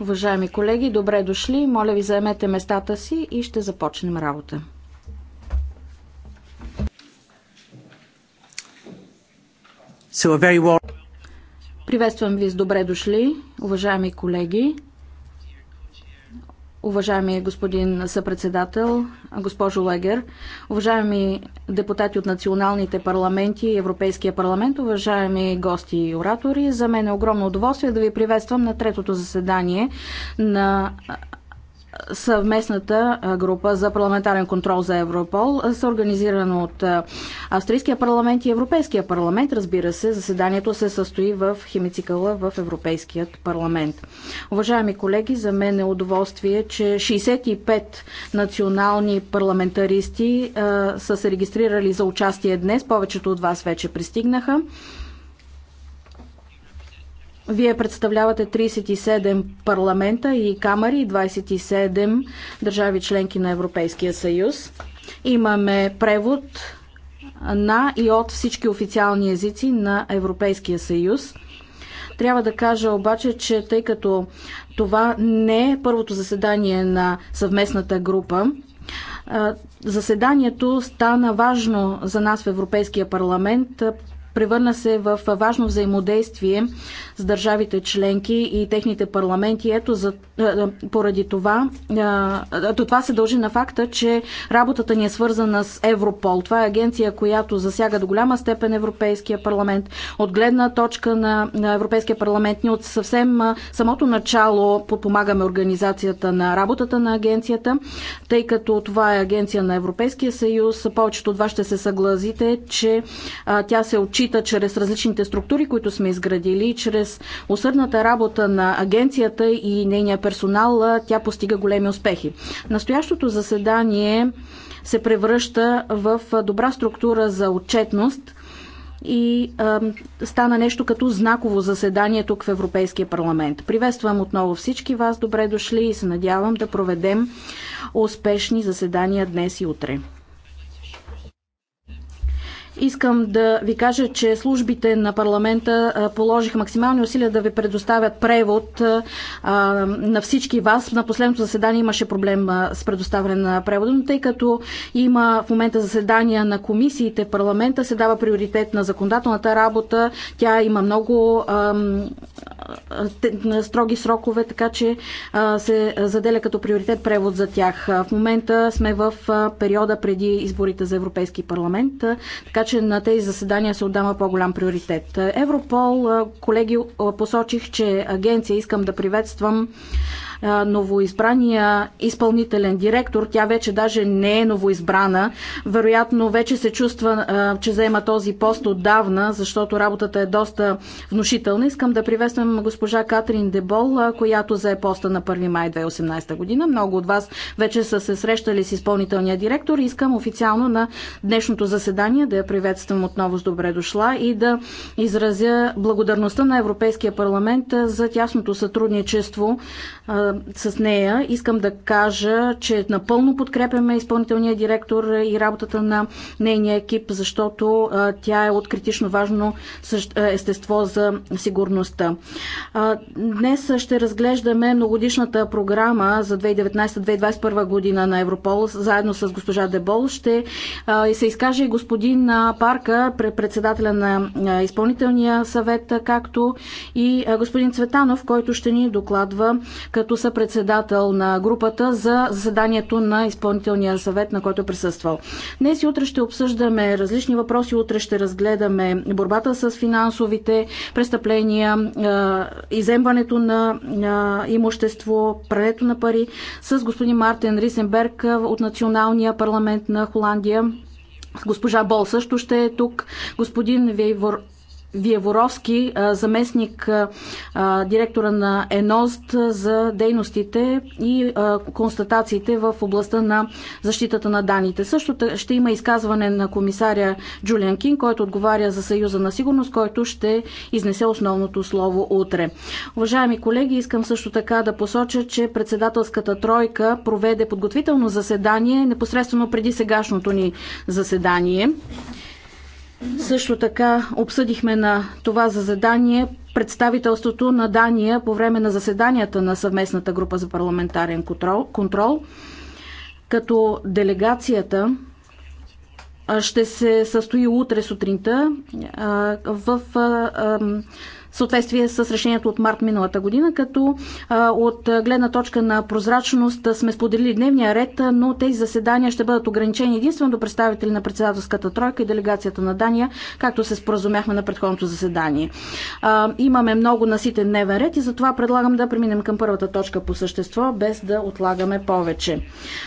Уважаеми колеги, добре дошли. Моля ви, заемете местата си и ще започнем работа. So warm... Приветствам ви с добре дошли, уважаеми колеги. Уважаеми господин съпредседател, госпожо Легер, уважаеми депутати от националните парламенти и Европейския парламент, уважаеми гости и оратори, за мен е огромно удоволствие да ви приветствам на третото заседание на съвместната група за парламентарен контрол за Европол, са организирана от Австрийския парламент и Европейския парламент. Разбира се, заседанието се състои в химицикъла в Европейският парламент. Уважаеми колеги, за мен е удоволствие, че 65 национални парламентаристи са се регистрирали за участие днес. Повечето от вас вече пристигнаха. Вие представлявате 37 парламента и камери, 27 държави членки на Европейския съюз. Имаме превод на и от всички официални езици на Европейския съюз. Трябва да кажа обаче, че тъй като това не е първото заседание на съвместната група, Заседанието стана важно за нас в Европейския парламент превърна се в важно взаимодействие с държавите членки и техните парламенти. Ето за, поради това, ето това се дължи на факта, че работата ни е свързана с Европол. Това е агенция, която засяга до голяма степен Европейския парламент. От гледна точка на, на Европейския парламент ни от съвсем самото начало подпомагаме организацията на работата на агенцията, тъй като това е агенция на Европейския съюз. Повечето от вас ще се съгласите, че а, тя се очи отчита чрез различните структури, които сме изградили, чрез усърдната работа на агенцията и нейния персонал, тя постига големи успехи. Настоящото заседание се превръща в добра структура за отчетност и а, стана нещо като знаково заседание тук в Европейския парламент. Приветствам отново всички вас, добре дошли и се надявам да проведем успешни заседания днес и утре. Искам да ви кажа, че службите на парламента положих максимални усилия да ви предоставят превод на всички вас. На последното заседание имаше проблем с предоставяне на превода, но тъй като има в момента заседания на комисиите в парламента, се дава приоритет на законодателната работа. Тя има много строги срокове, така че се заделя като приоритет превод за тях. В момента сме в периода преди изборите за Европейски парламент, така че на тези заседания се отдава по-голям приоритет. Европол, колеги, посочих, че агенция искам да приветствам новоизбрания изпълнителен директор. Тя вече даже не е новоизбрана. Вероятно вече се чувства, че заема този пост отдавна, защото работата е доста внушителна. Искам да приветствам госпожа Катрин Дебол, която зае поста на 1 май 2018 година. Много от вас вече са се срещали с изпълнителния директор. Искам официално на днешното заседание да я приветствам отново с добре дошла и да изразя благодарността на Европейския парламент за тясното сътрудничество с нея. Искам да кажа, че напълно подкрепяме изпълнителния директор и работата на нейния екип, защото тя е от критично важно естество за сигурността. Днес ще разглеждаме многодишната програма за 2019-2021 година на Европол, заедно с госпожа Дебол. Ще се изкаже и господин Парка, председателя на изпълнителния съвет, както и господин Цветанов, който ще ни докладва като като съпредседател на групата за заседанието на изпълнителния съвет, на който е присъствал. Днес и утре ще обсъждаме различни въпроси. Утре ще разгледаме борбата с финансовите престъпления, е, иземването на е, имущество, прането на пари с господин Мартин Рисенберг от Националния парламент на Холандия. Госпожа Бол също ще е тук. Господин Вейвор Виеворовски, заместник директора на ЕНОСТ за дейностите и констатациите в областта на защитата на данните. Също ще има изказване на комисаря Джулиан Кин, който отговаря за Съюза на сигурност, който ще изнесе основното слово утре. Уважаеми колеги, искам също така да посоча, че председателската тройка проведе подготвително заседание непосредствено преди сегашното ни заседание. Също така обсъдихме на това за задание представителството на Дания по време на заседанията на съвместната група за парламентарен контрол, контрол като делегацията ще се състои утре сутринта в съответствие с решението от март миналата година, като от гледна точка на прозрачност сме споделили дневния ред, но тези заседания ще бъдат ограничени единствено до представители на председателската тройка и делегацията на Дания, както се споразумяхме на предходното заседание. Имаме много наситен дневен ред и затова предлагам да преминем към първата точка по същество, без да отлагаме повече.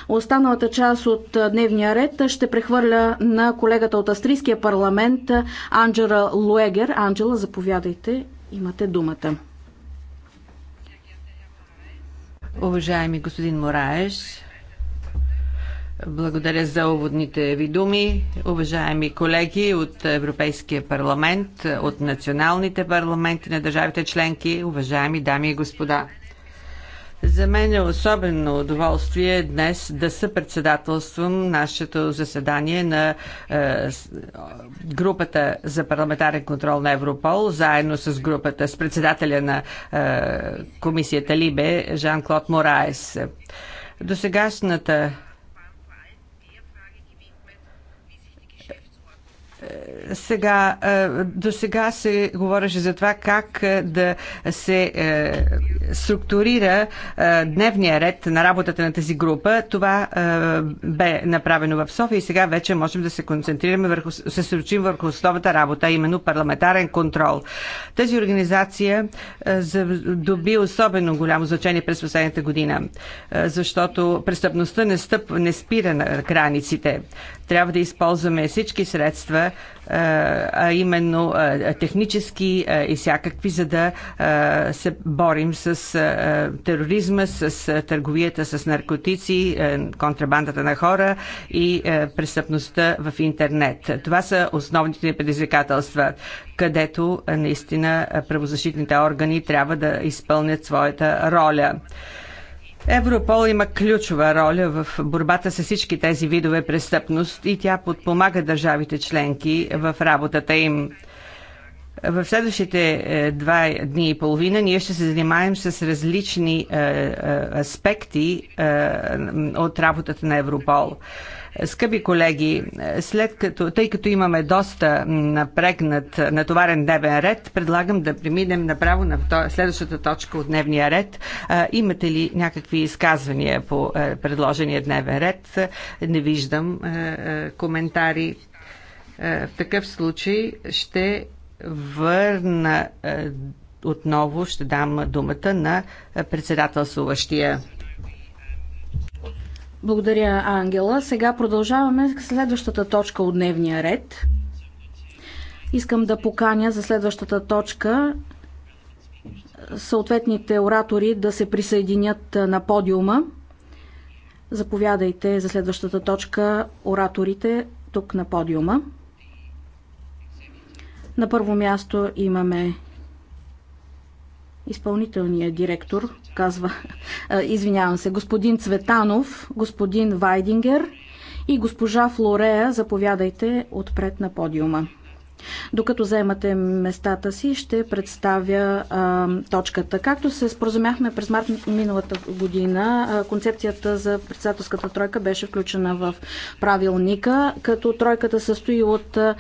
Останалата част от дневния ред ще прехвърля на колегата от Австрийския парламент Анджела Луегер. Анджела, заповядайте. Имате думата. Уважаеми господин Мораеш, благодаря за уводните ви думи. Уважаеми колеги от Европейския парламент, от националните парламенти на държавите членки, уважаеми дами и господа. За мен е особено удоволствие днес да съпредседателствам нашето заседание на е, групата за парламентарен контрол на Европол, заедно с групата с председателя на е, комисията Либе Жан-Клод Мораес. До сегашната Сега, е, до сега се говореше за това как е, да се е, структурира дневния ред на работата на тази група. Това бе направено в София и сега вече можем да се концентрираме върху, се сручим върху основната работа, именно парламентарен контрол. Тази организация доби особено голямо значение през последната година, защото престъпността не, стъп, не спира на границите. Трябва да използваме всички средства, е, а именно е, технически е, и всякакви, за да се борим с тероризма, с търговията с наркотици, контрабандата на хора и престъпността в интернет. Това са основните предизвикателства, където наистина правозащитните органи трябва да изпълнят своята роля. Европол има ключова роля в борбата с всички тези видове престъпност и тя подпомага държавите членки в работата им. В следващите е, два дни и половина ние ще се занимаем с различни е, е, аспекти от работата на Европол. Скъпи колеги, след като, тъй като имаме доста напрегнат, натоварен дневен ред, предлагам да преминем направо на следващата точка от дневния ред. Имате ли някакви изказвания по предложения дневен ред? Не виждам коментари. В такъв случай ще върна отново, ще дам думата на председателствуващия. Благодаря, Ангела. Сега продължаваме с следващата точка от дневния ред. Искам да поканя за следващата точка съответните оратори да се присъединят на подиума. Заповядайте за следващата точка ораторите тук на подиума. На първо място имаме изпълнителния директор казва, извинявам се, господин Цветанов, господин Вайдингер и госпожа Флорея. Заповядайте отпред на подиума. Докато заемате местата си, ще представя а, точката. Както се споразумяхме през март миналата година, а, концепцията за председателската тройка беше включена в правилника, като тройката състои от а,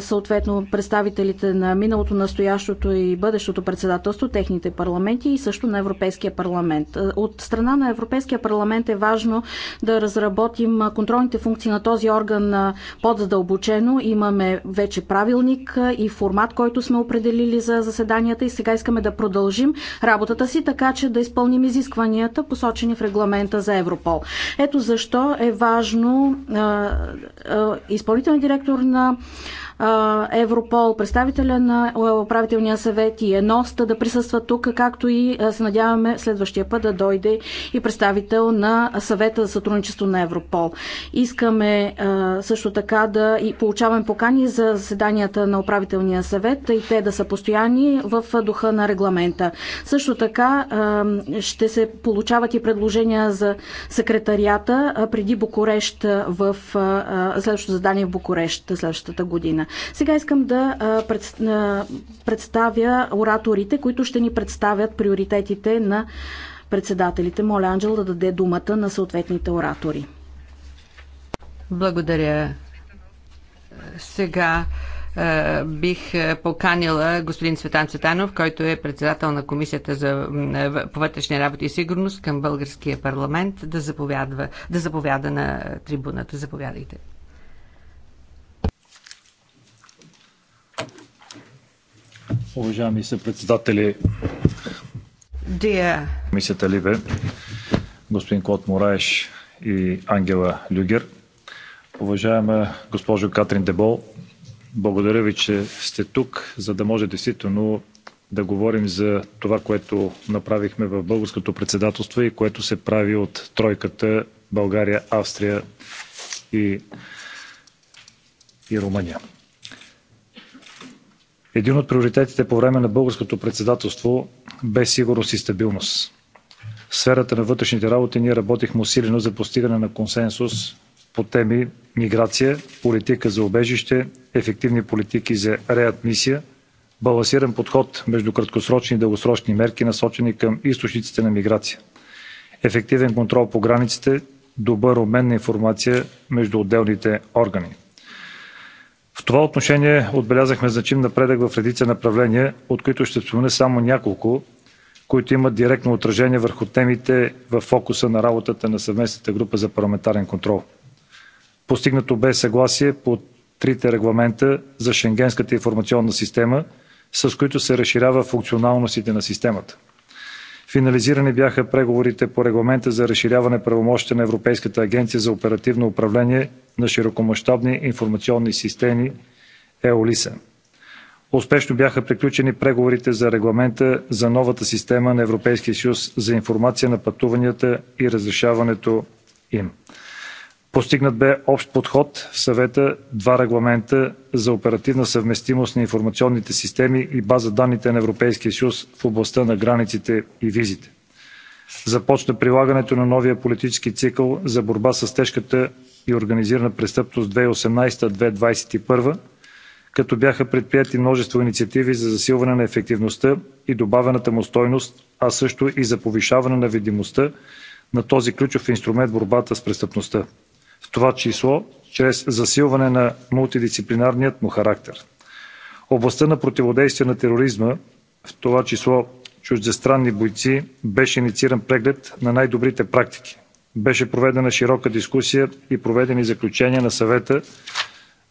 съответно представителите на миналото, настоящото и бъдещото председателство, техните парламенти и също на Европейския парламент. От страна на Европейския парламент е важно да разработим контролните функции на този орган по-задълбочено. Имаме вече правилник правилник и формат, който сме определили за заседанията и сега искаме да продължим работата си, така че да изпълним изискванията, посочени в регламента за Европол. Ето защо е важно изпълнителен директор на Европол, представителя на управителния съвет и ЕНОСТА да присъства тук, както и се надяваме следващия път да дойде и представител на съвета за сътрудничество на Европол. Искаме също така да и получаваме покани за заседания заседанията на управителния съвет и те да са постоянни в духа на регламента. Също така ще се получават и предложения за секретарията преди Букурещ в следващото задание в Букурещ следващата година. Сега искам да представя ораторите, които ще ни представят приоритетите на председателите. Моля Анджел да даде думата на съответните оратори. Благодаря. Сега е, бих е, поканила господин Светан Цветанов, който е председател на Комисията за е, повътрешни работи и сигурност към Българския парламент, да, заповядва, да заповяда на трибуната. Заповядайте. Уважаеми се Dear. Комисията Либе, господин Клод Мораеш и Ангела Люгер, уважаема госпожо Катрин Дебол, благодаря ви, че сте тук, за да може действително да говорим за това, което направихме в българското председателство и което се прави от тройката България, Австрия и, и Румъния. Един от приоритетите по време на българското председателство бе сигурност и стабилност. В сферата на вътрешните работи ние работихме усилено за постигане на консенсус по теми миграция, политика за убежище, ефективни политики за реадмисия, балансиран подход между краткосрочни и дългосрочни мерки, насочени към източниците на миграция, ефективен контрол по границите, добър обмен на информация между отделните органи. В това отношение отбелязахме значим напредък в редица направления, от които ще спомена само няколко, които имат директно отражение върху темите в фокуса на работата на съвместната група за парламентарен контрол – Постигнато бе съгласие по трите регламента за Шенгенската информационна система, с които се разширява функционалностите на системата. Финализирани бяха преговорите по регламента за разширяване правомощите на Европейската агенция за оперативно управление на широкомащабни информационни системи ЕОЛИСА. Успешно бяха приключени преговорите за регламента за новата система на Европейския съюз за информация на пътуванията и разрешаването им. Постигнат бе общ подход в Съвета, два регламента за оперативна съвместимост на информационните системи и база данните на Европейския съюз в областта на границите и визите. Започна прилагането на новия политически цикъл за борба с тежката и организирана престъпност 2018-2021, като бяха предприяти множество инициативи за засилване на ефективността и добавената му стойност, а също и за повишаване на видимостта на този ключов инструмент в борбата с престъпността това число чрез засилване на мултидисциплинарният му характер. Областта на противодействие на тероризма, в това число чуждестранни бойци, беше иницииран преглед на най-добрите практики. Беше проведена широка дискусия и проведени заключения на съвета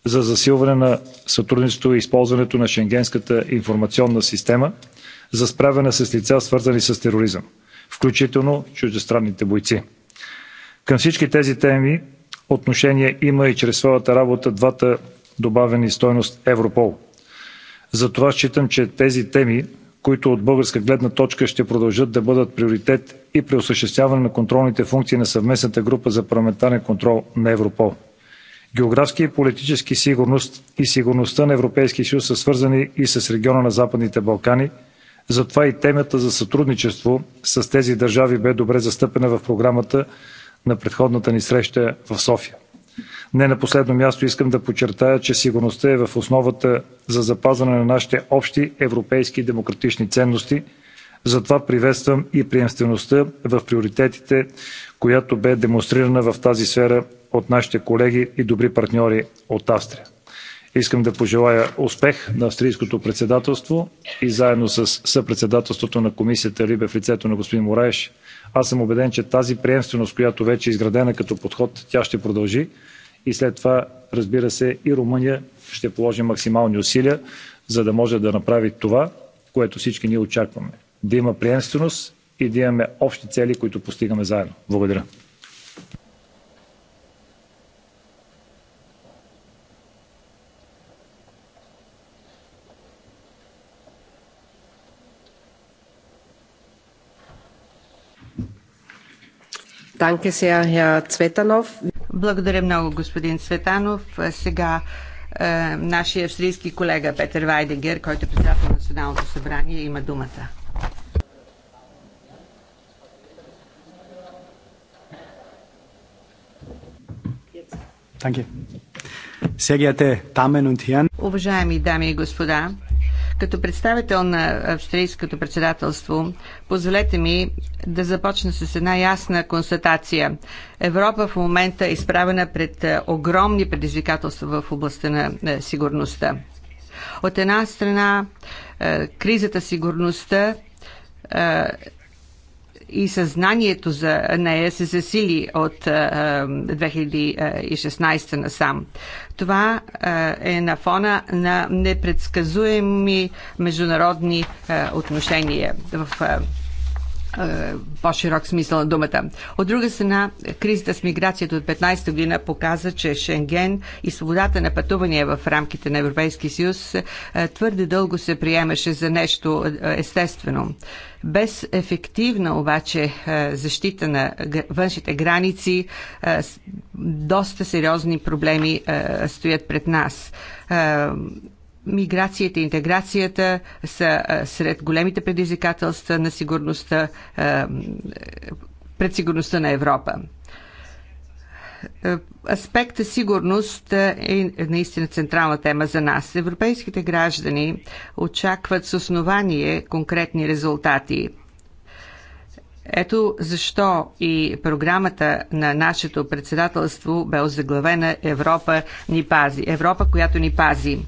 за засилване на сътрудничеството и използването на Шенгенската информационна система за справяне с лица, свързани с тероризъм, включително чуждестранните бойци. Към всички тези теми отношение има и чрез своята работа двата добавени стойност Европол. Затова считам, че тези теми, които от българска гледна точка ще продължат да бъдат приоритет и при осъществяване на контролните функции на съвместната група за парламентарен контрол на Европол. Географски и политически сигурност и сигурността на Европейския съюз са свързани и с региона на Западните Балкани, затова и темата за сътрудничество с тези държави бе добре застъпена в програмата на предходната ни среща в София. Не на последно място искам да подчертая, че сигурността е в основата за запазване на нашите общи европейски демократични ценности. Затова приветствам и приемствеността в приоритетите, която бе демонстрирана в тази сфера от нашите колеги и добри партньори от Австрия. Искам да пожелая успех на австрийското председателство и заедно с съпредседателството на комисията Либе в лицето на господин Мораеш. Аз съм убеден, че тази приемственост, която вече е изградена като подход, тя ще продължи. И след това, разбира се, и Румъния ще положи максимални усилия, за да може да направи това, което всички ние очакваме. Да има приемственост и да имаме общи цели, които постигаме заедно. Благодаря. Благодаря много, господин Цветанов. Сега е, нашия австрийски колега Петър Вайдегер, който е председател на Националното събрание, има думата. Sehr geehrte Damen und Herren. Уважаеми дами и господа, като представител на австрийското председателство, позволете ми да започна с една ясна констатация. Европа в момента е изправена пред е, огромни предизвикателства в областта на сигурността. От една страна, е, кризата сигурността е, и съзнанието за нея се засили от 2016 насам. Това е на фона на непредсказуеми международни отношения в е, по-широк смисъл на думата. От друга страна, кризата с миграцията от 15 година показа, че Шенген и свободата на пътувания в рамките на Европейския съюз е, твърде дълго се приемаше за нещо е, естествено. Без ефективна обаче защита на външните граници, доста сериозни проблеми стоят пред нас Миграцията и интеграцията са сред големите предизвикателства на сигурността, пред сигурността на Европа. Аспекта е сигурност е наистина централна тема за нас. Европейските граждани очакват с основание конкретни резултати. Ето защо и програмата на нашето председателство бе озаглавена Европа ни пази. Европа, която ни пази.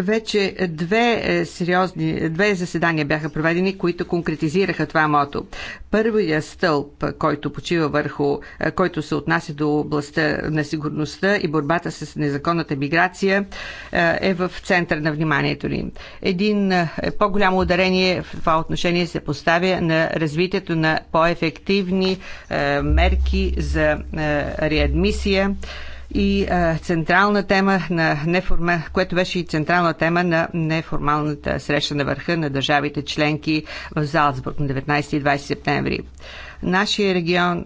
Вече две е, сериозни, две заседания бяха проведени, които конкретизираха това мото. Първия стълб, който почива върху, е, който се отнася до областта на сигурността и борбата с незаконната миграция, е, е в център на вниманието ни. Един по-голямо ударение в това отношение се поставя на развитието на по-ефективни мерки за реадмисия, и а, централна тема на неформа, което беше и централна тема на неформалната среща на върха на държавите членки в Залцбург на 19 и 20 септември. Нашия регион,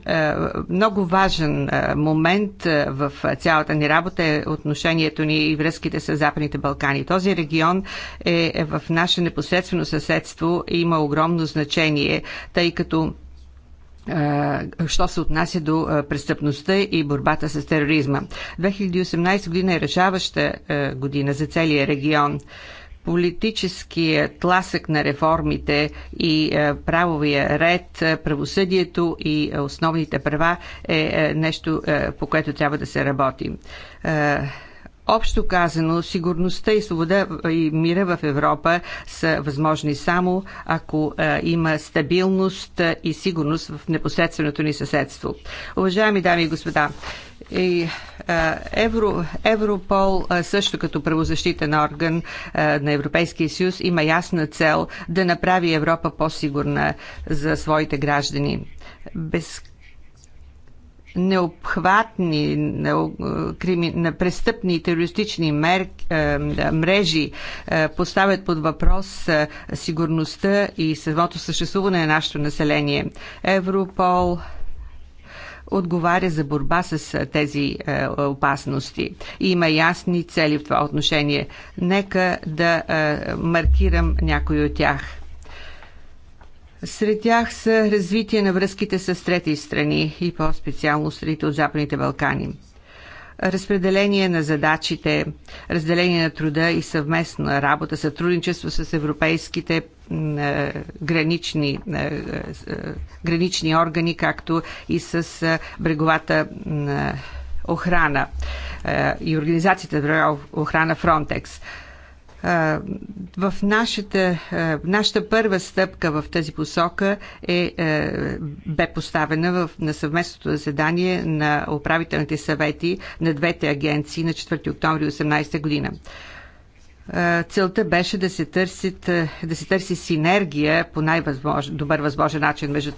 много важен момент в цялата ни работа е отношението ни и връзките с Западните Балкани. Този регион е, е в наше непосредствено съседство и има огромно значение, тъй като що се отнася до престъпността и борбата с тероризма. 2018 година е решаваща година за целия регион политическия тласък на реформите и правовия ред, правосъдието и основните права е нещо, по което трябва да се работи. Общо казано, сигурността и свобода и мира в Европа са възможни само ако а, е, има стабилност и сигурност в непосредственото ни съседство. Уважаеми дами и господа, и е, Евро, Европол е, също като правозащитен орган на Европейския съюз има ясна цел да направи Европа по-сигурна за своите граждани. Без необхватни на, на престъпни терористични мер, е, мрежи е, поставят под въпрос е, сигурността и самото съществуване на нашето население. Европол отговаря за борба с тези опасности. и Има ясни цели в това отношение. Нека да маркирам някои от тях сред тях са развитие на връзките с трети страни и по-специално страните от Западните Балкани. Разпределение на задачите, разделение на труда и съвместна работа, сътрудничество с европейските гранични, гранични органи, както и с бреговата охрана и организацията за охрана Фронтекс в нашата, нашата първа стъпка в тази посока е, е, бе поставена в, на съвместното заседание на управителните съвети на двете агенции на 4 октомври 2018 година. Целта беше да се, търсит, е, да се търси синергия по най-добър възможен начин между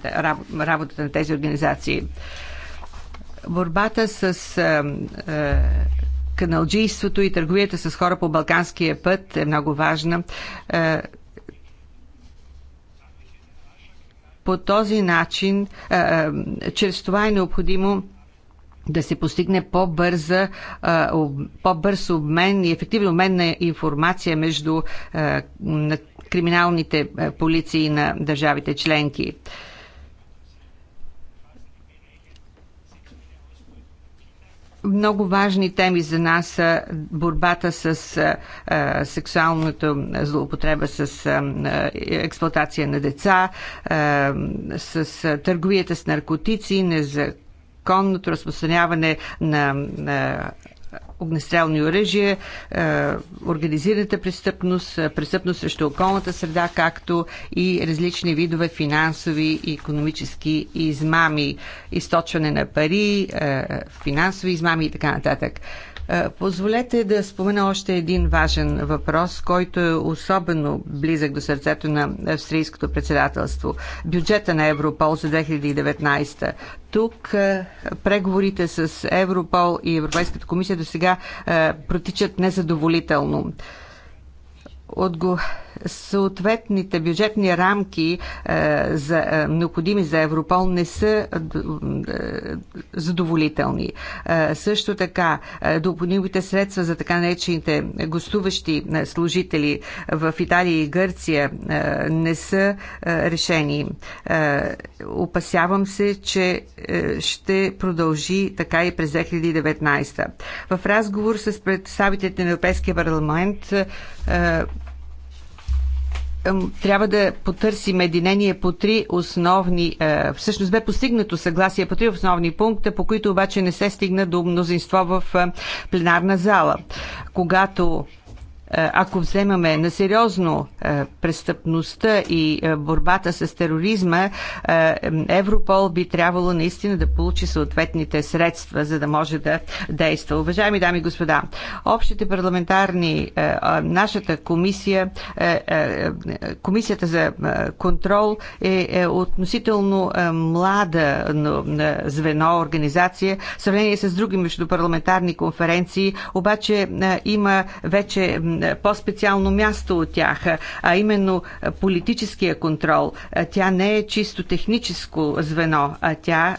работата на тези организации борбата с е, каналджийството и търговията с хора по Балканския път е много важна. Е, по този начин, е, е, чрез това е необходимо да се постигне по-бърза, по-бърз обмен и ефективен обмен на информация между криминалните полиции на държавите членки. Много важни теми за нас са борбата с а, сексуалната злоупотреба, с а, експлуатация на деца, а, с а, търговията с наркотици, незаконното разпространяване на, на огнестрелни оръжия, е, организираната престъпност, е, престъпност срещу околната среда, както и различни видове финансови и економически измами, източване на пари, е, финансови измами и така нататък. Е, позволете да спомена още един важен въпрос, който е особено близък до сърцето на австрийското председателство. Бюджета на Европол за 2019 тук е, преговорите с Европол и Европейската комисия до сега е, протичат незадоволително го... съответните бюджетни рамки е, за, е, необходими за Европол не са е, е задоволителни. Е, също така, е, допълнимите средства за така наречените гостуващи е, служители в Италия и Гърция е, не са е, решени. Е, опасявам се, че е, ще продължи така и през 2019. В разговор с представителите на Европейския парламент е, е, трябва да потърсим единение по три основни. Е, всъщност бе постигнато съгласие по три основни пункта, по които обаче не се стигна до мнозинство в е, пленарна зала. Когато е, ако вземаме на сериозно е, престъпността и е, борбата с тероризма, Европол би трябвало наистина да получи съответните средства, за да може да действа. Уважаеми дами и господа, общите парламентарни, нашата комисия, комисията за контрол е относително млада звено, организация, в сравнение с други междупарламентарни конференции, обаче има вече по-специално място от тях, а именно политическия контрол. Тя не е чисто техническо звено, а тя,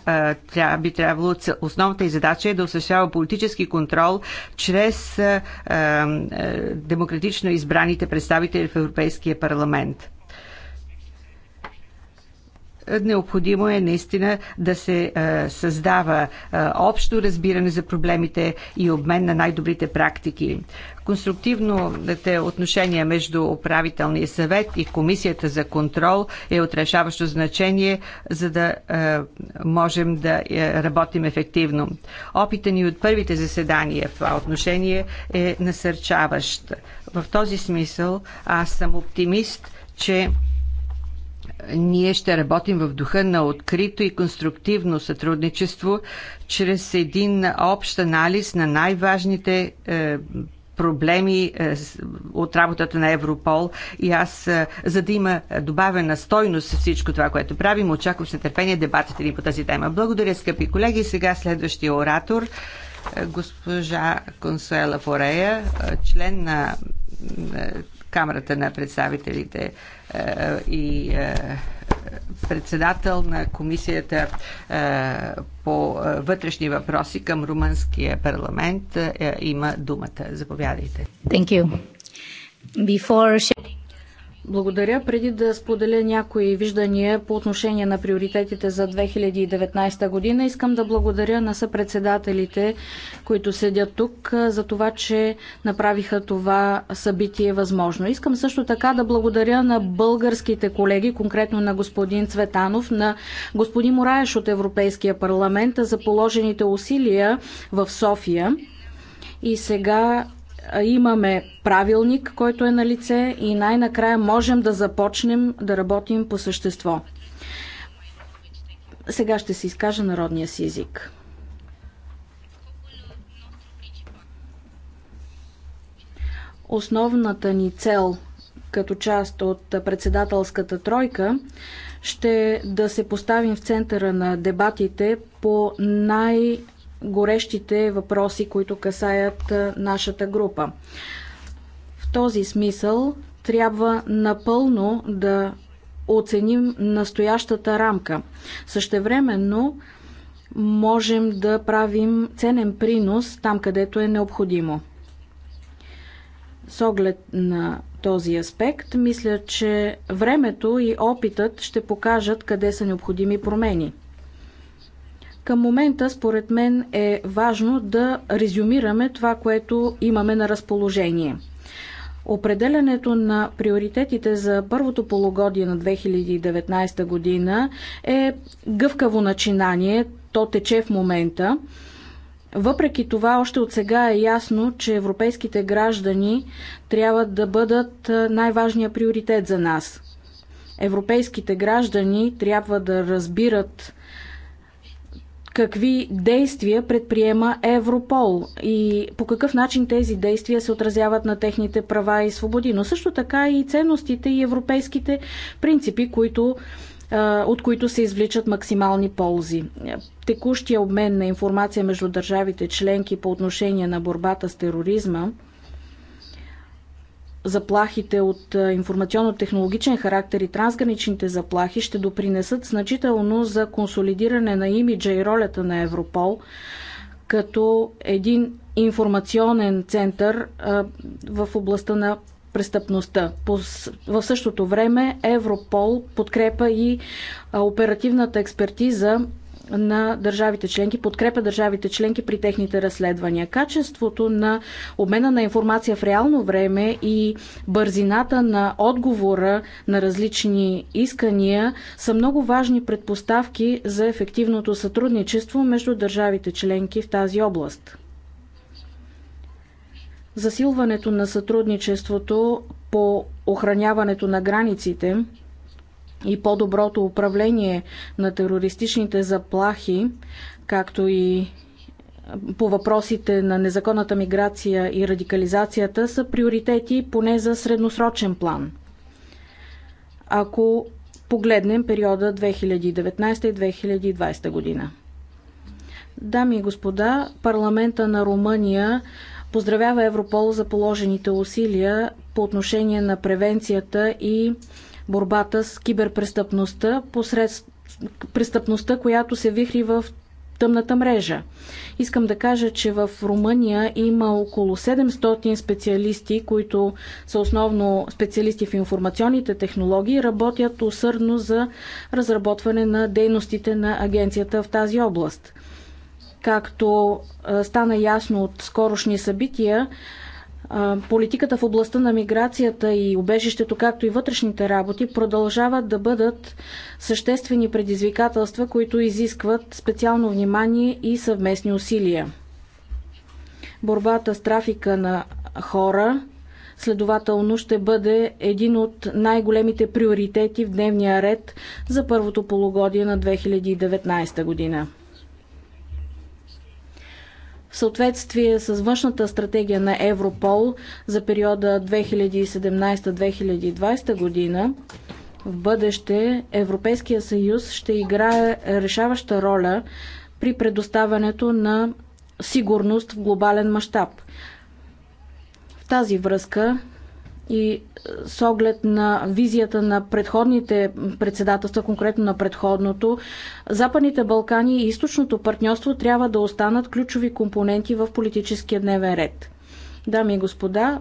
тя би трябвало, основната и задача е да осъществява политически контрол чрез демократично избраните представители в Европейския парламент необходимо е наистина да се създава общо разбиране за проблемите и обмен на най-добрите практики. Конструктивно отношение между управителния съвет и комисията за контрол е отрешаващо значение, за да е, можем да е, работим ефективно. Опита ни от първите заседания в това отношение е насърчаващ. В този смисъл аз съм оптимист, че ние ще работим в духа на открито и конструктивно сътрудничество чрез един общ анализ на най-важните е, проблеми е, от работата на Европол и аз, е, за да има добавена стойност всичко това, което правим, очаквам с нетърпение дебатите ни по тази тема. Благодаря, скъпи колеги. Сега следващия оратор, е, госпожа Консуела Форея, член на Камерата на представителите и председател на комисията е, по е, вътрешни въпроси към румънския парламент е, има думата. Заповядайте. Thank you. Before... Благодаря. Преди да споделя някои виждания по отношение на приоритетите за 2019 година, искам да благодаря на съпредседателите, които седят тук, за това, че направиха това събитие възможно. Искам също така да благодаря на българските колеги, конкретно на господин Цветанов, на господин Мораеш от Европейския парламент за положените усилия в София. И сега имаме правилник, който е на лице и най-накрая можем да започнем да работим по същество. Сега ще се изкажа народния си език. Основната ни цел като част от председателската тройка ще да се поставим в центъра на дебатите по най- горещите въпроси, които касаят нашата група. В този смисъл трябва напълно да оценим настоящата рамка. Същевременно можем да правим ценен принос там, където е необходимо. С оглед на този аспект, мисля, че времето и опитът ще покажат къде са необходими промени – към момента, според мен, е важно да резюмираме това, което имаме на разположение. Определенето на приоритетите за първото полугодие на 2019 година е гъвкаво начинание, то тече в момента. Въпреки това, още от сега е ясно, че европейските граждани трябва да бъдат най-важният приоритет за нас. Европейските граждани трябва да разбират какви действия предприема Европол и по какъв начин тези действия се отразяват на техните права и свободи, но също така и ценностите и европейските принципи, които от които се извличат максимални ползи. Текущия обмен на информация между държавите членки по отношение на борбата с тероризма заплахите от информационно-технологичен характер и трансграничните заплахи ще допринесат значително за консолидиране на имиджа и ролята на Европол като един информационен център в областта на престъпността. В същото време Европол подкрепа и оперативната експертиза на държавите членки, подкрепя държавите членки при техните разследвания. Качеството на обмена на информация в реално време и бързината на отговора на различни искания са много важни предпоставки за ефективното сътрудничество между държавите членки в тази област. Засилването на сътрудничеството по охраняването на границите – и по-доброто управление на терористичните заплахи, както и по въпросите на незаконната миграция и радикализацията са приоритети поне за средносрочен план. Ако погледнем периода 2019 и 2020 година. Дами и господа, парламента на Румъния поздравява Европол за положените усилия по отношение на превенцията и борбата с киберпрестъпността, посред... престъпността, която се вихри в тъмната мрежа. Искам да кажа, че в Румъния има около 700 специалисти, които са основно специалисти в информационните технологии, работят усърдно за разработване на дейностите на агенцията в тази област. Както стана ясно от скорошни събития, политиката в областта на миграцията и убежището, както и вътрешните работи, продължават да бъдат съществени предизвикателства, които изискват специално внимание и съвместни усилия. Борбата с трафика на хора следователно ще бъде един от най-големите приоритети в дневния ред за първото полугодие на 2019 година в съответствие с външната стратегия на Европол за периода 2017-2020 година, в бъдеще Европейския съюз ще играе решаваща роля при предоставянето на сигурност в глобален мащаб. В тази връзка и е, с оглед на визията на предходните председателства, конкретно на предходното, Западните Балкани и източното партньорство трябва да останат ключови компоненти в политическия дневен ред. Дами и господа,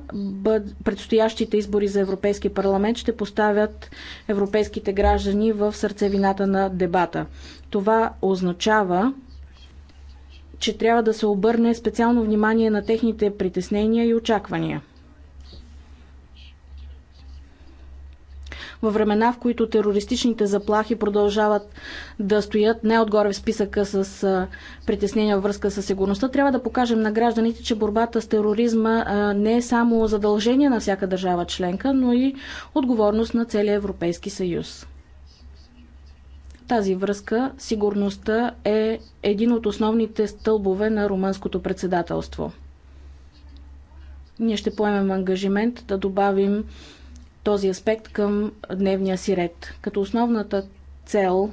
предстоящите избори за Европейски парламент ще поставят европейските граждани в сърцевината на дебата. Това означава, че трябва да се обърне специално внимание на техните притеснения и очаквания. във времена, в които терористичните заплахи продължават да стоят не отгоре в списъка с притеснения във връзка с сигурността, трябва да покажем на гражданите, че борбата с тероризма не е само задължение на всяка държава членка, но и отговорност на целия Европейски съюз тази връзка сигурността е един от основните стълбове на румънското председателство. Ние ще поемем ангажимент да добавим този аспект към дневния си ред. Като основната цел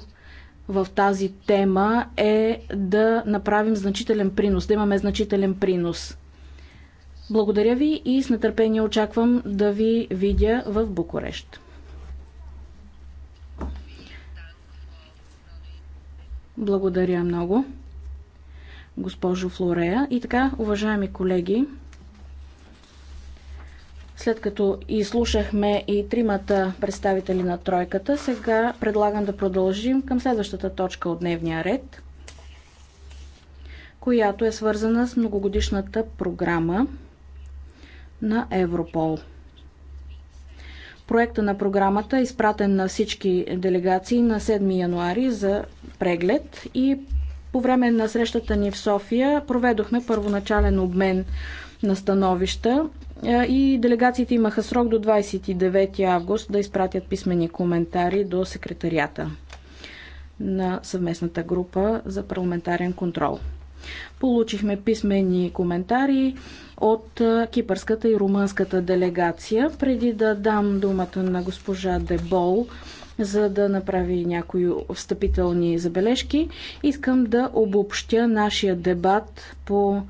в тази тема е да направим значителен принос, да имаме значителен принос. Благодаря ви и с нетърпение очаквам да ви видя в Букурещ. Благодаря много, госпожо Флорея. И така, уважаеми колеги, след като изслушахме и тримата представители на тройката, сега предлагам да продължим към следващата точка от дневния ред, която е свързана с многогодишната програма на Европол. Проекта на програмата е изпратен на всички делегации на 7 януари за преглед и по време на срещата ни в София проведохме първоначален обмен на становища е, и делегациите имаха срок до 29 август да изпратят писмени коментари до секретарията на съвместната група за парламентарен контрол. Получихме писмени коментари от е, кипърската и румънската делегация. Преди да дам думата на госпожа Дебол, за да направи някои встъпителни забележки, искам да обобщя нашия дебат по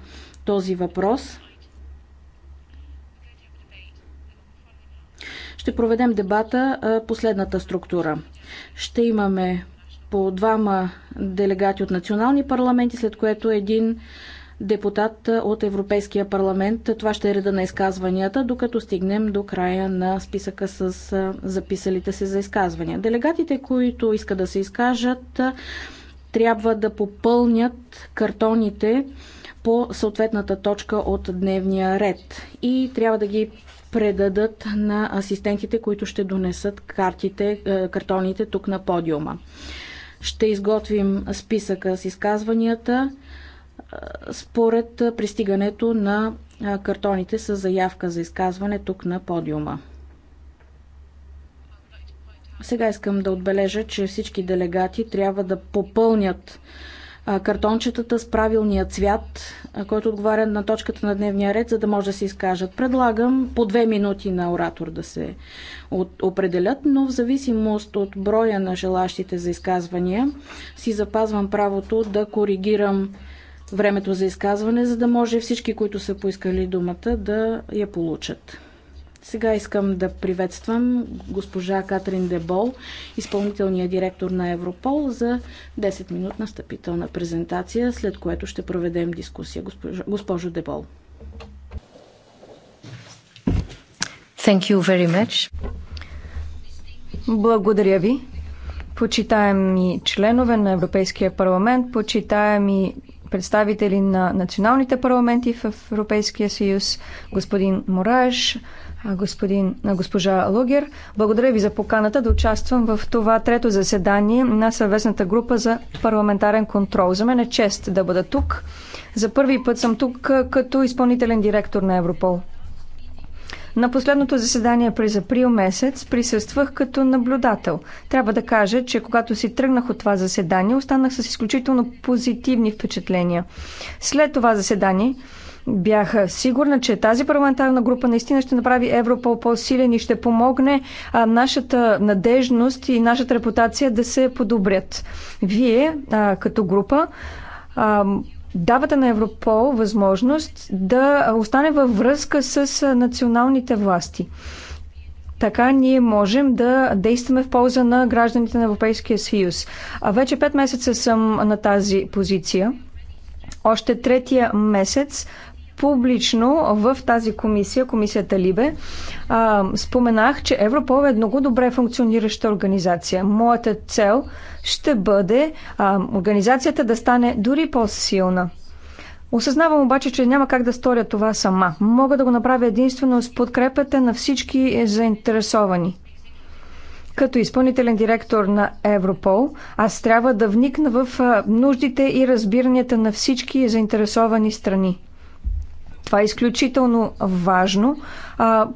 този въпрос – ще проведем дебата последната структура. Ще имаме по двама делегати от национални парламенти, след което един депутат от Европейския парламент. Това ще е реда на изказванията, докато стигнем до края на списъка с записалите се за изказвания. Делегатите, които искат да се изкажат, трябва да попълнят картоните по съответната точка от дневния ред и трябва да ги предадат на асистентите, които ще донесат картите, е, картоните тук на подиума. Ще изготвим списъка с изказванията е, според пристигането на е, картоните с заявка за изказване тук на подиума. Сега искам да отбележа, че всички делегати трябва да попълнят картончетата с правилния цвят, който отговаря на точката на дневния ред, за да може да се изкажат. Предлагам по две минути на оратор да се определят, но в зависимост от броя на желащите за изказвания си запазвам правото да коригирам времето за изказване, за да може всички, които са поискали думата, да я получат. Сега искам да приветствам госпожа Катрин Дебол, изпълнителния директор на Европол, за 10-минутна стъпителна презентация, след което ще проведем дискусия. Госпожо, госпожо Дебол. Thank you very much. Благодаря ви. Почитаеми членове на Европейския парламент, почитаеми представители на националните парламенти в Европейския съюз, господин Мораш, господин, на госпожа Логер. Благодаря ви за поканата да участвам в това трето заседание на Съвестната група за парламентарен контрол. За мен е чест да бъда тук. За първи път съм тук като изпълнителен директор на Европол. На последното заседание през април месец присъствах като наблюдател. Трябва да кажа, че когато си тръгнах от това заседание, останах с изключително позитивни впечатления. След това заседание Бях сигурна, че тази парламентарна група наистина ще направи Европол по-силен и ще помогне а, нашата надежност и нашата репутация да се подобрят. Вие, а, като група, а, давате на Европол възможност да остане във връзка с националните власти. Така ние можем да действаме в полза на гражданите на Европейския съюз. А вече 5 месеца съм на тази позиция. Още третия месец публично в тази комисия, комисията Либе, а, споменах, че Европол е много добре функционираща организация. Моята цел ще бъде а, организацията да стане дори по-силна. Осъзнавам обаче, че няма как да сторя това сама. Мога да го направя единствено с подкрепата на всички заинтересовани. Като изпълнителен директор на Европол, аз трябва да вникна в нуждите и разбиранията на всички заинтересовани страни. Това е изключително важно, а,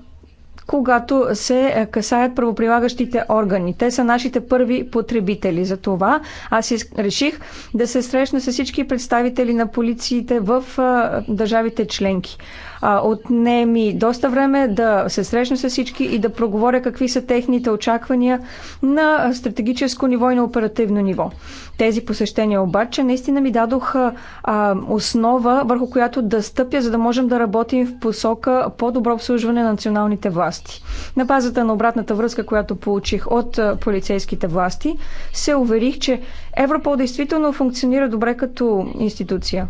когато се касаят правоприлагащите органи. Те са нашите първи потребители. За това аз реших да се срещна с всички представители на полициите в а, държавите членки отнеми доста време да се срещна с всички и да проговоря какви са техните очаквания на стратегическо ниво и на оперативно ниво. Тези посещения обаче наистина ми дадоха основа, върху която да стъпя, за да можем да работим в посока по-добро обслужване на националните власти. На базата на обратната връзка, която получих от полицейските власти, се уверих, че Европол действително функционира добре като институция.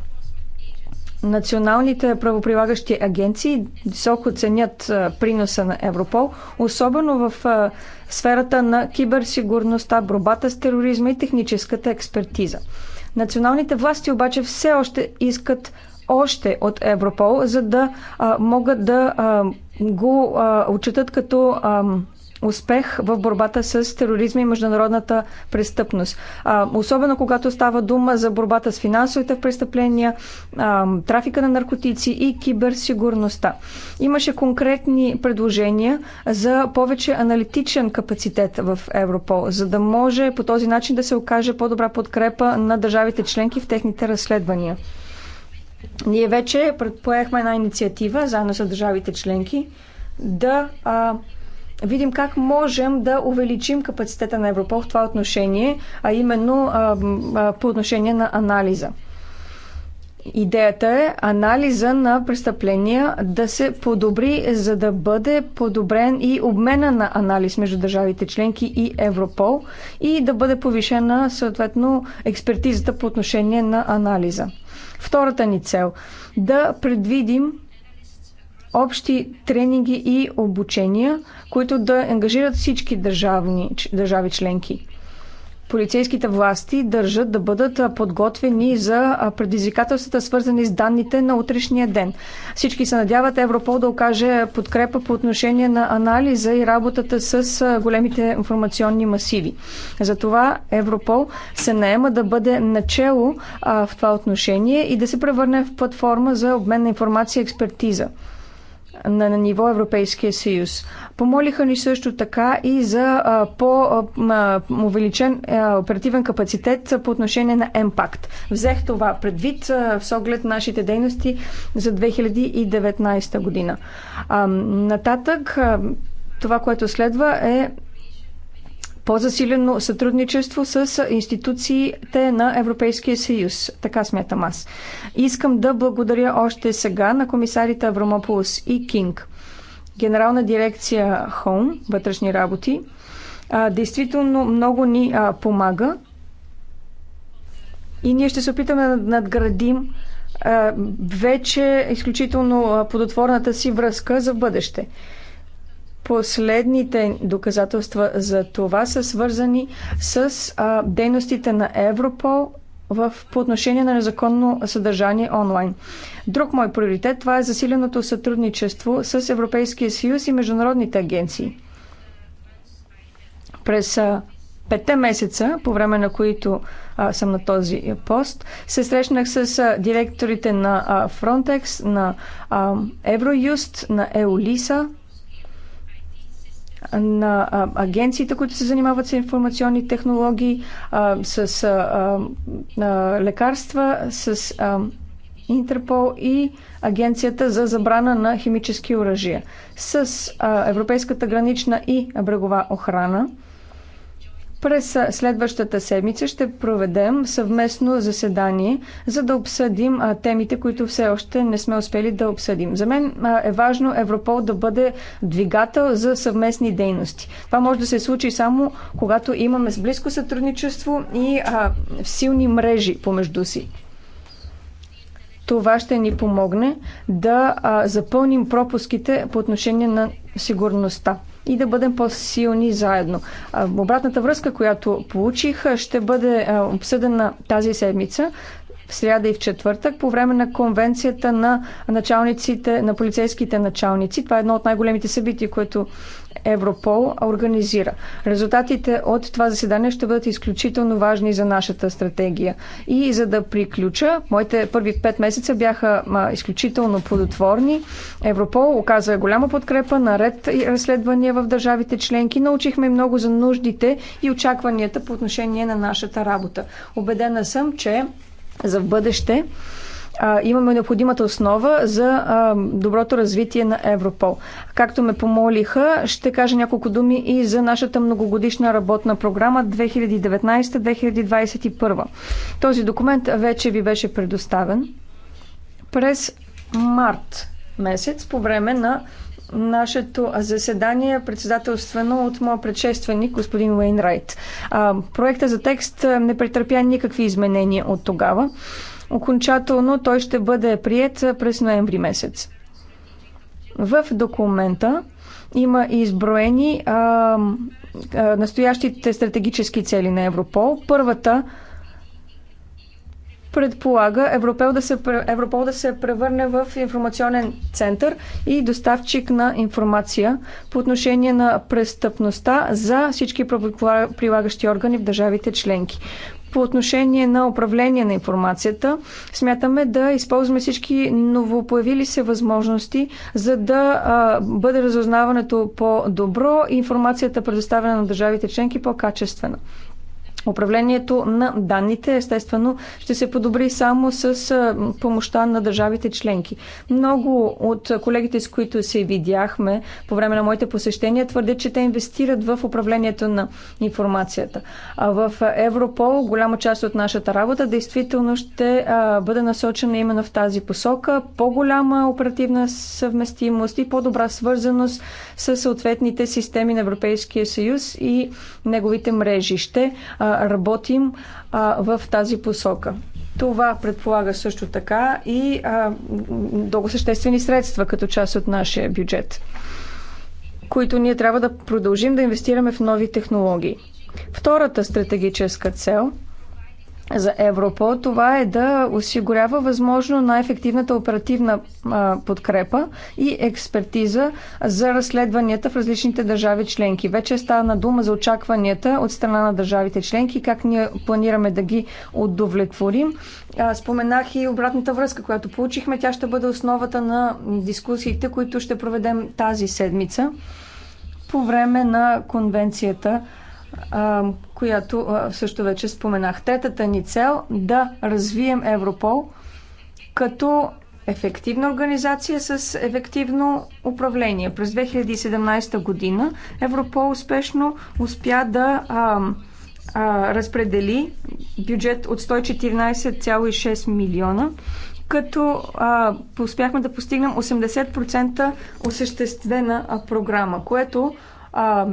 Националните правоприлагащи агенции високо ценят приноса на Европол, особено в сферата на киберсигурността, борбата с тероризма и техническата експертиза. Националните власти обаче все още искат още от Европол, за да а, могат да а, го а, отчитат като а, успех в борбата с тероризма и международната престъпност. А, особено когато става дума за борбата с финансовите престъпления, а, трафика на наркотици и киберсигурността. Имаше конкретни предложения за повече аналитичен капацитет в Европол, за да може по този начин да се окаже по-добра подкрепа на държавите членки в техните разследвания. Ние вече предпоехме една инициатива заедно с държавите членки да а, видим как можем да увеличим капацитета на Европол в това отношение, а именно по отношение на анализа. Идеята е анализа на престъпления да се подобри, за да бъде подобрен и обмена на анализ между държавите членки и Европол и да бъде повишена съответно експертизата по отношение на анализа. Втората ни цел да предвидим общи тренинги и обучения, които да ангажират всички държавни, държави членки. Полицейските власти държат да бъдат подготвени за предизвикателствата, свързани с данните на утрешния ден. Всички се надяват Европол да окаже подкрепа по отношение на анализа и работата с големите информационни масиви. Затова Европол се наема да бъде начало в това отношение и да се превърне в платформа за обмен на информация и експертиза на, ниво Европейския съюз. Помолиха ни също така и за по-увеличен оперативен капацитет по отношение на МПАКТ. Взех това предвид в с оглед нашите дейности за 2019 година. нататък това, което следва е по-засилено сътрудничество с институциите на Европейския съюз. Така смятам аз. Искам да благодаря още сега на комисарите Авромопулс и Кинг. Генерална дирекция Хом вътрешни работи, а, действително много ни а, помага и ние ще се опитаме да надградим а, вече изключително плодотворната си връзка за бъдеще. Последните доказателства за това са свързани с а, дейностите на Европол в, по отношение на незаконно съдържание онлайн. Друг мой приоритет това е засиленото сътрудничество с Европейския съюз и международните агенции. През а, петте месеца, по време на които а, съм на този пост, се срещнах с а, директорите на а, Frontex, на Евроюст, на Еолиса – на агенциите, които се занимават с информационни технологии, с лекарства, с Интерпол и Агенцията за забрана на химически оръжия. С Европейската гранична и брегова охрана през следващата седмица ще проведем съвместно заседание, за да обсъдим темите, които все още не сме успели да обсъдим. За мен е важно Европол да бъде двигател за съвместни дейности. Това може да се случи само когато имаме близко сътрудничество и силни мрежи помежду си. Това ще ни помогне да запълним пропуските по отношение на сигурността и да бъдем по-силни заедно. Обратната връзка, която получих, ще бъде обсъдена тази седмица в сряда и в четвъртък по време на конвенцията на началниците, на полицейските началници. Това е едно от най-големите събития, което Европол организира. Резултатите от това заседание ще бъдат изключително важни за нашата стратегия. И за да приключа, моите първи пет месеца бяха изключително плодотворни. Европол оказа голяма подкрепа на ред и разследвания в държавите членки. Научихме много за нуждите и очакванията по отношение на нашата работа. Обедена съм, че за в бъдеще а, имаме необходимата основа за а, доброто развитие на Европол. Както ме помолиха, ще кажа няколко думи и за нашата многогодишна работна програма 2019-2021. Този документ вече ви беше предоставен през март месец по време на нашето заседание, председателствено от моя предшественик, господин Уейнрайт. Проекта за текст не претърпя никакви изменения от тогава. Окончателно той ще бъде прият през ноември месец. В документа има изброени а, а, настоящите стратегически цели на Европол. Първата предполага Европол да, се, Европол да се превърне в информационен център и доставчик на информация по отношение на престъпността за всички правоприлагащи органи в държавите членки. По отношение на управление на информацията, смятаме да използваме всички новопоявили се възможности, за да а, бъде разузнаването по-добро и информацията предоставена на държавите членки по-качествена. Управлението на данните, естествено, ще се подобри само с помощта на държавите членки. Много от колегите, с които се видяхме по време на моите посещения, твърдят, че те инвестират в управлението на информацията. А в Европол голяма част от нашата работа действително ще бъде насочена именно в тази посока. По-голяма оперативна съвместимост и по-добра свързаност с съответните системи на Европейския съюз и неговите мрежи. Ще а, работим в тази посока. Това предполага също така и много съществени средства като част от нашия бюджет, които ние трябва да продължим да инвестираме в нови технологии. Втората стратегическа цел – за Европол, това е да осигурява възможно най-ефективната оперативна подкрепа и експертиза за разследванията в различните държави членки. Вече стана дума за очакванията от страна на държавите членки, как ние планираме да ги удовлетворим. споменах и обратната връзка, която получихме. Тя ще бъде основата на дискусиите, които ще проведем тази седмица по време на конвенцията която също вече споменах. Третата ни цел да развием Европол като ефективна организация с ефективно управление. През 2017 година Европол успешно успя да а, а, разпредели бюджет от 114,6 милиона, като а, успяхме да постигнем 80% осъществена програма, което а,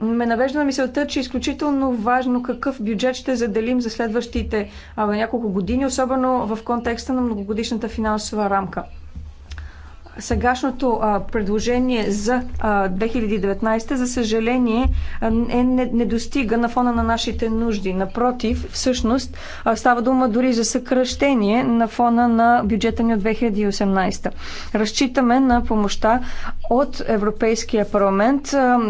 ме навежда на мисълта, че е изключително важно какъв бюджет ще заделим за следващите а, няколко години, особено в контекста на многогодишната финансова рамка сегашното предложение за 2019, за съжаление, е, не, достига на фона на нашите нужди. Напротив, всъщност, става дума дори за съкръщение на фона на бюджета ни от 2018. Разчитаме на помощта от Европейския парламент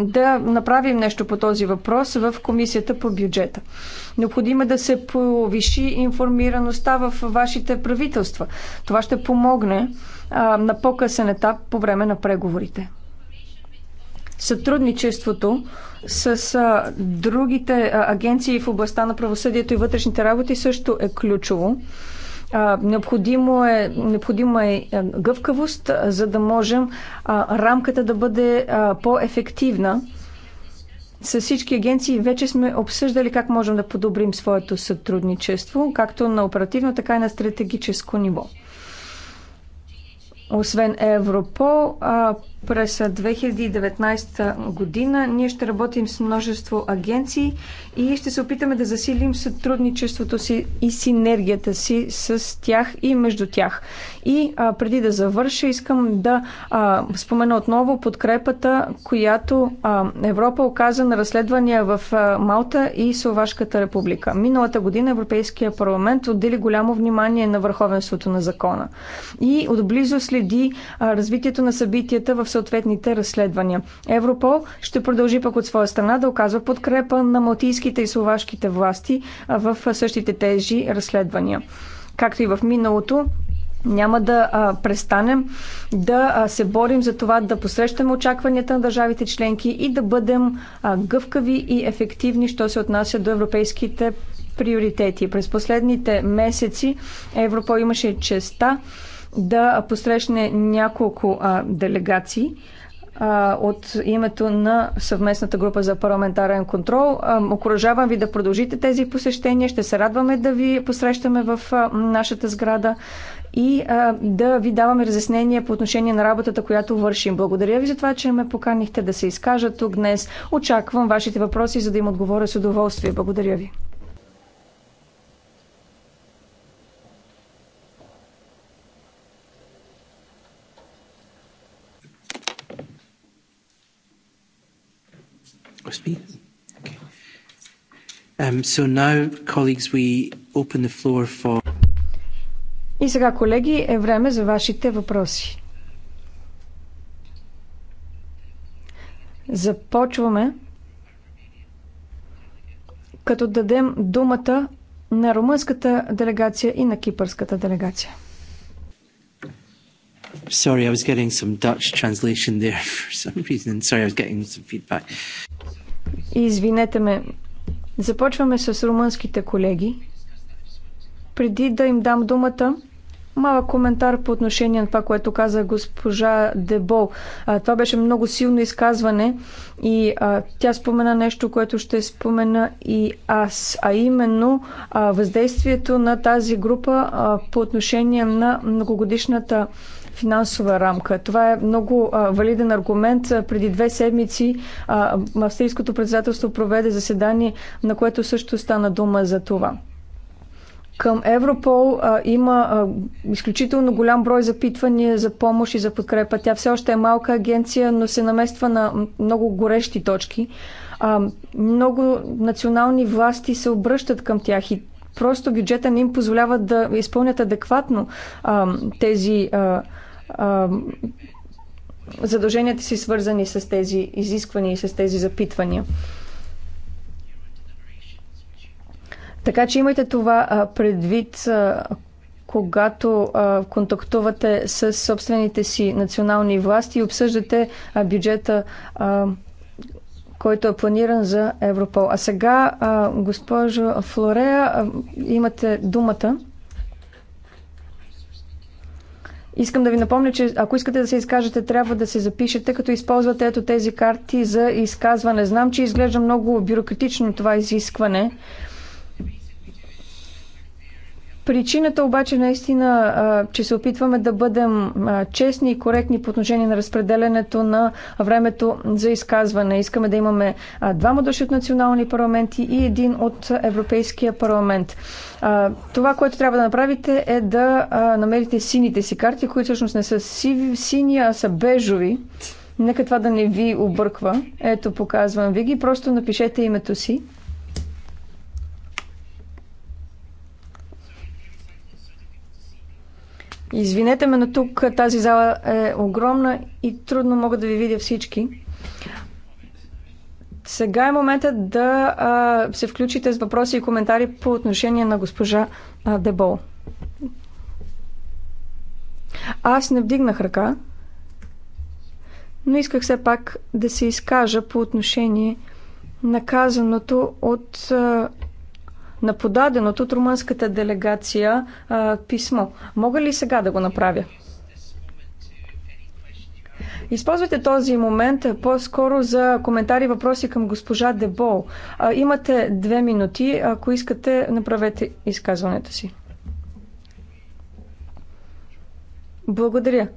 да направим нещо по този въпрос в Комисията по бюджета. Необходимо е да се повиши информираността в вашите правителства. Това ще помогне а, на по-късен етап по време на преговорите. Сътрудничеството с а, другите а, агенции в областта на правосъдието и вътрешните работи също е ключово. А, необходимо е, необходима е гъвкавост, за да можем а, рамката да бъде по-ефективна. С всички агенции вече сме обсъждали как можем да подобрим своето сътрудничество, както на оперативно, така и на стратегическо ниво освен Европол, през 2019 година ние ще работим с множество агенции и ще се опитаме да засилим сътрудничеството си и синергията си с тях и между тях. И а, преди да завърша, искам да а, спомена отново подкрепата, която а, Европа оказа на разследвания в а, Малта и Словашката република. Миналата година Европейския парламент отдели голямо внимание на върховенството на закона и отблизо следи а, развитието на събитията в съответните разследвания. Европол ще продължи пък от своя страна да оказва подкрепа на малтийските и словашките власти в същите тези разследвания. Както и в миналото, няма да а, престанем да а, се борим за това да посрещаме очакванията на държавите членки и да бъдем а, гъвкави и ефективни, що се отнася до европейските приоритети. През последните месеци Европол имаше честа да посрещне няколко а, делегации а, от името на съвместната група за парламентарен контрол. окоръжавам ви да продължите тези посещения. Ще се радваме да ви посрещаме в а, нашата сграда и а, да ви даваме разяснение по отношение на работата, която вършим. Благодаря ви за това, че ме поканихте да се изкажа тук днес. Очаквам вашите въпроси, за да им отговоря с удоволствие. Благодаря ви. Bixby? Okay. Um, so now, colleagues, we open the floor for... И сега, колеги, е време за вашите въпроси. Започваме като дадем думата на румънската делегация и на кипърската делегация. Sorry, I was getting some Dutch translation there for some reason. Sorry, I was getting some feedback. Извинете ме. Започваме с румънските колеги. Преди да им дам думата, малък коментар по отношение на това, което каза госпожа Дебол. А, това беше много силно изказване и а, тя спомена нещо, което ще спомена и аз, а именно а, въздействието на тази група а, по отношение на многогодишната финансова рамка. Това е много валиден аргумент. Преди две седмици австрийското председателство проведе заседание, на което също стана дума за това. Към Европол а, има а, изключително голям брой запитвания за помощ и за подкрепа. Тя все още е малка агенция, но се намества на много горещи точки. А, много национални власти се обръщат към тях и просто бюджета не им позволява да изпълнят адекватно а, тези. А, задълженията си свързани с тези изисквания и с тези запитвания. Така че имайте това предвид, когато контактувате с собствените си национални власти и обсъждате бюджета, който е планиран за Европол. А сега, госпожо Флорея, имате думата. Искам да ви напомня, че ако искате да се изкажете, трябва да се запишете, като използвате ето тези карти за изказване. Знам, че изглежда много бюрократично това изискване, Причината обаче наистина, че се опитваме да бъдем честни и коректни по отношение на разпределенето на времето за изказване. Искаме да имаме двама души от национални парламенти и един от Европейския парламент. Това, което трябва да направите е да намерите сините си карти, които всъщност не са сиви, сини, а са бежови. Нека това да не ви обърква. Ето, показвам ви ги. Просто напишете името си Извинете ме, но тук тази зала е огромна и трудно мога да ви видя всички. Сега е момента да а, се включите с въпроси и коментари по отношение на госпожа а, Дебол. Аз не вдигнах ръка, но исках все пак да се изкажа по отношение на казаното от а, на подаденото от румънската делегация а, писмо. Мога ли сега да го направя? Използвайте този момент по-скоро за коментари и въпроси към госпожа Дебол. А, имате две минути. Ако искате, направете изказването си. Благодаря.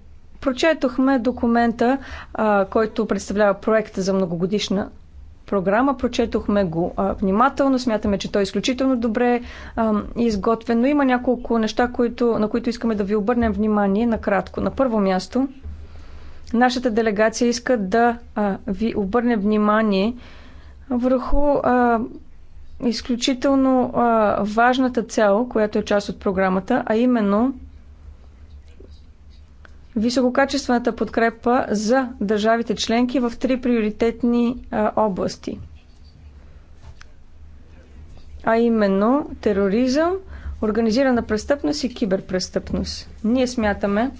Прочетохме документа, а, който представлява проект за многогодишна програма. Прочетохме го а, внимателно. Смятаме, че той е изключително добре а, изготвен, но има няколко неща, които, на които искаме да ви обърнем внимание накратко. На първо място, нашата делегация иска да а, ви обърне внимание върху а, изключително а, важната цел, която е част от програмата, а именно висококачествената подкрепа за държавите членки в три приоритетни а, области. А именно тероризъм, организирана престъпност и киберпрестъпност. Ние смятаме,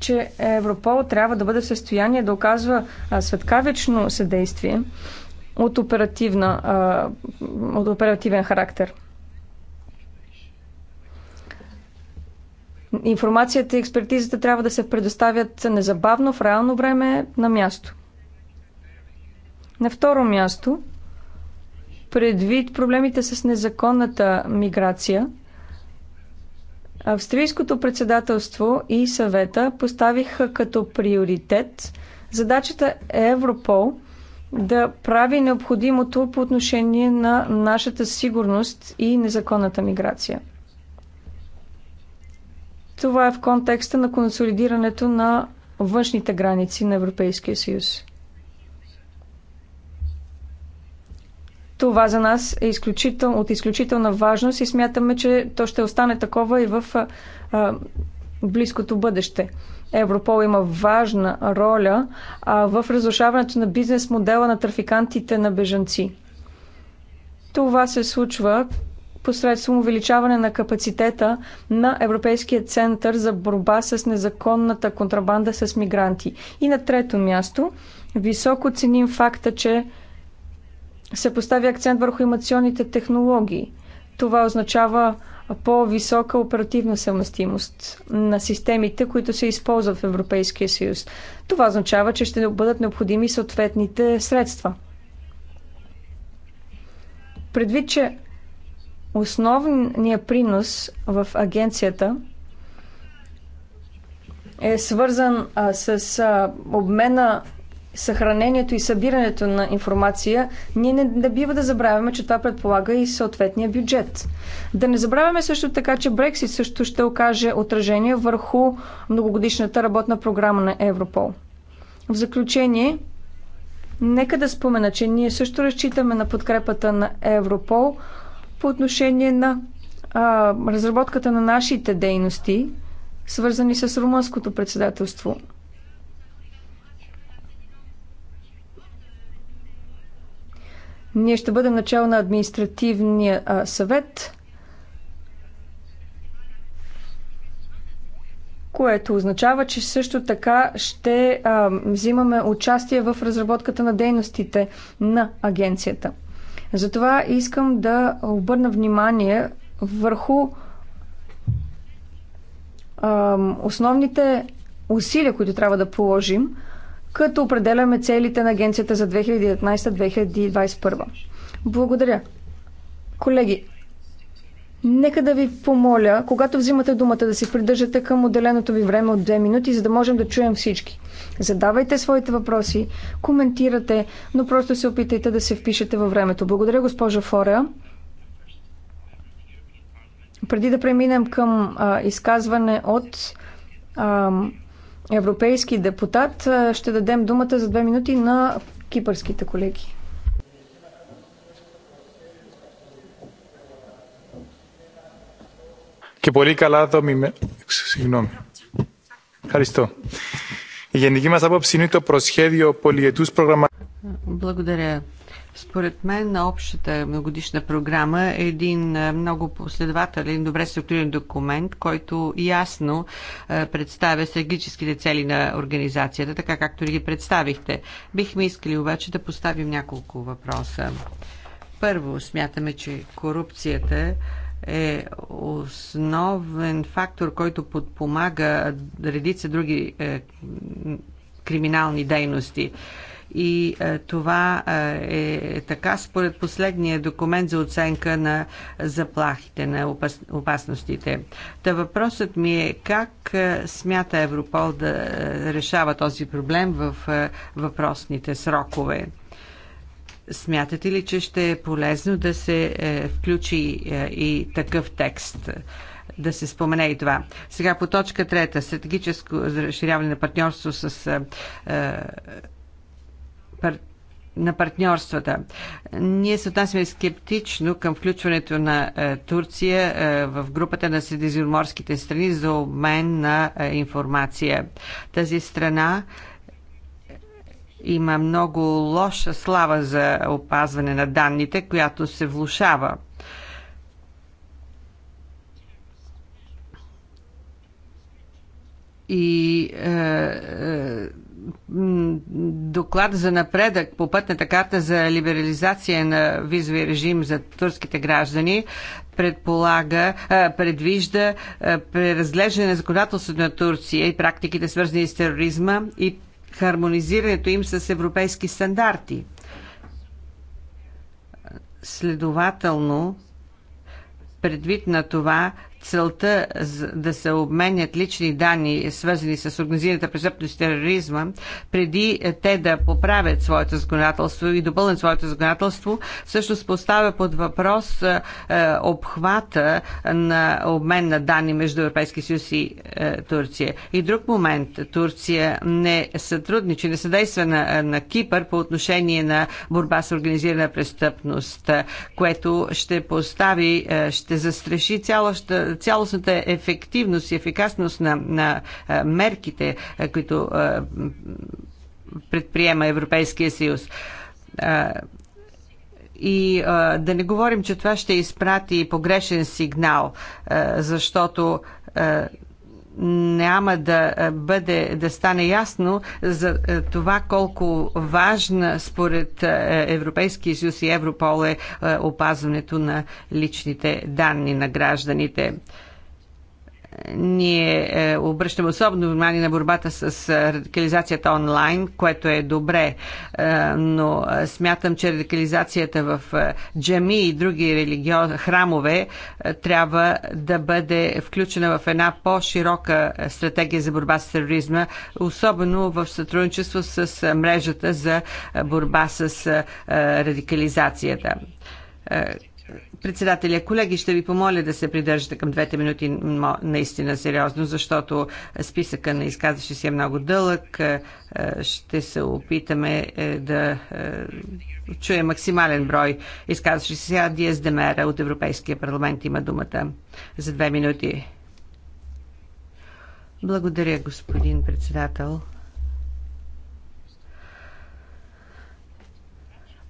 че Европол трябва да бъде в състояние да оказва светкавично съдействие от, оперативна, от оперативен характер – Информацията и експертизата трябва да се предоставят незабавно, в реално време, на място. На второ място, предвид проблемите с незаконната миграция, Австрийското председателство и съвета поставиха като приоритет задачата Европол да прави необходимото по отношение на нашата сигурност и незаконната миграция – това е в контекста на консолидирането на външните граници на Европейския съюз. Това за нас е изключител, от изключителна важност и смятаме, че то ще остане такова и в а, близкото бъдеще. Европол има важна роля а, в разрушаването на бизнес модела на трафикантите на бежанци. Това се случва, посредством увеличаване на капацитета на Европейския център за борба с незаконната контрабанда с мигранти. И на трето място, високо ценим факта, че се поставя акцент върху имационните технологии. Това означава по-висока оперативна съвместимост на системите, които се използват в Европейския съюз. Това означава, че ще бъдат необходими съответните средства. Предвид, че Основният принос в агенцията е свързан а, с а, обмена, съхранението и събирането на информация. Ние не, не бива да забравяме, че това предполага и съответния бюджет. Да не забравяме също така, че Брексит също ще окаже отражение върху многогодишната работна програма на Европол. В заключение, нека да спомена, че ние също разчитаме на подкрепата на Европол – по отношение на а, разработката на нашите дейности, свързани с румънското председателство. Ние ще бъдем начало на административния а, съвет, което означава, че също така ще а, взимаме участие в разработката на дейностите на агенцията. Затова искам да обърна внимание върху основните усилия, които трябва да положим, като определяме целите на агенцията за 2019-2021. Благодаря. Колеги, Нека да ви помоля, когато взимате думата, да се придържате към отделеното ви време от две минути, за да можем да чуем всички. Задавайте своите въпроси, коментирате, но просто се опитайте да се впишете във времето. Благодаря, госпожа Фореа. Преди да преминем към а, изказване от а, европейски депутат, ще дадем думата за две минути на кипърските колеги. και πολύ καλά δομημένο. Συγγνώμη. Ευχαριστώ. Η γενική μας άποψη είναι το προσχέδιο πολιετούς προγραμματισμού. Благодаря. Според мен общата многогодишна програма е един е, много последователен, добре структурен документ, който ясно е, представя стратегическите цели на организацията, така както ги представихте. Бихме искали обаче да поставим няколко въпроса. Първо, смятаме, че корупцията е основен фактор, който подпомага редица други е, криминални дейности. И е, това е, е така според последния документ за оценка на заплахите, на опас, опасностите. Та въпросът ми е как е, смята Европол да е, решава този проблем в е, въпросните срокове. Смятате ли, че ще е полезно да се е, включи е, и такъв текст? да се спомене и това. Сега по точка трета. Стратегическо разширяване на партньорство с е, е, пар, на партньорствата. Ние се отнасяме скептично към включването на е, Турция е, в групата на средиземноморските страни за обмен на е, информация. Тази страна има много лоша слава за опазване на данните, която се влушава. И е, е, доклад за напредък по пътната карта за либерализация на визови режим за турските граждани предполага, е, предвижда е, преразглеждане на законодателството на Турция и практиките свързани с тероризма и хармонизирането им с европейски стандарти. Следователно, предвид на това, целта да се обменят лични данни, свързани с организираната престъпност и тероризма, преди е, те да поправят своето законодателство и допълнят своето законодателство, всъщност поставя под въпрос е, е, обхвата на обмен на данни между Европейски съюз и Турция. И друг момент, Турция не сътрудничи, не съдейства на, на Кипър по отношение на борба с организирана престъпност, което ще постави, ще застраши цялата цялостната ефективност и ефикасност на, на мерките, които предприема Европейския съюз. И а, да не говорим, че това ще изпрати погрешен сигнал, а, защото а, няма да бъде, да стане ясно за това колко важна според Европейския съюз и Европол е опазването на личните данни на гражданите ние е, обръщаме особено внимание на борбата с радикализацията онлайн, което е добре, е, но е, смятам, че радикализацията в джами и други религио... храмове трябва да бъде включена в една по-широка стратегия за борба с тероризма, особено в сътрудничество с мрежата за борба с радикализацията Председателя, колеги, ще ви помоля да се придържате към двете минути наистина сериозно, защото списъка на изказващи си е много дълъг. Е, е, ще се опитаме е, да чуе максимален брой изказващи се. Сега Диес Демера от Европейския парламент има думата за две минути. Благодаря, господин председател.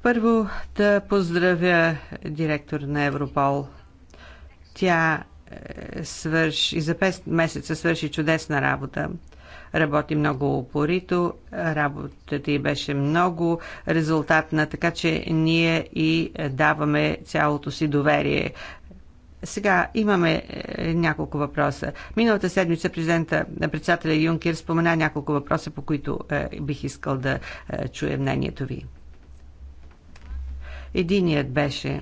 Първо да поздравя директор на Европол. Тя е, свърши, за 5 месеца свърши чудесна работа. Работи много упорито, работата й беше много резултатна, така че ние и е, даваме цялото си доверие сега имаме е, няколко въпроса. Миналата седмица президента, е, председателя Юнкер спомена няколко въпроса, по които е, бих искал да е, чуя мнението ви. Единият беше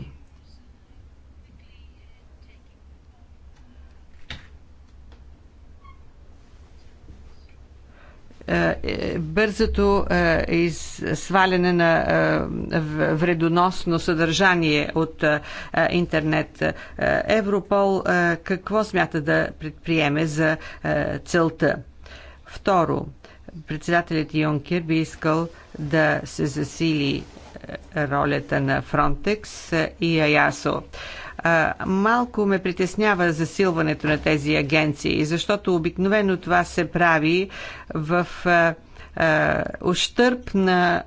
е, е, бързото е, из сваляне на вредоносно съдържание от интернет. Европол какво смята да предприеме за целта? Второ, председателят Юнкер би искал да се засили ролята на Фронтекс и АЯСО. Малко ме притеснява засилването на тези агенции, защото обикновено това се прави в ущърп на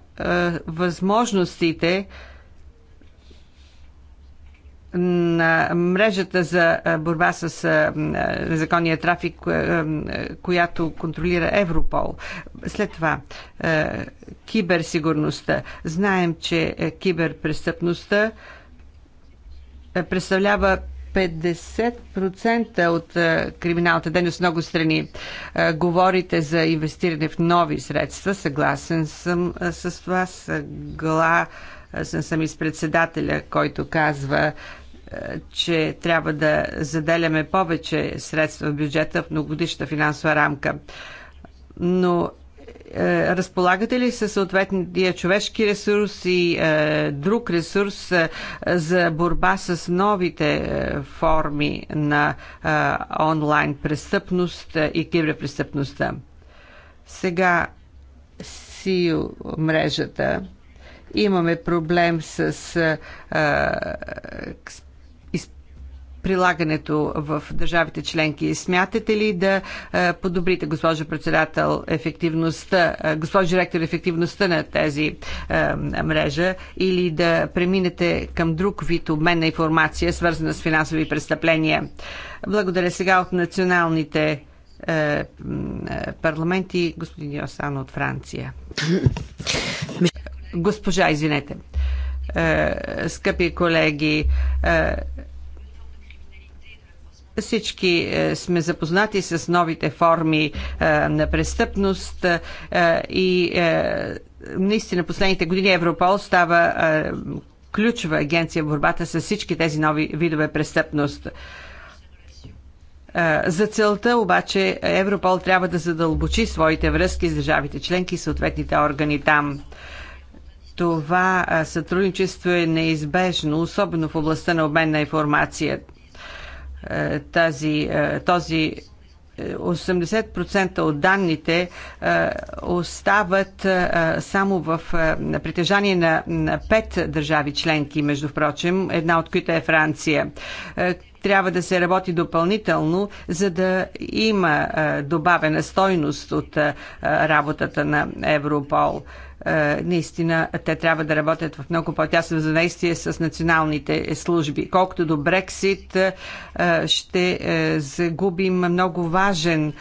възможностите, на мрежата за борба с незаконния трафик, която контролира Европол. След това киберсигурността. Знаем, че киберпрестъпността представлява 50% от криминалната дейност в много страни. Говорите за инвестиране в нови средства. Съгласен съм с това. Съгласен съм и с председателя, който казва, че трябва да заделяме повече средства в бюджета в многогодишна финансова рамка. Но е, разполагате ли със съответния човешки ресурс и е, друг ресурс е, за борба с новите е, форми на е, онлайн престъпност и киберпрестъпността? Сега сил мрежата имаме проблем с, а, е, е, с прилагането в държавите членки. Смятате ли да е, подобрите, госпожо председател, ефективността, е, госпожо директор, ефективността на тези е, мрежа или да преминете към друг вид обмен на информация, свързана с финансови престъпления? Благодаря сега от националните парламенти, господин Йосан от Франция. Госпожа, извинете скъпи колеги, всички е, сме запознати с новите форми е, на престъпност е, и наистина последните години Европол става ключова агенция в борбата с всички тези нови видове престъпност. За целта обаче Европол трябва да задълбочи своите връзки с държавите членки и съответните органи там. Това сътрудничество е неизбежно, особено в областта на обмен на информацията е, тази, е, този 80% е, от данните остават само в притежание на пет държави членки, между прочим, една от които е Франция трябва да се работи допълнително, за да има добавена стойност от работата на Европол наистина те трябва да работят в много по-тясно задействие с националните служби. Колкото до Брексит, ще загубим много важен,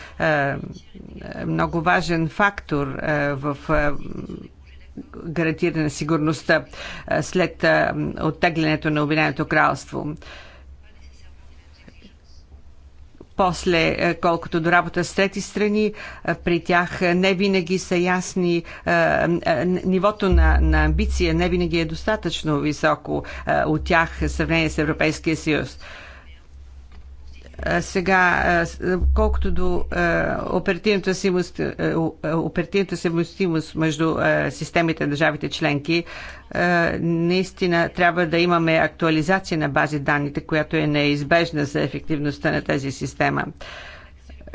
много важен фактор в гарантиране на сигурността след оттеглянето на Обединеното кралство. После, е, колкото до работа с трети страни, е, при тях не винаги са ясни, е, нивото на, на амбиция не винаги е достатъчно високо от тях в сравнение с Европейския съюз. Сега, колкото до оперативната съвместимост между системите на държавите членки, наистина трябва да имаме актуализация на бази данните, която е неизбежна за ефективността на тази система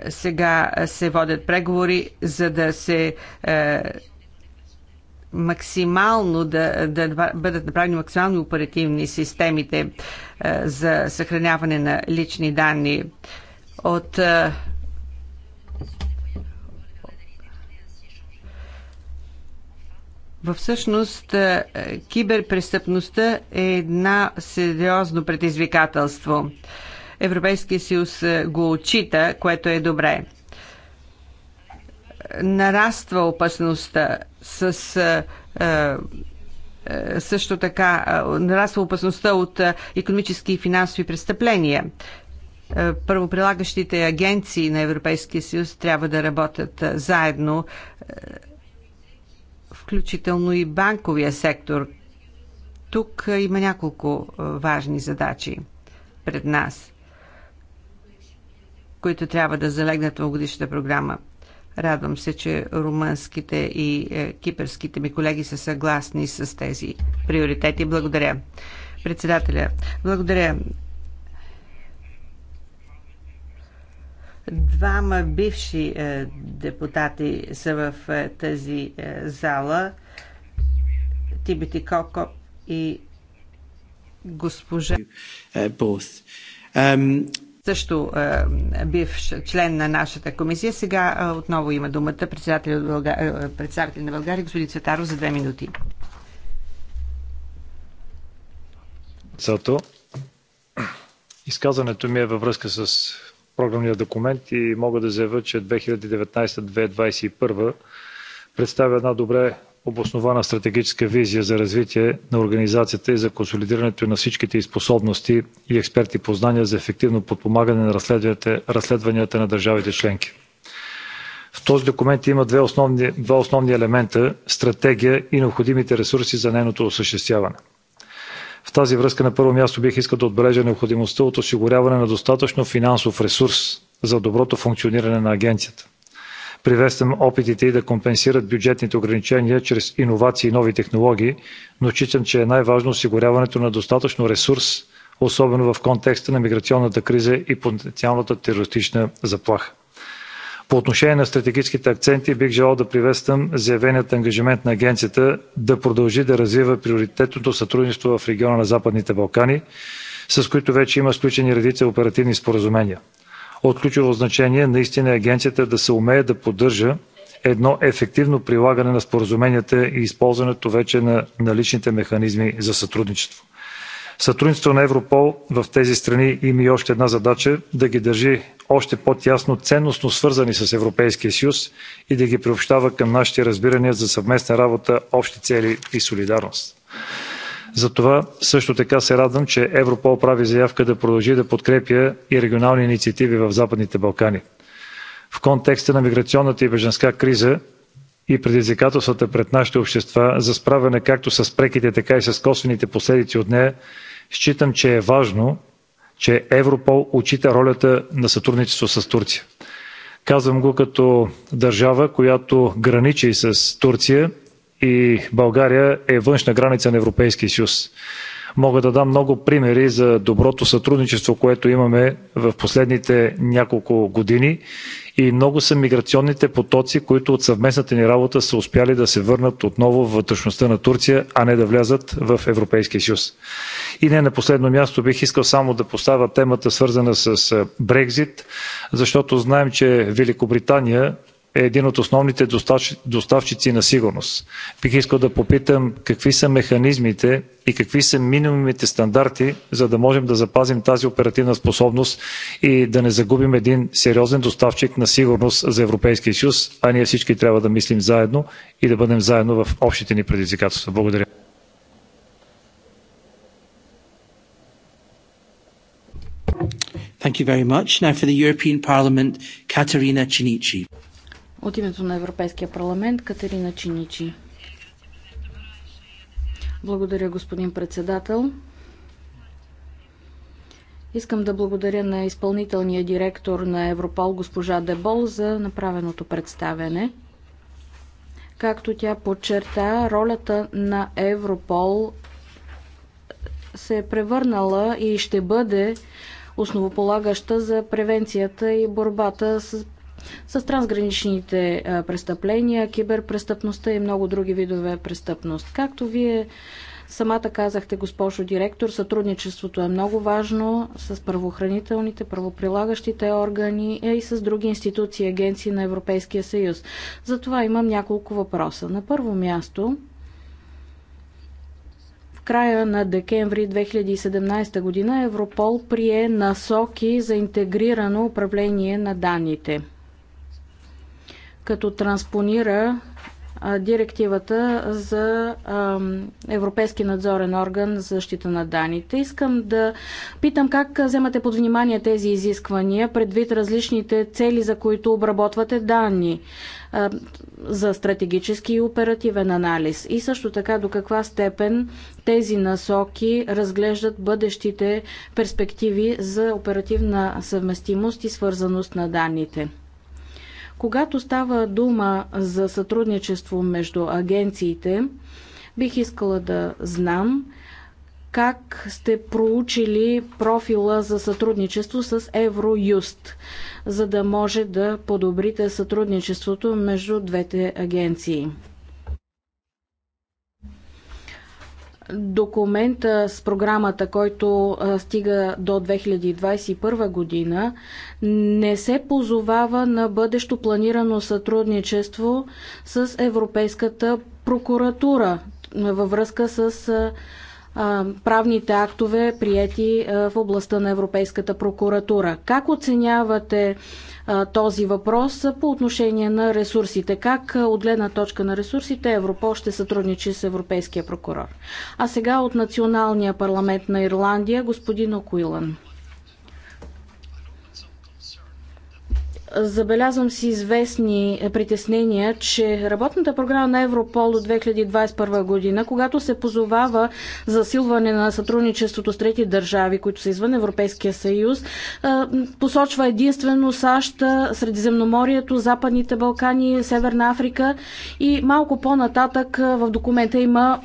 сега се водят преговори, за да се максимално да, да бъдат направени максимално оперативни системите е, за съхраняване на лични данни. От е, Всъщност, е, киберпрестъпността е една сериозно предизвикателство. Европейския съюз го отчита, което е добре нараства опасността с а, а, също така а, нараства опасността от економически и финансови престъпления. Първоприлагащите агенции на Европейския съюз трябва да работят заедно, включително и банковия сектор. Тук има няколко важни задачи пред нас, които трябва да залегнат в годишната програма Радвам се, че румънските и е, кипърските ми колеги са съгласни с тези приоритети. Благодаря. Председателя, благодаря. Двама бивши е, депутати са в е, тази е, зала. Тибити Кокоп и госпожа. Uh, също е, бивш член на нашата комисия. Сега е, отново има думата председател, Българ... Е, председател на България, господин Цветаров, за две минути. Цато, изказването ми е във връзка с програмния документ и мога да заявя, че 2019-2021 представя една добре обоснована стратегическа визия за развитие на организацията и за консолидирането на всичките способности и експерти познания за ефективно подпомагане на разследванията, разследванията на държавите членки. В този документ има две основни, два основни елемента – стратегия и необходимите ресурси за нейното осъществяване. В тази връзка на първо място бих искал да отбележа необходимостта от осигуряване на достатъчно финансов ресурс за доброто функциониране на агенцията – Приветствам опитите и да компенсират бюджетните ограничения чрез иновации и нови технологии, но считам, че е най-важно осигуряването на достатъчно ресурс, особено в контекста на миграционната криза и потенциалната терористична заплаха. По отношение на стратегическите акценти, бих желал да приветствам заявеният ангажимент на агенцията да продължи да развива приоритетното сътрудничество в региона на Западните Балкани, с които вече има сключени редица оперативни споразумения. От ключово значение наистина е агенцията да се умее да поддържа едно ефективно прилагане на споразуменията и използването вече на наличните механизми за сътрудничество. Сътрудничество на Европол в тези страни има и още една задача да ги държи още по-тясно ценностно свързани с Европейския съюз и да ги приобщава към нашите разбирания за съвместна работа, общи цели и солидарност. Затова също така се радвам, че Европол прави заявка да продължи да подкрепя и регионални инициативи в Западните Балкани. В контекста на миграционната и беженска криза и предизвикателствата пред нашите общества за справяне както с преките, така и с косвените последици от нея, считам, че е важно, че Европол отчита ролята на сътрудничество с Турция. Казвам го като държава, която граничи с Турция и България е външна граница на Европейския съюз. Мога да дам много примери за доброто сътрудничество, което имаме в последните няколко години и много са миграционните потоци, които от съвместната ни работа са успяли да се върнат отново в вътрешността на Турция, а не да влязат в Европейския съюз. И не на последно място бих искал само да поставя темата свързана с Брекзит, защото знаем, че Великобритания е един от основните доставчици на сигурност. Бих искал да попитам какви са механизмите и какви са минимумите стандарти, за да можем да запазим тази оперативна способност и да не загубим един сериозен доставчик на сигурност за Европейския съюз, а ние всички трябва да мислим заедно и да бъдем заедно в общите ни предизвикателства. Благодаря. Thank you very much. Now for the European Parliament, Katerina Chinichi. От името на Европейския парламент Катерина Чиничи. Благодаря, господин председател. Искам да благодаря на изпълнителния директор на Европол госпожа Дебол за направеното представяне. Както тя подчерта, ролята на Европол се е превърнала и ще бъде основополагаща за превенцията и борбата с с трансграничните престъпления, киберпрестъпността и много други видове престъпност. Както вие Самата казахте, госпожо директор, сътрудничеството е много важно с правоохранителните, правоприлагащите органи е и с други институции и агенции на Европейския съюз. Затова имам няколко въпроса. На първо място, в края на декември 2017 година Европол прие насоки за интегрирано управление на данните – като транспонира директивата за Европейски надзорен орган за защита на данните. Искам да питам как вземате под внимание тези изисквания предвид различните цели, за които обработвате данни за стратегически и оперативен анализ. И също така до каква степен тези насоки разглеждат бъдещите перспективи за оперативна съвместимост и свързаност на данните. Когато става дума за сътрудничество между агенциите, бих искала да знам как сте проучили профила за сътрудничество с Евроюст, за да може да подобрите сътрудничеството между двете агенции. Документа с програмата, който стига до 2021 година, не се позовава на бъдещо планирано сътрудничество с Европейската прокуратура във връзка с правните актове, прияти в областта на Европейската прокуратура. Как оценявате този въпрос по отношение на ресурсите. Как от гледна точка на ресурсите Европол ще сътрудничи с Европейския прокурор? А сега от Националния парламент на Ирландия господин Окуилан. Забелязвам си известни притеснения, че работната програма на Европол до 2021 година, когато се позовава засилване на сътрудничеството с трети държави, които са извън Европейския съюз, посочва единствено САЩ, Средиземноморието, Западните Балкани, Северна Африка и малко по-нататък в документа има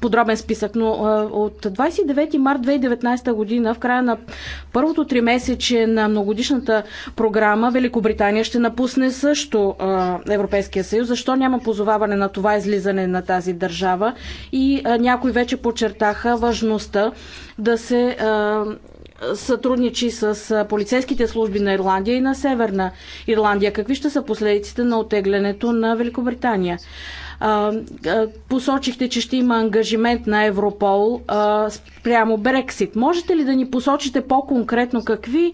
подробен списък. Но от 29 март 2019 година, в края на първото три месече на многодишната програма, Обама Великобритания ще напусне също Европейския съюз. Защо няма позоваване на това излизане на тази държава? И някои вече подчертаха важността да се сътрудничи с полицейските служби на Ирландия и на Северна Ирландия. Какви ще са последиците на отеглянето на Великобритания? посочихте, че ще има ангажимент на Европол прямо Брексит. Можете ли да ни посочите по-конкретно какви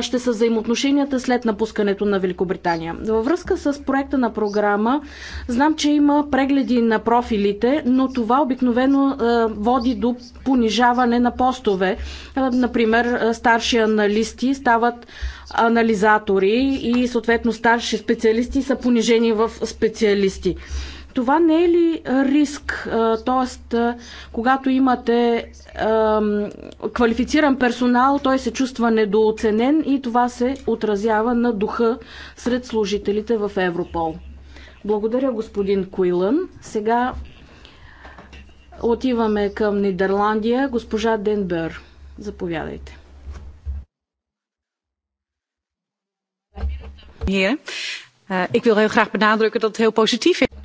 ще са взаимоотношенията след напускането на Великобритания? Във връзка с проекта на програма, знам, че има прегледи на профилите, но това обикновено води до понижаване на постове. Например, старши аналисти стават анализатори и съответно старши специалисти са понижени в специалисти. Това не е ли риск? Тоест, когато имате квалифициран персонал, той се чувства недооценен и това се отразява на духа сред служителите в Европол. Благодаря, господин Куилън. Сега отиваме към Нидерландия. Госпожа Денбер, заповядайте. Uh, ik wil heel graag benadrukken dat het heel positief is.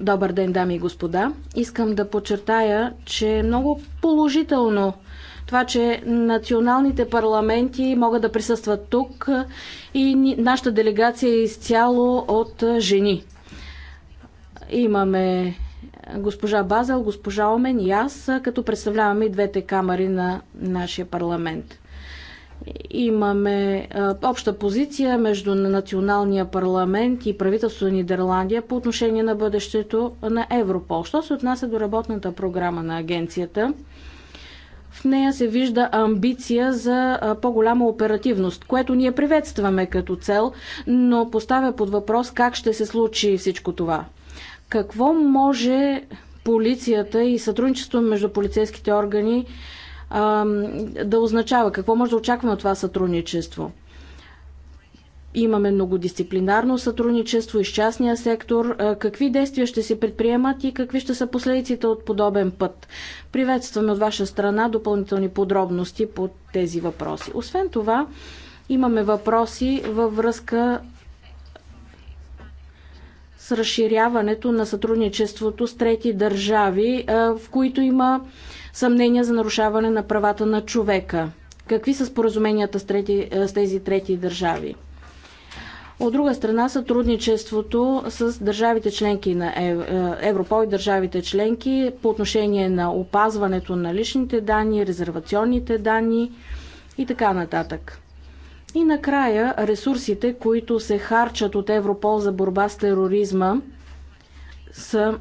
Добър ден, дами и господа. Искам да подчертая, че е много положително това, че националните парламенти могат да присъстват тук и нашата делегация е изцяло от жени. Имаме госпожа Базел, госпожа Омен и аз, като представляваме и двете камери на нашия парламент. Имаме обща позиция между националния парламент и правителство на Нидерландия по отношение на бъдещето на Европол. Що се отнася до работната програма на агенцията? В нея се вижда амбиция за по-голяма оперативност, което ние приветстваме като цел, но поставя под въпрос как ще се случи всичко това. Какво може полицията и сътрудничество между полицейските органи да означава? Какво може да очакваме от това сътрудничество? Имаме многодисциплинарно сътрудничество и с частния сектор. Какви действия ще се предприемат и какви ще са последиците от подобен път? Приветстваме от ваша страна допълнителни подробности по тези въпроси. Освен това, имаме въпроси във връзка с разширяването на сътрудничеството с трети държави, в които има съмнения за нарушаване на правата на човека. Какви са споразуменията с, трети, е, с тези трети държави? От друга страна, сътрудничеството с държавите членки на е, Европол и държавите членки по отношение на опазването на личните данни, резервационните данни и така нататък. И накрая ресурсите, които се харчат от Европол за борба с тероризма, са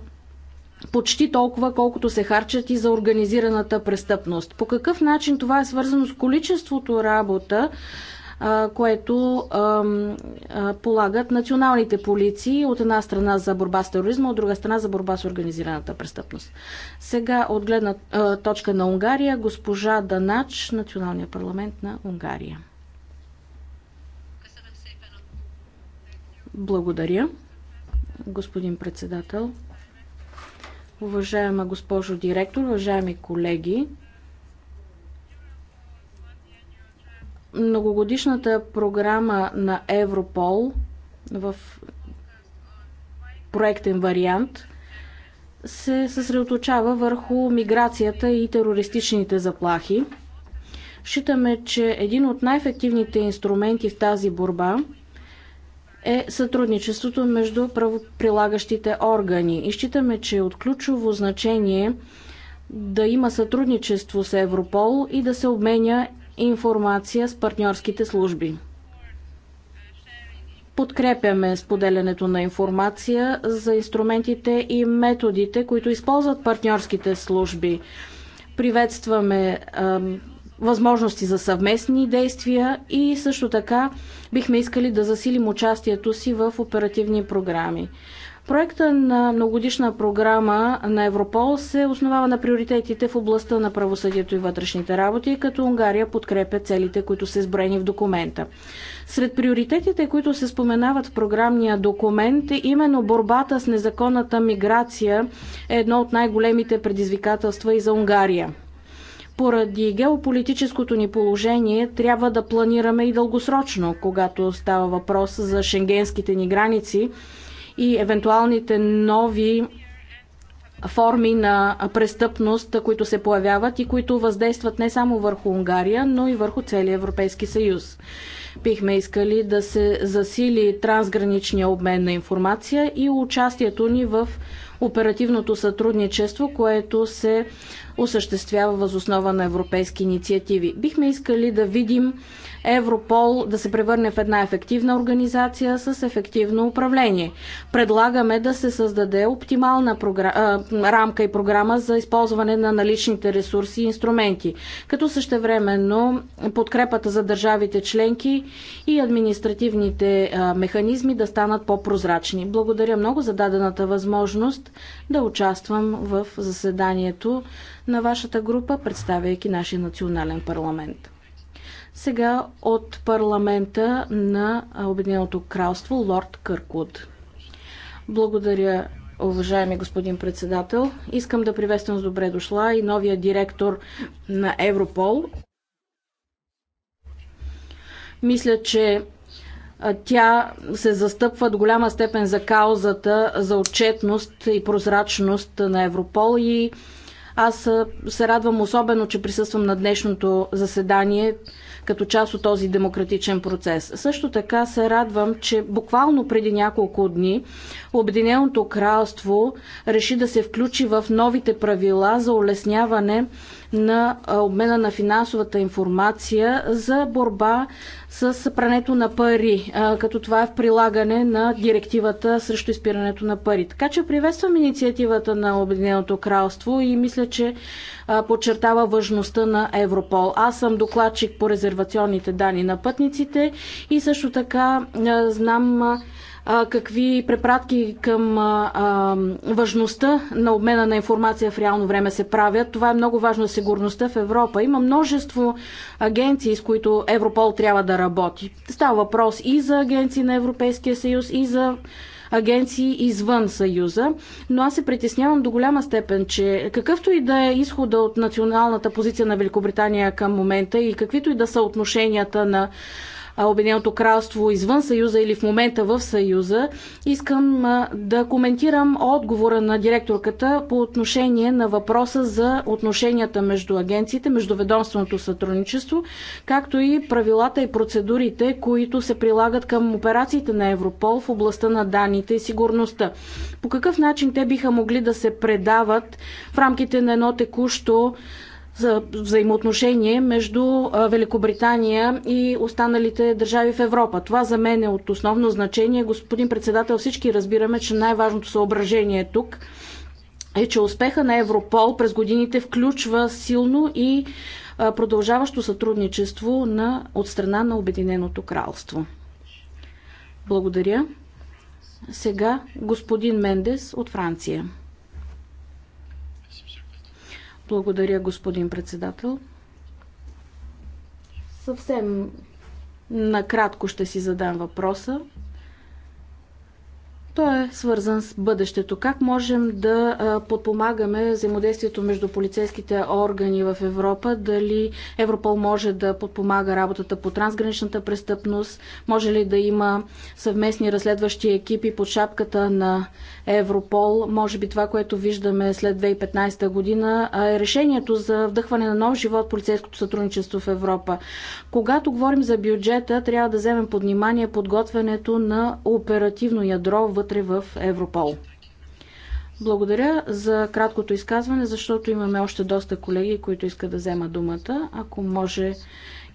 почти толкова, колкото се харчат и за организираната престъпност. По какъв начин това е свързано с количеството работа, което полагат националните полиции от една страна за борба с тероризма, от друга страна за борба с организираната престъпност. Сега от гледна точка на Унгария, госпожа Данач, Националния парламент на Унгария. Благодаря, господин председател. Уважаема госпожо директор, уважаеми колеги, многогодишната програма на Европол в проектен вариант се съсредоточава върху миграцията и терористичните заплахи. Считаме, че един от най-ефективните инструменти в тази борба е сътрудничеството между правоприлагащите органи. И считаме, че е от ключово значение да има сътрудничество с Европол и да се обменя информация с партньорските служби. Подкрепяме споделянето на информация за инструментите и методите, които използват партньорските служби. Приветстваме възможности за съвместни действия и също така бихме искали да засилим участието си в оперативни програми. Проекта на многодишна програма на Европол се основава на приоритетите в областта на правосъдието и вътрешните работи, като Унгария подкрепя целите, които са изброени в документа. Сред приоритетите, които се споменават в програмния документ, е именно борбата с незаконната миграция е едно от най-големите предизвикателства и за Унгария. Поради геополитическото ни положение трябва да планираме и дългосрочно, когато става въпрос за шенгенските ни граници и евентуалните нови форми на престъпност, които се появяват и които въздействат не само върху Унгария, но и върху целия Европейски съюз. Бихме искали да се засили трансграничния обмен на информация и участието ни в оперативното сътрудничество, което се осъществява възоснова на европейски инициативи. Бихме искали да видим Европол да се превърне в една ефективна организация с ефективно управление. Предлагаме да се създаде оптимална програ... рамка и програма за използване на наличните ресурси и инструменти, като същевременно подкрепата за държавите членки и административните механизми да станат по-прозрачни. Благодаря много за дадената възможност да участвам в заседанието на вашата група, представяйки нашия национален парламент. Сега от парламента на Обединеното кралство Лорд Къркуд. Благодаря, уважаеми господин председател. Искам да приветствам с добре дошла и новия директор на Европол. Мисля, че тя се застъпва до голяма степен за каузата за отчетност и прозрачност на Европол и аз се радвам особено, че присъствам на днешното заседание като част от този демократичен процес. Също така се радвам, че буквално преди няколко дни Обединеното кралство реши да се включи в новите правила за улесняване на обмена на финансовата информация за борба с прането на пари, като това е в прилагане на директивата срещу изпирането на пари. Така че приветствам инициативата на Обединеното кралство и мисля, че подчертава важността на Европол. Аз съм докладчик по резервационните данни на пътниците и също така знам какви препратки към важността на обмена на информация в реално време се правят. Това е много важно сигурността в Европа. Има множество агенции, с които Европол трябва да работи. Става въпрос и за агенции на Европейския съюз, и за агенции извън Съюза, но аз се притеснявам до голяма степен, че какъвто и да е изхода от националната позиция на Великобритания към момента и каквито и да са отношенията на Обединеното кралство извън Съюза или в момента в Съюза, искам да коментирам отговора на директорката по отношение на въпроса за отношенията между агенциите, между ведомственото сътрудничество, както и правилата и процедурите, които се прилагат към операциите на Европол в областта на данните и сигурността. По какъв начин те биха могли да се предават в рамките на едно текущо за взаимоотношение между Великобритания и останалите държави в Европа. Това за мен е от основно значение. Господин председател, всички разбираме, че най-важното съображение тук е, че успеха на Европол през годините включва силно и продължаващо сътрудничество на, от страна на Обединеното кралство. Благодаря. Сега господин Мендес от Франция. Благодаря, господин председател. Съвсем накратко ще си задам въпроса. Той е свързан с бъдещето. Как можем да подпомагаме взаимодействието между полицейските органи в Европа? Дали Европол може да подпомага работата по трансграничната престъпност? Може ли да има съвместни разследващи екипи под шапката на Европол? Може би това, което виждаме след 2015 година е решението за вдъхване на нов живот полицейското сътрудничество в Европа. Когато говорим за бюджета, трябва да вземем под внимание подготвянето на оперативно ядро вътре в Европол. Благодаря за краткото изказване, защото имаме още доста колеги, които искат да вземат думата. Ако може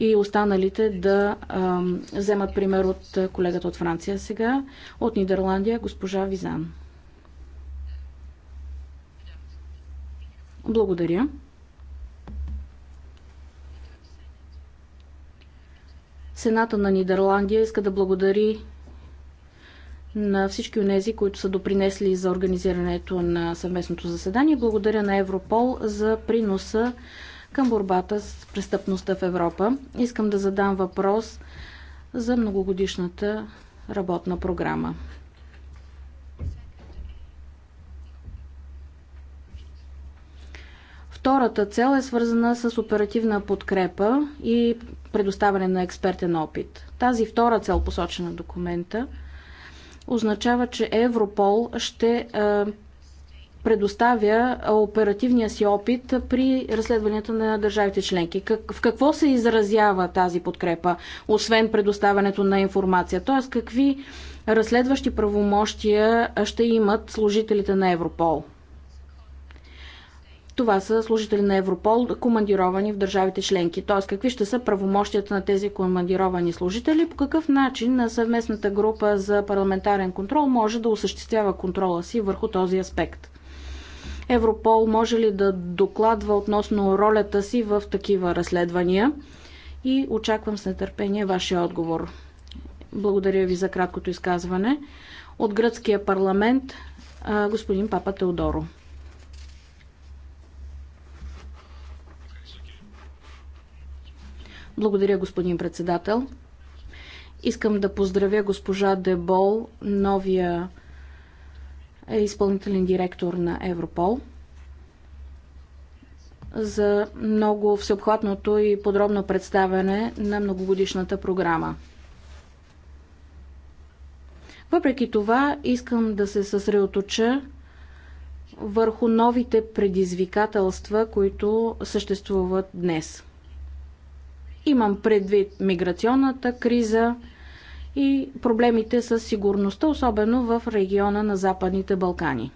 и останалите да а, вземат пример от колегата от Франция сега, от Нидерландия, госпожа Визан. Благодаря. Сената на Нидерландия иска да благодари на всички унези, които са допринесли за организирането на съвместното заседание. Благодаря на Европол за приноса към борбата с престъпността в Европа. Искам да задам въпрос за многогодишната работна програма. Втората цел е свързана с оперативна подкрепа и предоставяне на експертен опит. Тази втора цел, посочена в документа, означава, че Европол ще е, предоставя оперативния си опит при разследванията на държавите членки. Как, в какво се изразява тази подкрепа, освен предоставянето на информация? Тоест, какви разследващи правомощия ще имат служителите на Европол? Това са служители на Европол, командировани в държавите членки. Тоест, какви ще са правомощията на тези командировани служители, по какъв начин на съвместната група за парламентарен контрол може да осъществява контрола си върху този аспект. Европол може ли да докладва относно ролята си в такива разследвания? И очаквам с нетърпение вашия отговор. Благодаря ви за краткото изказване. От гръцкия парламент господин Папа Теодоро. Благодаря, господин председател. Искам да поздравя госпожа Дебол, новия е, изпълнителен директор на Европол, за много всеобхватното и подробно представяне на многогодишната програма. Въпреки това, искам да се съсредоточа върху новите предизвикателства, които съществуват днес – Имам предвид миграционната криза и проблемите с сигурността, особено в региона на Западните Балкани.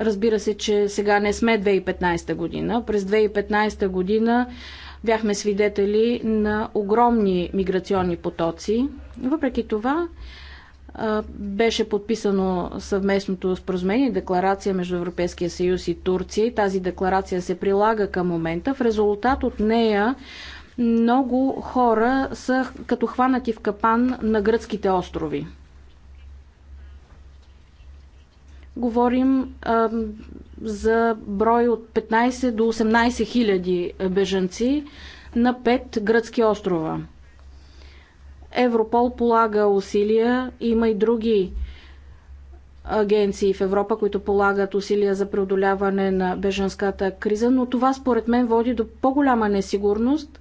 Разбира се, че сега не сме 2015 година. През 2015 година бяхме свидетели на огромни миграционни потоци. Въпреки това, беше подписано съвместното споразумение, декларация между Европейския съюз и Турция. И тази декларация се прилага към момента. В резултат от нея много хора са като хванати в капан на гръцките острови. Говорим а, за брой от 15 до 18 хиляди бежанци на 5 гръцки острова. Европол полага усилия, има и други агенции в Европа, които полагат усилия за преодоляване на беженската криза, но това според мен води до по-голяма несигурност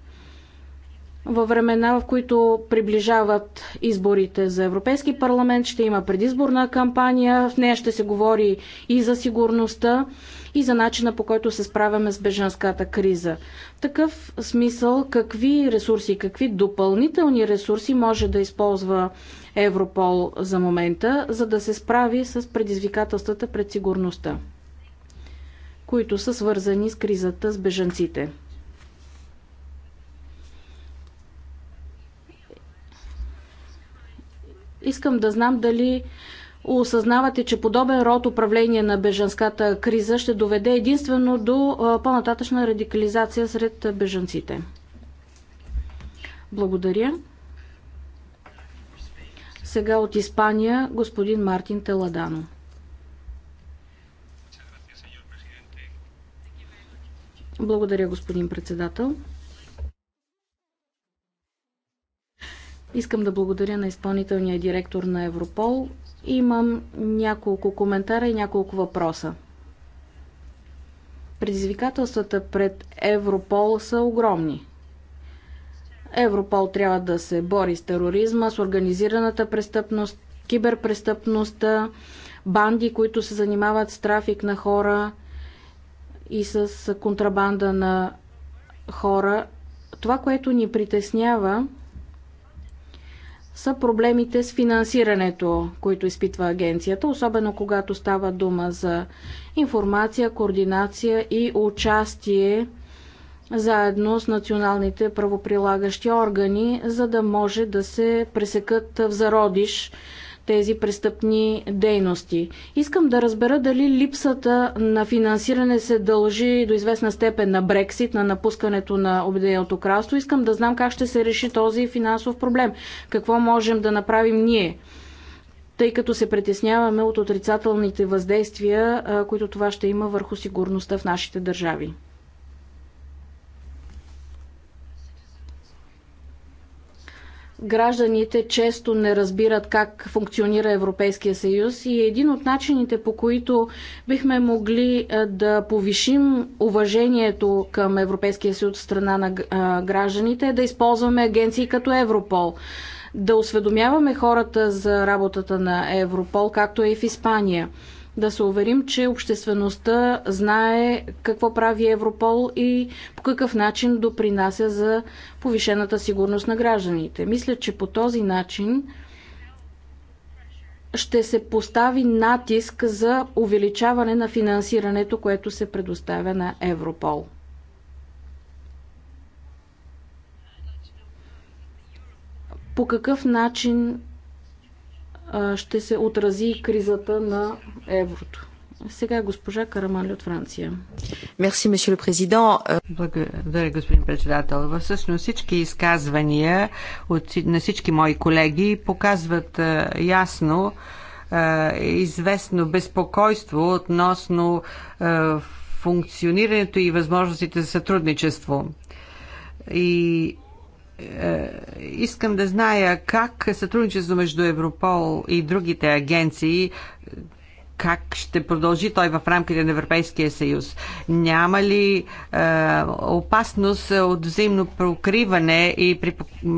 във времена, в които приближават изборите за Европейски парламент, ще има предизборна кампания, в нея ще се говори и за сигурността, и за начина по който се справяме с бежанската криза. В такъв смисъл, какви ресурси, какви допълнителни ресурси може да използва Европол за момента, за да се справи с предизвикателствата пред сигурността, които са свързани с кризата с бежанците. Искам да знам дали осъзнавате, че подобен род управление на бежанската криза ще доведе единствено до по-нататъчна радикализация сред бежанците. Благодаря. Сега от Испания господин Мартин Теладано. Благодаря, господин председател. Искам да благодаря на изпълнителния директор на Европол Имам няколко коментара и няколко въпроса. Предизвикателствата пред Европол са огромни. Европол трябва да се бори с тероризма, с организираната престъпност, киберпрестъпността, банди, които се занимават с трафик на хора и с контрабанда на хора. Това, което ни притеснява са проблемите с финансирането, които изпитва агенцията, особено когато става дума за информация, координация и участие заедно с националните правоприлагащи органи, за да може да се пресекат в зародиш тези престъпни дейности. Искам да разбера дали липсата на финансиране се дължи до известна степен на Брексит, на напускането на Обединеното кралство. Искам да знам как ще се реши този финансов проблем. Какво можем да направим ние? тъй като се притесняваме от отрицателните въздействия, които това ще има върху сигурността в нашите държави. гражданите често не разбират как функционира Европейския съюз и един от начините по които бихме могли да повишим уважението към Европейския съюз от страна на гражданите е да използваме агенции като Европол. Да осведомяваме хората за работата на Европол, както е и в Испания да се уверим, че обществеността знае какво прави Европол и по какъв начин допринася за повишената сигурност на гражданите. Мисля, че по този начин ще се постави натиск за увеличаване на финансирането, което се предоставя на Европол. По какъв начин ще се отрази кризата на еврото. Сега госпожа Карамали от Франция. Мерси, месье президент. Благодаря, господин председател. Всъщност всички изказвания от, на всички мои колеги показват ясно известно безпокойство относно функционирането и възможностите за сътрудничество. И е, искам да зная как сътрудничество между Европол и другите агенции как ще продължи той в рамките на Европейския съюз? Няма ли е, опасност от взаимно прокриване и при,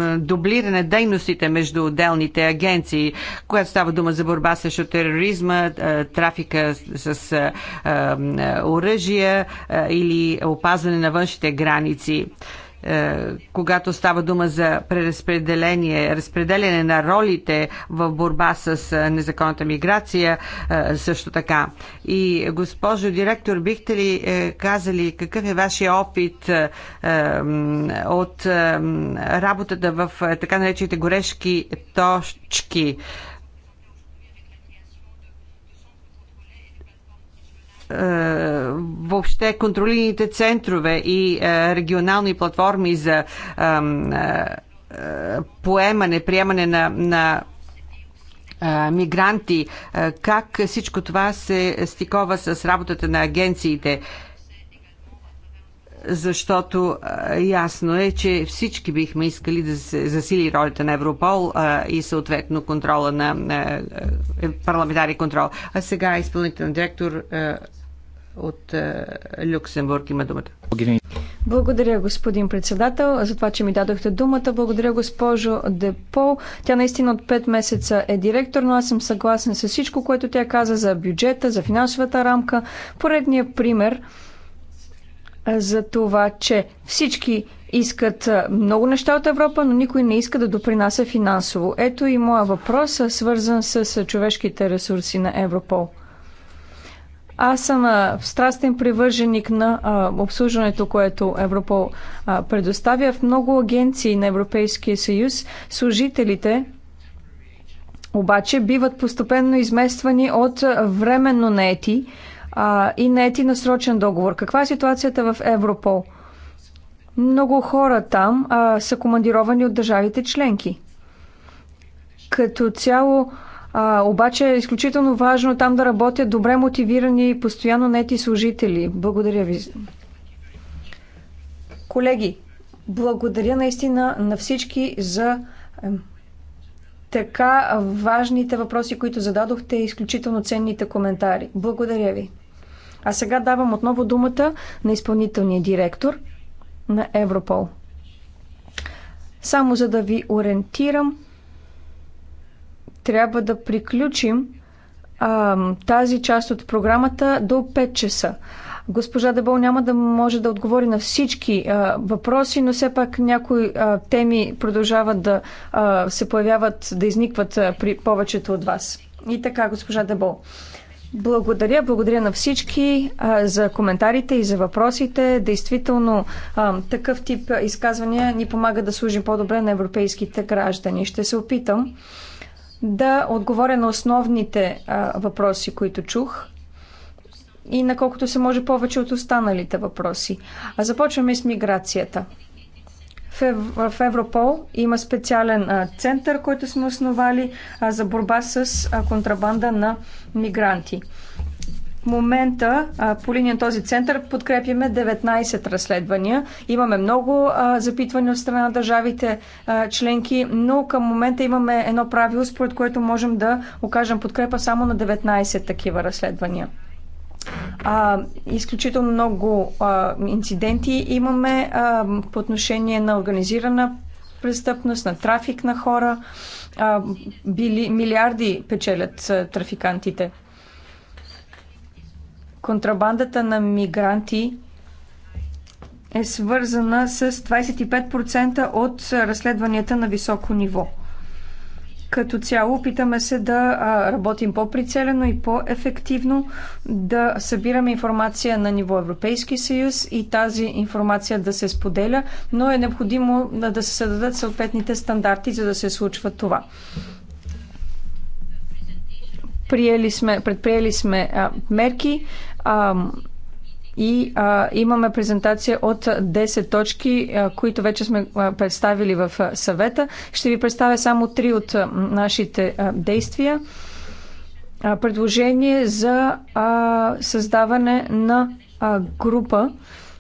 е, дублиране дейностите между отделните агенции, когато става дума за борба срещу тероризма, е, трафика с е, е, оръжия е, или опазване на външните граници? Е, е, когато става дума за преразпределение, разпределение на ролите в борба с е, незаконната миграция, е, също така. И госпожо директор, бихте ли казали какъв е вашия опит от работата в така наречените горешки точки? Е, въобще контролираните центрове и е, регионални платформи за е, поемане, приемане на, на мигранти, как всичко това се стикова с работата на агенциите защото ясно е, че всички бихме искали да се засили ролята на Европол а, и съответно контрола на на парламентарния контрол. А сега изпълнителен директор а, от е, Люксембург има думата. Благодаря, господин председател, за това, че ми дадохте думата. Благодаря, госпожо Депо. Тя наистина от 5 месеца е директор, но аз съм съгласен с всичко, което тя каза за бюджета, за финансовата рамка. Поредният пример е, за това, че всички искат е, много неща от Европа, но никой не иска да допринася финансово. Ето и моя въпрос, свързан с човешките ресурси на Европол. Аз съм а, страстен привърженик на а, обслужването, което Европол а, предоставя. В много агенции на Европейския съюз служителите обаче биват постепенно измествани от временно нети а, и нети на срочен договор. Каква е ситуацията в Европол? Много хора там а, са командировани от държавите членки. Като цяло а, обаче е изключително важно там да работят добре мотивирани и постоянно нети служители. Благодаря ви. Колеги, благодаря наистина на всички за така важните въпроси, които зададохте и изключително ценните коментари. Благодаря ви. А сега давам отново думата на изпълнителния директор на Европол. Само за да ви ориентирам, трябва да приключим а, тази част от програмата до 5 часа. Госпожа Дебол няма да може да отговори на всички а, въпроси, но все пак някои а, теми продължават да а, се появяват, да изникват а, при повечето от вас. И така, госпожа Дебол. Благодаря, благодаря на всички а, за коментарите и за въпросите. Действително, а, такъв тип изказвания ни помага да служим по-добре на европейските граждани. Ще се опитам да отговоря на основните а, въпроси, които чух и на колкото се може повече от останалите въпроси. А започваме с миграцията. В Европол има специален център, който сме основали за борба с контрабанда на мигранти в момента по линия на този център подкрепяме 19 разследвания. Имаме много запитвания от страна на държавите членки, но към момента имаме едно правило, според което можем да окажем подкрепа само на 19 такива разследвания. А, изключително много а, инциденти имаме а, по отношение на организирана престъпност, на трафик на хора. А, били, милиарди печелят а, трафикантите контрабандата на мигранти е свързана с 25% от разследванията на високо ниво. Като цяло опитаме се да работим по-прицелено и по-ефективно, да събираме информация на ниво Европейски съюз и тази информация да се споделя, но е необходимо да се създадат съответните стандарти, за да се случва това приели сме, предприели сме а, мерки а, и а, имаме презентация от 10 точки, а, които вече сме а, представили в а, съвета. Ще ви представя само три от а, нашите а, действия. А, предложение за а, създаване на а, група,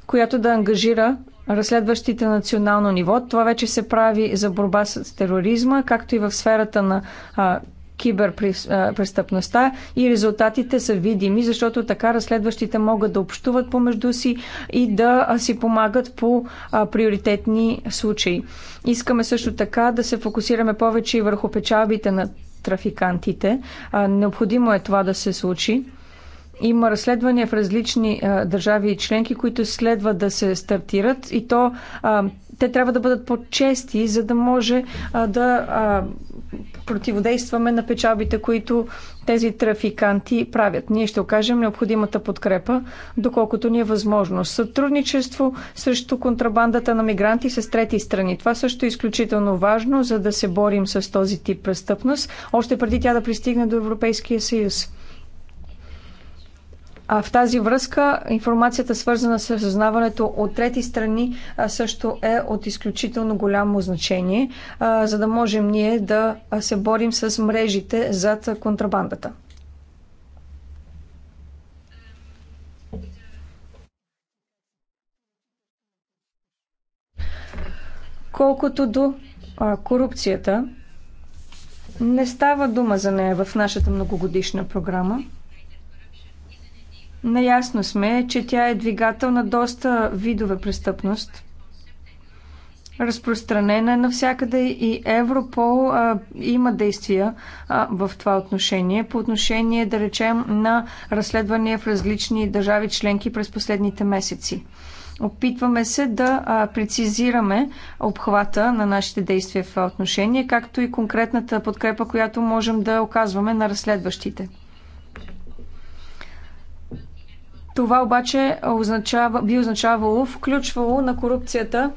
която да ангажира разследващите национално ниво. Това вече се прави за борба с тероризма, както и в сферата на а, киберпрестъпността и резултатите са видими, защото така разследващите могат да общуват помежду си и да си помагат по приоритетни случаи. Искаме също така да се фокусираме повече и върху печалбите на трафикантите. Необходимо е това да се случи. Има разследвания в различни а, държави и членки, които следва да се стартират и то а, те трябва да бъдат по-чести, за да може а, да а, противодействаме на печалбите, които тези трафиканти правят. Ние ще окажем необходимата подкрепа, доколкото ни е възможно. Сътрудничество срещу контрабандата на мигранти с трети страни. Това също е изключително важно, за да се борим с този тип престъпност, още преди тя да пристигне до Европейския съюз. А в тази връзка информацията, свързана с разузнаването от трети страни, също е от изключително голямо значение, за да можем ние да се борим с мрежите зад контрабандата. Колкото до корупцията, не става дума за нея в нашата многогодишна програма. Наясно сме, че тя е двигател на доста видове престъпност. Разпространена е навсякъде и Европол а, има действия а, в това отношение. По отношение, да речем, на разследвания в различни държави членки през последните месеци. Опитваме се да а, прецизираме обхвата на нашите действия в това отношение, както и конкретната подкрепа, която можем да оказваме на разследващите. Това обаче означава, би означавало включвало на корупцията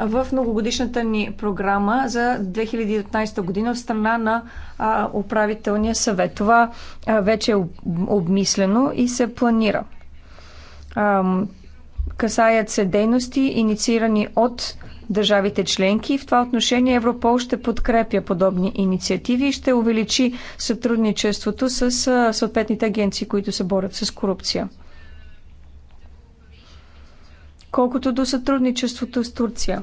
в многогодишната ни програма за 2019 година от страна на а, управителния съвет. Това а, вече е обмислено и се планира. А, касаят се дейности, инициирани от държавите членки. В това отношение Европол ще подкрепя подобни инициативи и ще увеличи сътрудничеството с съответните агенции, които се борят с корупция. Колкото до сътрудничеството с Турция.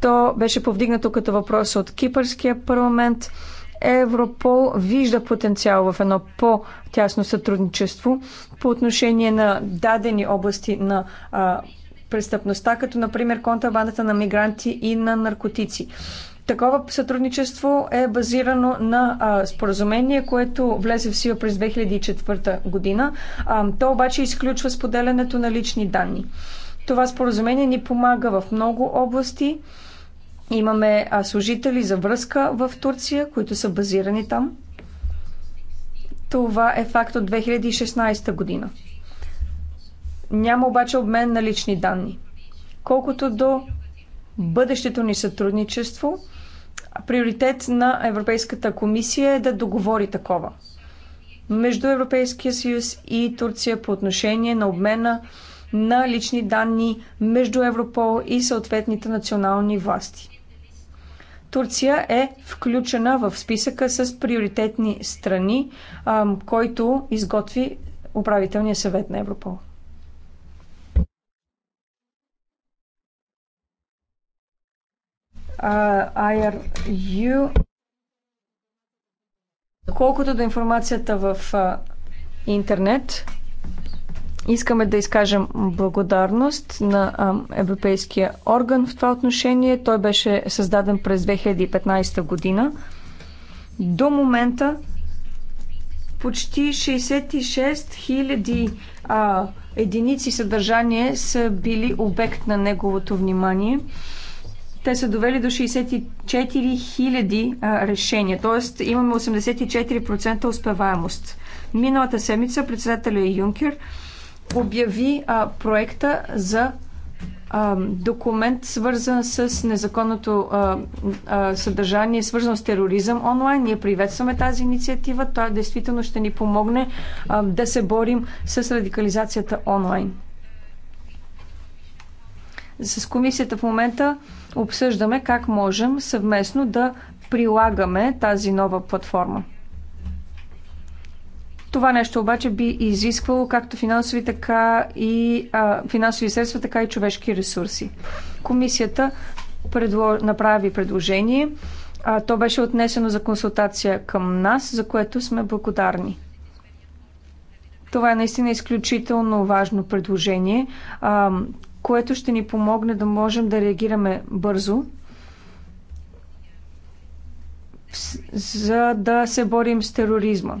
То беше повдигнато като въпрос от Кипърския парламент. Европол вижда потенциал в едно по-тясно сътрудничество по отношение на дадени области на а, престъпността, като например контрабандата на мигранти и на наркотици. Такова сътрудничество е базирано на а, споразумение, което влезе в сила през 2004 година. А, то обаче изключва споделянето на лични данни. Това споразумение ни помага в много области. Имаме а, служители за връзка в Турция, които са базирани там. Това е факт от 2016 година. Няма обаче обмен на лични данни. Колкото до бъдещето ни сътрудничество, Приоритет на Европейската комисия е да договори такова между Европейския съюз и Турция по отношение на обмена на лични данни между Европол и съответните национални власти. Турция е включена в списъка с приоритетни страни, който изготви управителния съвет на Европол. IRU. Колкото до информацията в интернет, искаме да изкажем благодарност на Европейския орган в това отношение. Той беше създаден през 2015 година. До момента почти 66 000 единици съдържание са били обект на неговото внимание те са довели до 64 000 решения, т.е. имаме 84% успеваемост. Миналата седмица председателя Юнкер обяви а, проекта за а, документ, свързан с незаконното а, а, съдържание, свързан с тероризъм онлайн. Ние приветстваме тази инициатива. Той действително ще ни помогне а, да се борим с радикализацията онлайн. С комисията в момента обсъждаме как можем съвместно да прилагаме тази нова платформа. Това нещо обаче би изисквало както финансови, така и, а, финансови средства, така и човешки ресурси. Комисията предло... направи предложение. А, то беше отнесено за консултация към нас, за което сме благодарни. Това е наистина изключително важно предложение. А, което ще ни помогне да можем да реагираме бързо, за да се борим с тероризма.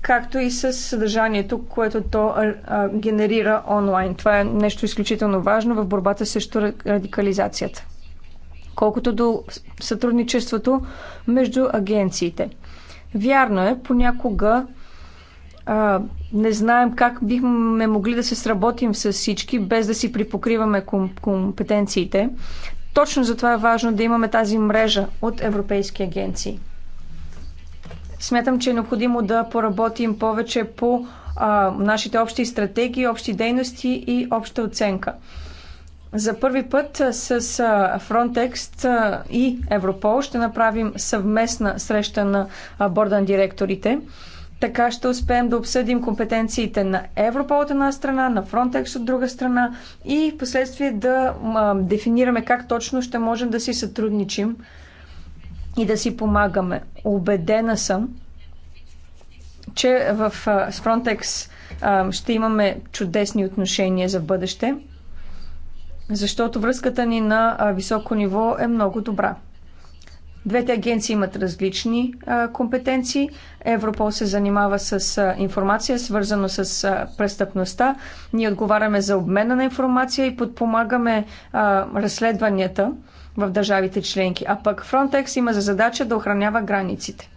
Както и с съдържанието, което то генерира онлайн. Това е нещо изключително важно в борбата срещу радикализацията. Колкото до сътрудничеството между агенциите. Вярно е, понякога а, не знаем как бихме могли да се сработим с всички, без да си припокриваме компетенциите. Точно затова е важно да имаме тази мрежа от европейски агенции. Смятам, че е необходимо да поработим повече по а, нашите общи стратегии, общи дейности и обща оценка. За първи път с Frontex и Европол ще направим съвместна среща на борда на директорите. Така ще успеем да обсъдим компетенциите на Европол от една страна, на Frontex от друга страна и в последствие да дефинираме как точно ще можем да си сътрудничим и да си помагаме. Обедена съм, че в, с Frontex ще имаме чудесни отношения за бъдеще, защото връзката ни на високо ниво е много добра. Двете агенции имат различни а, компетенции. Европол се занимава с а, информация, свързано с а, престъпността. Ние отговаряме за обмена на информация и подпомагаме а, разследванията в държавите членки. А пък Frontex има за задача да охранява границите.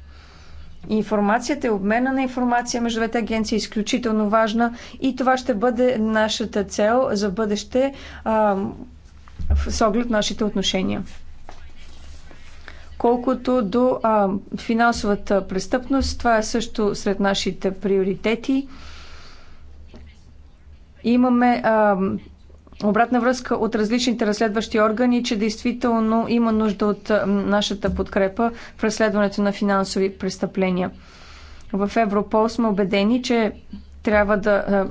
Информацията и обмена на информация между двете агенции е изключително важна и това ще бъде нашата цел за бъдеще а, с оглед нашите отношения. Колкото до а, финансовата престъпност, това е също сред нашите приоритети. Имаме а, обратна връзка от различните разследващи органи, че действително има нужда от нашата подкрепа в разследването на финансови престъпления. В Европол сме убедени, че трябва да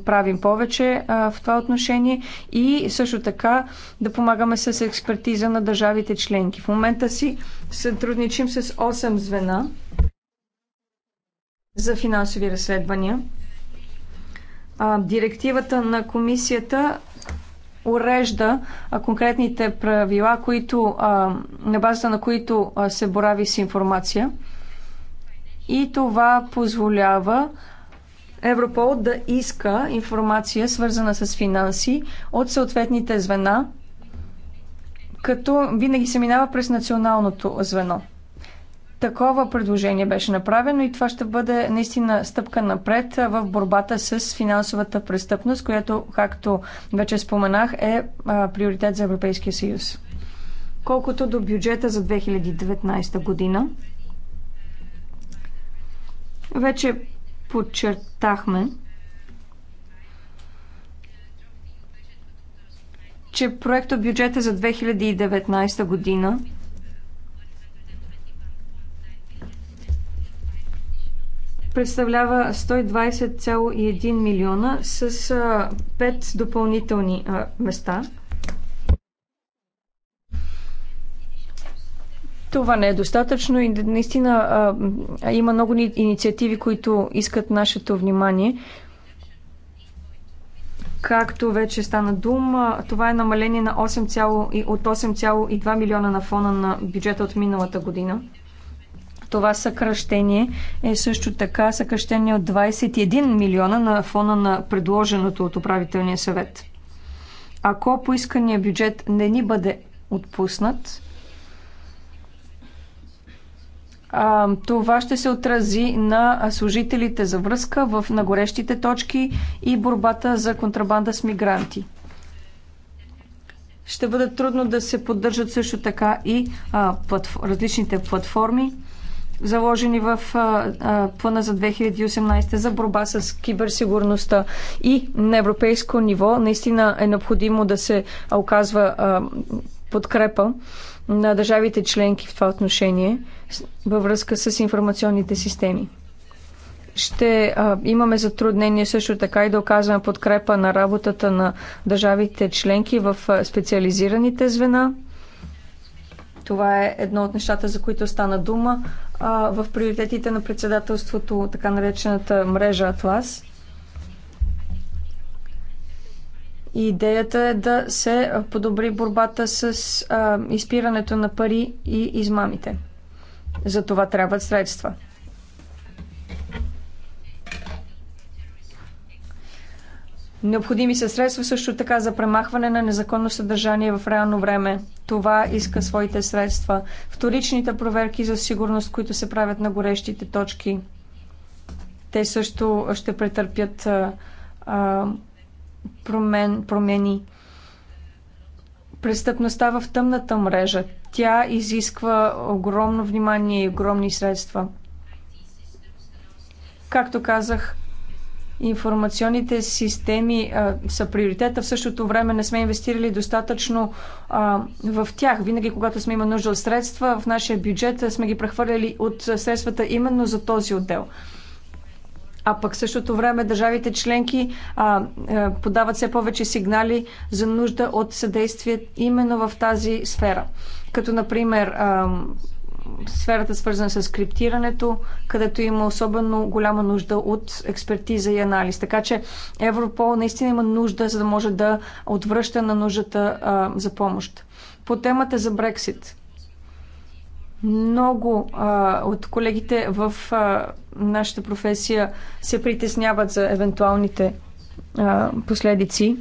е, правим повече е, в това отношение и също така да помагаме с експертиза на държавите членки. В момента си сътрудничим с 8 звена за финансови разследвания. Директивата на комисията урежда конкретните правила, които, на базата на които се борави с информация. И това позволява Европол да иска информация, свързана с финанси, от съответните звена, като винаги се минава през националното звено. Такова предложение беше направено и това ще бъде наистина стъпка напред в борбата с финансовата престъпност, която, както вече споменах, е а, приоритет за Европейския съюз. Колкото до бюджета за 2019 година, вече подчертахме, че проекто бюджета за 2019 година представлява 120,1 милиона с 5 допълнителни места – Това не е достатъчно и наистина а, има много инициативи, които искат нашето внимание. Както вече стана дума, това е намаление на 8, от 8,2 милиона на фона на бюджета от миналата година. Това съкръщение е също така съкръщение от 21 милиона на фона на предложеното от управителния съвет. Ако поискания бюджет не ни бъде отпуснат, това ще се отрази на служителите за връзка в нагорещите точки и борбата за контрабанда с мигранти. Ще бъде трудно да се поддържат също така и а, платф... различните платформи, заложени в а, а, плана за 2018 за борба с киберсигурността и на европейско ниво. Наистина е необходимо да се оказва а, подкрепа на държавите членки в това отношение във връзка с информационните системи. Ще а, имаме затруднение също така и да оказваме подкрепа на работата на държавите членки в специализираните звена. Това е едно от нещата, за които стана дума а, в приоритетите на председателството, така наречената мрежа Атлас. идеята е да се подобри борбата с а, изпирането на пари и измамите. За това трябват средства. Необходими са средства също така за премахване на незаконно съдържание в реално време. Това иска своите средства. Вторичните проверки за сигурност, които се правят на горещите точки, те също ще претърпят а, промен, промени престъпността в тъмната мрежа. Тя изисква огромно внимание и огромни средства. Както казах, информационните системи а, са приоритета. В същото време не сме инвестирали достатъчно а, в тях. Винаги, когато сме имали нужда от средства, в нашия бюджет сме ги прехвърляли от средствата именно за този отдел а пък същото време държавите членки а, а, е, подават все повече сигнали за нужда от съдействие именно в тази сфера. Като, например, а, сферата свързана с криптирането, където има особено голяма нужда от експертиза и анализ. Така че Европол наистина има нужда, за да може да отвръща на нуждата а, за помощ. По темата за Брексит. Много а, от колегите в а, нашата професия се притесняват за евентуалните а, последици.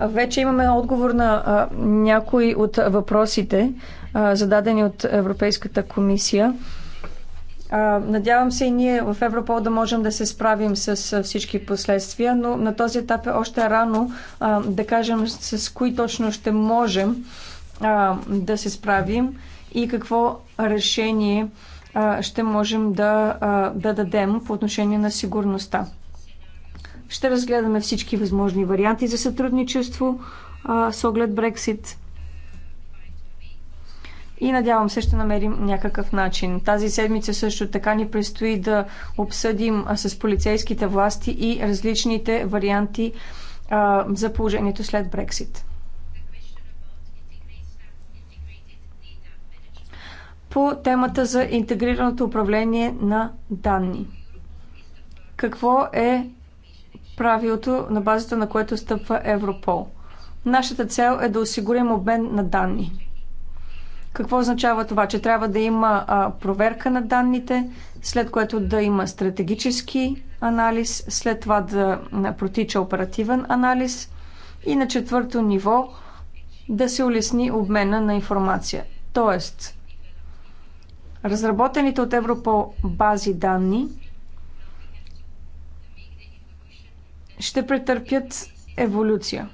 Вече имаме отговор на а, някои от въпросите, а, зададени от Европейската комисия. Надявам се и ние в Европол да можем да се справим с всички последствия, но на този етап е още рано да кажем с кои точно ще можем да се справим и какво решение ще можем да, да дадем по отношение на сигурността. Ще разгледаме всички възможни варианти за сътрудничество а, с оглед Брексит. И надявам се ще намерим някакъв начин. Тази седмица също така ни предстои да обсъдим с полицейските власти и различните варианти а, за положението след Брексит. по темата за интегрираното управление на данни. Какво е правилото, на базата на което стъпва Европол? Нашата цел е да осигурим обмен на данни. Какво означава това? Че трябва да има а, проверка на данните, след което да има стратегически анализ, след това да протича оперативен анализ и на четвърто ниво да се улесни обмена на информация. Тоест, Разработените от Европол бази данни ще претърпят еволюция.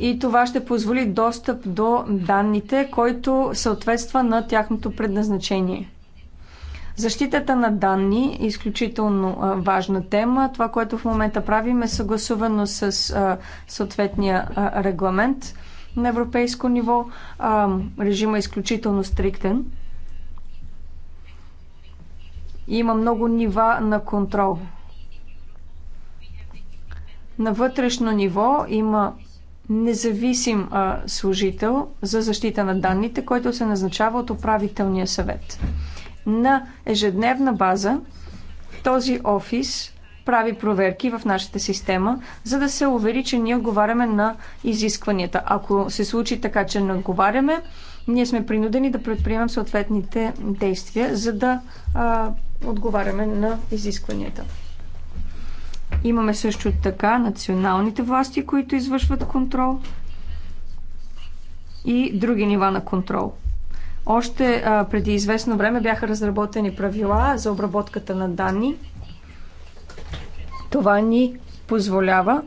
И това ще позволи достъп до данните, който съответства на тяхното предназначение. Защитата на данни е изключително важна тема. Това, което в момента правим е съгласувано с съответния регламент на европейско ниво. Режима е изключително стриктен. Има много нива на контрол. На вътрешно ниво има независим а, служител за защита на данните, който се назначава от управителния съвет. На ежедневна база този офис прави проверки в нашата система, за да се увери, че ние отговаряме на изискванията. Ако се случи така, че не отговаряме, ние сме принудени да предприемем съответните действия, за да а, отговаряме на изискванията. Имаме също така националните власти, които извършват контрол и други нива на контрол. Още а, преди известно време бяха разработени правила за обработката на данни. Това ни позволява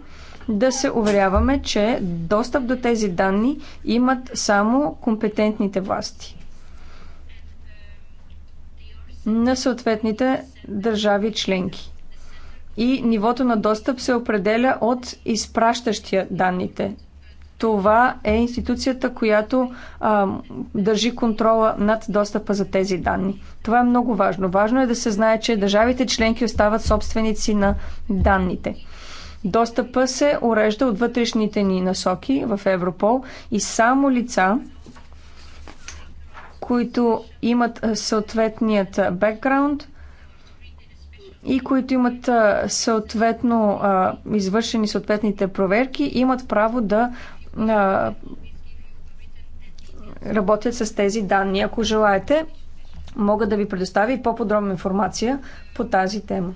да се уверяваме, че достъп до тези данни имат само компетентните власти на съответните държави членки. И нивото на достъп се определя от изпращащия данните това е институцията, която а, държи контрола над достъпа за тези данни. Това е много важно. Важно е да се знае, че държавите членки остават собственици на данните. Достъпа се урежда от вътрешните ни насоки в Европол и само лица, които имат съответният бекграунд и които имат съответно извършени съответните проверки, имат право да работят с тези данни. Ако желаете, мога да ви предоставя и по-подробна информация по тази тема.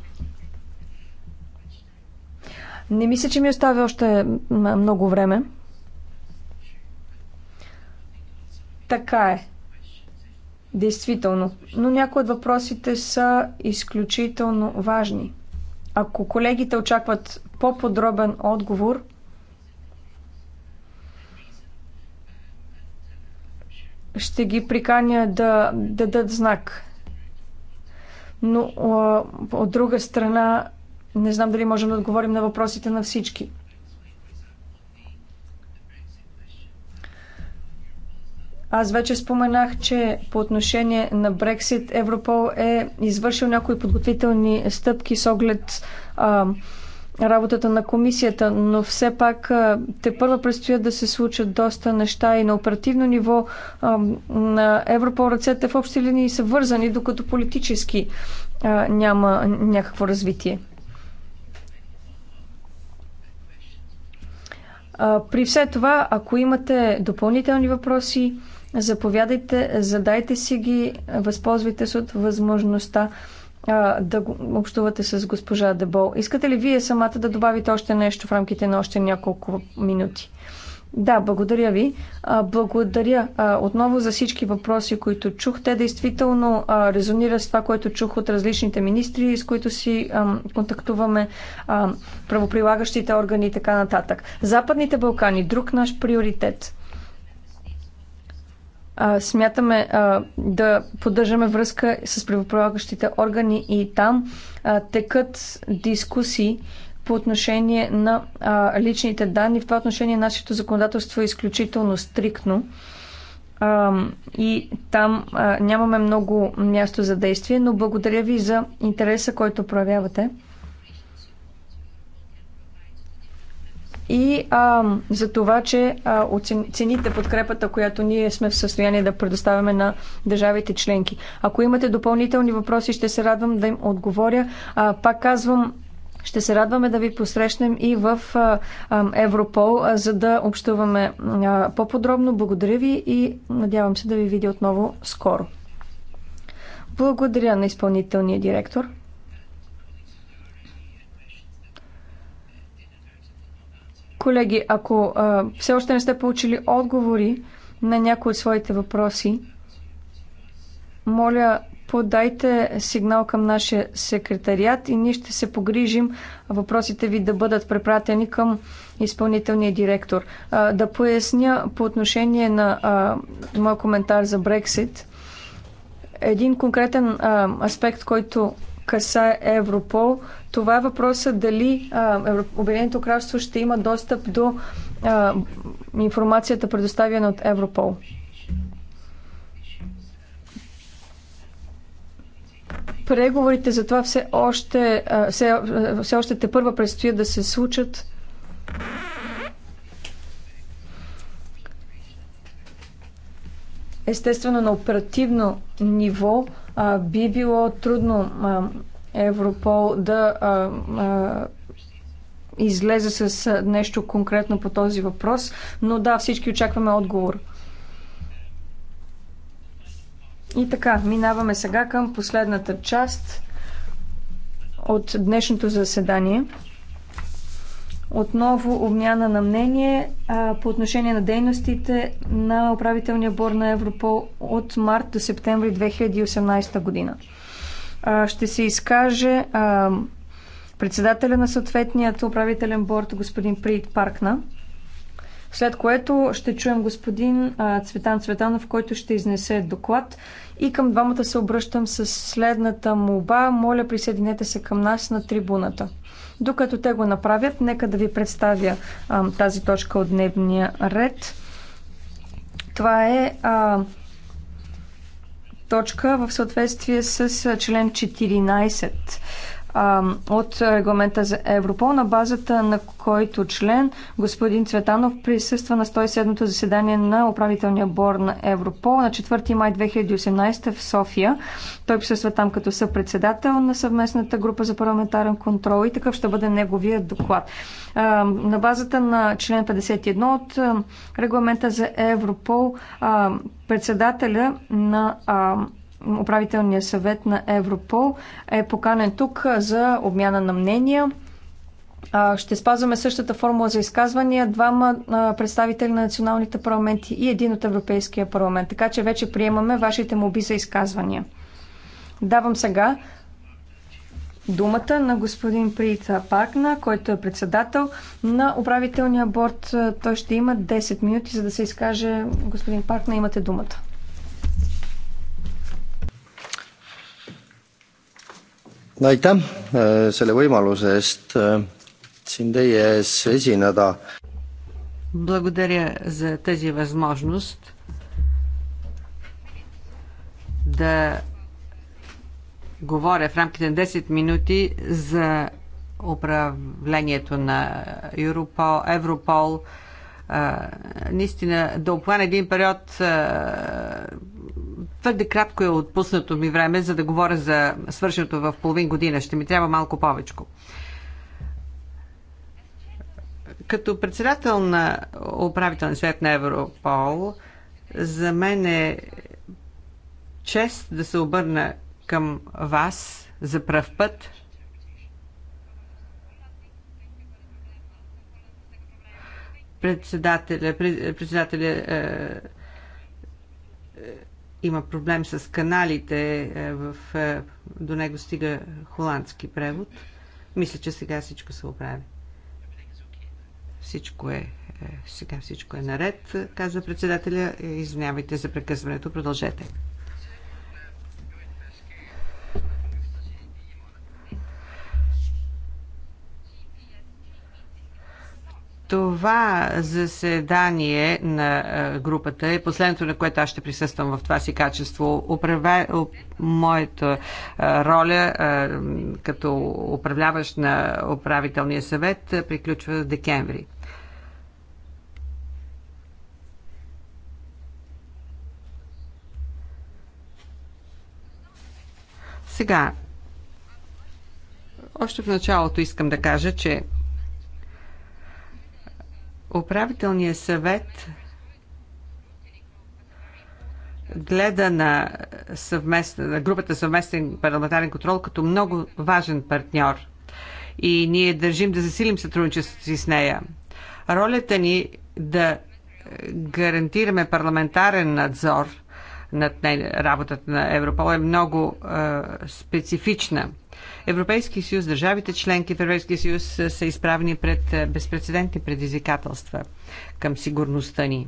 Не мисля, че ми оставя още много време. Така е. Действително. Но някои от въпросите са изключително важни. Ако колегите очакват по-подробен отговор, ще ги приканя да дадат знак. Но от друга страна, не знам дали можем да отговорим на въпросите на всички. Аз вече споменах, че по отношение на Брексит Европол е извършил някои подготвителни стъпки с оглед а, работата на комисията, но все пак те първа предстоят да се случат доста неща и на оперативно ниво на Европол ръцете в общи линии са вързани, докато политически няма някакво развитие. При все това, ако имате допълнителни въпроси, заповядайте, задайте си ги, възползвайте се от възможността а, да общувате с госпожа Дебол. Искате ли вие самата да добавите още нещо в рамките на още няколко минути? Да, благодаря ви. А, благодаря а, отново за всички въпроси, които чух. Те действително а, резонират с това, което чух от различните министри, с които си а, контактуваме, а, правоприлагащите органи и така нататък. Западните Балкани, друг наш приоритет а, смятаме а, да поддържаме връзка с правоприлагащите органи и там а, текат дискусии по отношение на а, личните данни. В това отношение нашето законодателство е изключително стриктно а, и там а, нямаме много място за действие, но благодаря ви за интереса, който проявявате. и а, за това, че а, цените подкрепата, която ние сме в състояние да предоставяме на държавите членки. Ако имате допълнителни въпроси, ще се радвам да им отговоря. А, пак казвам, ще се радваме да ви посрещнем и в а, а, Европол, а, за да общуваме по-подробно. Благодаря ви и надявам се да ви видя отново скоро. Благодаря на изпълнителния директор. Колеги, ако а, все още не сте получили отговори на някои от своите въпроси, моля, подайте сигнал към нашия секретариат и ние ще се погрижим въпросите ви да бъдат препратени към изпълнителния директор. А, да поясня по отношение на моят коментар за Брексит. Един конкретен а, аспект, който касае Европол. Това е въпросът дали Обединеното кралство ще има достъп до а, информацията, предоставена от Европол. Преговорите за това все още, а, все, все още те първа предстоят да се случат. Естествено, на оперативно ниво а, би било трудно а, Европол да а, а, излезе с нещо конкретно по този въпрос, но да, всички очакваме отговор. И така, минаваме сега към последната част от днешното заседание. Отново обмяна на мнение а, по отношение на дейностите на управителния бор на Европол от март до септември 2018 година. А, ще се изкаже а, председателя на съответният управителен борт, господин Прит Паркна, след което ще чуем господин а, Цветан Цветанов, който ще изнесе доклад. И към двамата се обръщам с следната молба. Моля, присъединете се към нас на трибуната. Докато те го направят, нека да ви представя а, тази точка от дневния ред. Това е а, точка в съответствие с член 14 от регламента за Европол, на базата на който член господин Цветанов присъства на 107-то заседание на управителния бор на Европол на 4 май 2018 в София. Той присъства там като съпредседател на съвместната група за парламентарен контрол и такъв ще бъде неговия доклад. На базата на член 51 от регламента за Европол председателя на управителния съвет на Европол е поканен тук за обмяна на мнения. Ще спазваме същата формула за изказвания. Двама представители на националните парламенти и един от Европейския парламент. Така че вече приемаме вашите моби за изказвания. Давам сега думата на господин Прит Пакна, който е председател на управителния борт. Той ще има 10 минути, за да се изкаже. Господин Пакна, имате думата. aitäh äh, selle võimaluse eest äh, siin teie ees esineda. говоря в рамките на 10 минути за управлението на Европол, Европол наистина да обхвана един период твърде кратко е отпуснато ми време, за да говоря за свършеното в половин година. Ще ми трябва малко повече. Като председател на управителния съвет на Европол, за мен е чест да се обърна към вас за пръв път – председателя, председателя е, е, има проблем с каналите, е, в, е, до него стига холандски превод. Мисля, че сега всичко се оправи. Всичко е, е сега всичко е наред, каза председателя. Извинявайте за прекъсването. Продължете. Това заседание на е, групата е последното, на което аз ще присъствам в това си качество. Управя... Моята е, роля е, като управляващ на управителния съвет приключва в декември. Сега, още в началото искам да кажа, че Управителният съвет гледа на, съвместна, на групата съвместен парламентарен контрол като много важен партньор и ние държим да засилим сътрудничеството си с нея. Ролята ни да гарантираме парламентарен надзор над работата на Европол е много е, специфична. Европейския съюз, държавите членки в Европейския съюз са изправени пред е, безпредседентни предизвикателства към сигурността ни.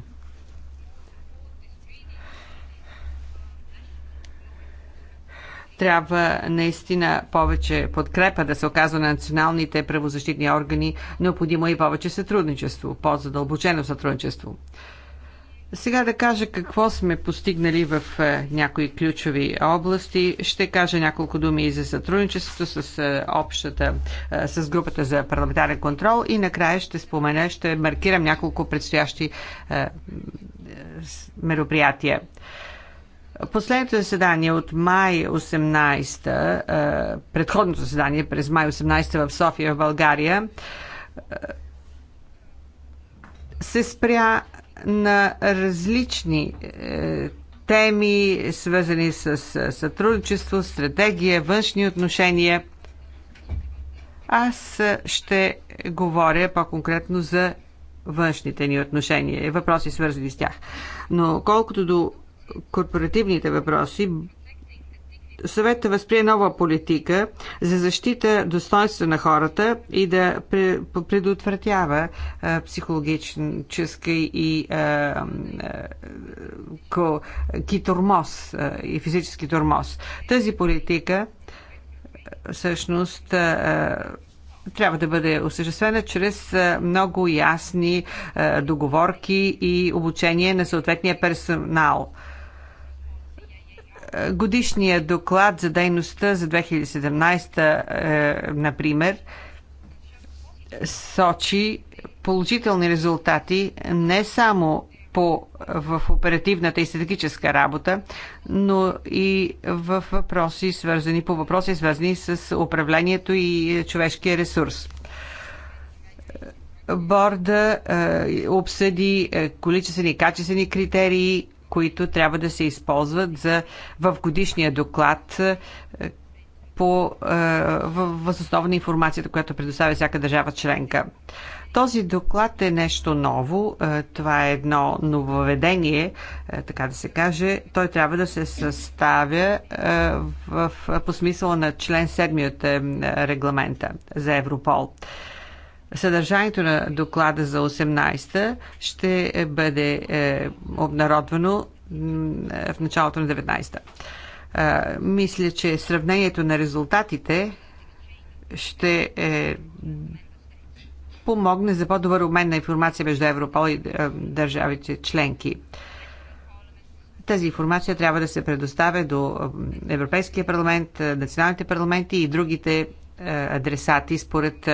трябва наистина повече подкрепа да се оказва на националните правозащитни органи, необходимо е и повече сътрудничество, по-задълбочено сътрудничество. Сега да кажа какво сме постигнали в е, някои ключови области. Ще кажа няколко думи и за сътрудничеството с е, общата, е, с групата за парламентарен контрол и накрая ще спомена, ще маркирам няколко предстоящи мероприятия. Последното заседание от май 18, предходното заседание през май 18 в София, в България, се спря на различни е, теми, свързани с е, сътрудничество, стратегия, външни отношения. Аз е, ще говоря по-конкретно за външните ни отношения и въпроси, свързани с тях. Но колкото до корпоративните въпроси, съвета възприе нова политика за защита достоинство на хората и да предотвратява психологически и китормоз и физически тормоз. Тази политика всъщност трябва да бъде осъществена чрез много ясни договорки и обучение на съответния персонал – годишния доклад за дейността за 2017, е, например, сочи положителни резултати не само по, в оперативната и стратегическа работа, но и в въпроси, свързани, по въпроси, свързани с управлението и човешкия ресурс. Борда е, обсъди е, количествени и качествени критерии, които трябва да се използват за, в годишния доклад е, по, е, възоснова на информацията, която предоставя всяка държава членка. Този доклад е нещо ново. Е, това е едно нововведение, така да се каже. Той трябва да се съставя в, по смисъла на член 7 от регламента за Европол. Съдържанието на доклада за 18-та ще бъде е, обнародвано в началото на 19-та. Е, мисля, че сравнението на резултатите ще е, помогне за по-добър обмен на информация между Европол и е, държавите членки. Тази информация трябва да се предоставя до е, Европейския парламент, е, националните парламенти и другите е, адресати според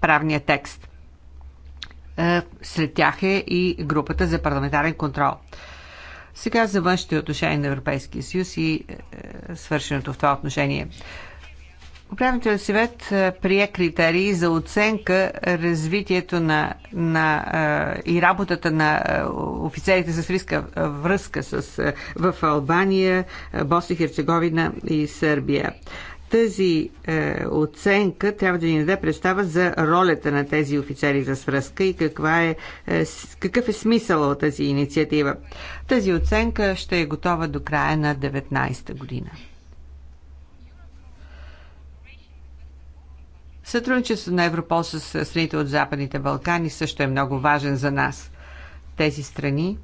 правния текст. Е, сред тях е и групата за парламентарен контрол. Сега за външните отношения на Европейския съюз и е, свършеното в това отношение. Управителен съвет е, прие критерии за оценка развитието на, на и работата на офицерите с риска връзка с, в Албания, Босна и Херцеговина и Сърбия. Тази е, оценка трябва да ни даде представа за ролята на тези офицери за свръзка и каква е, е, какъв е смисъл от тази инициатива. Тази оценка ще е готова до края на 19-та година. Сътрудничеството на Европол с страните от Западните Балкани също е много важен за нас. Тези страни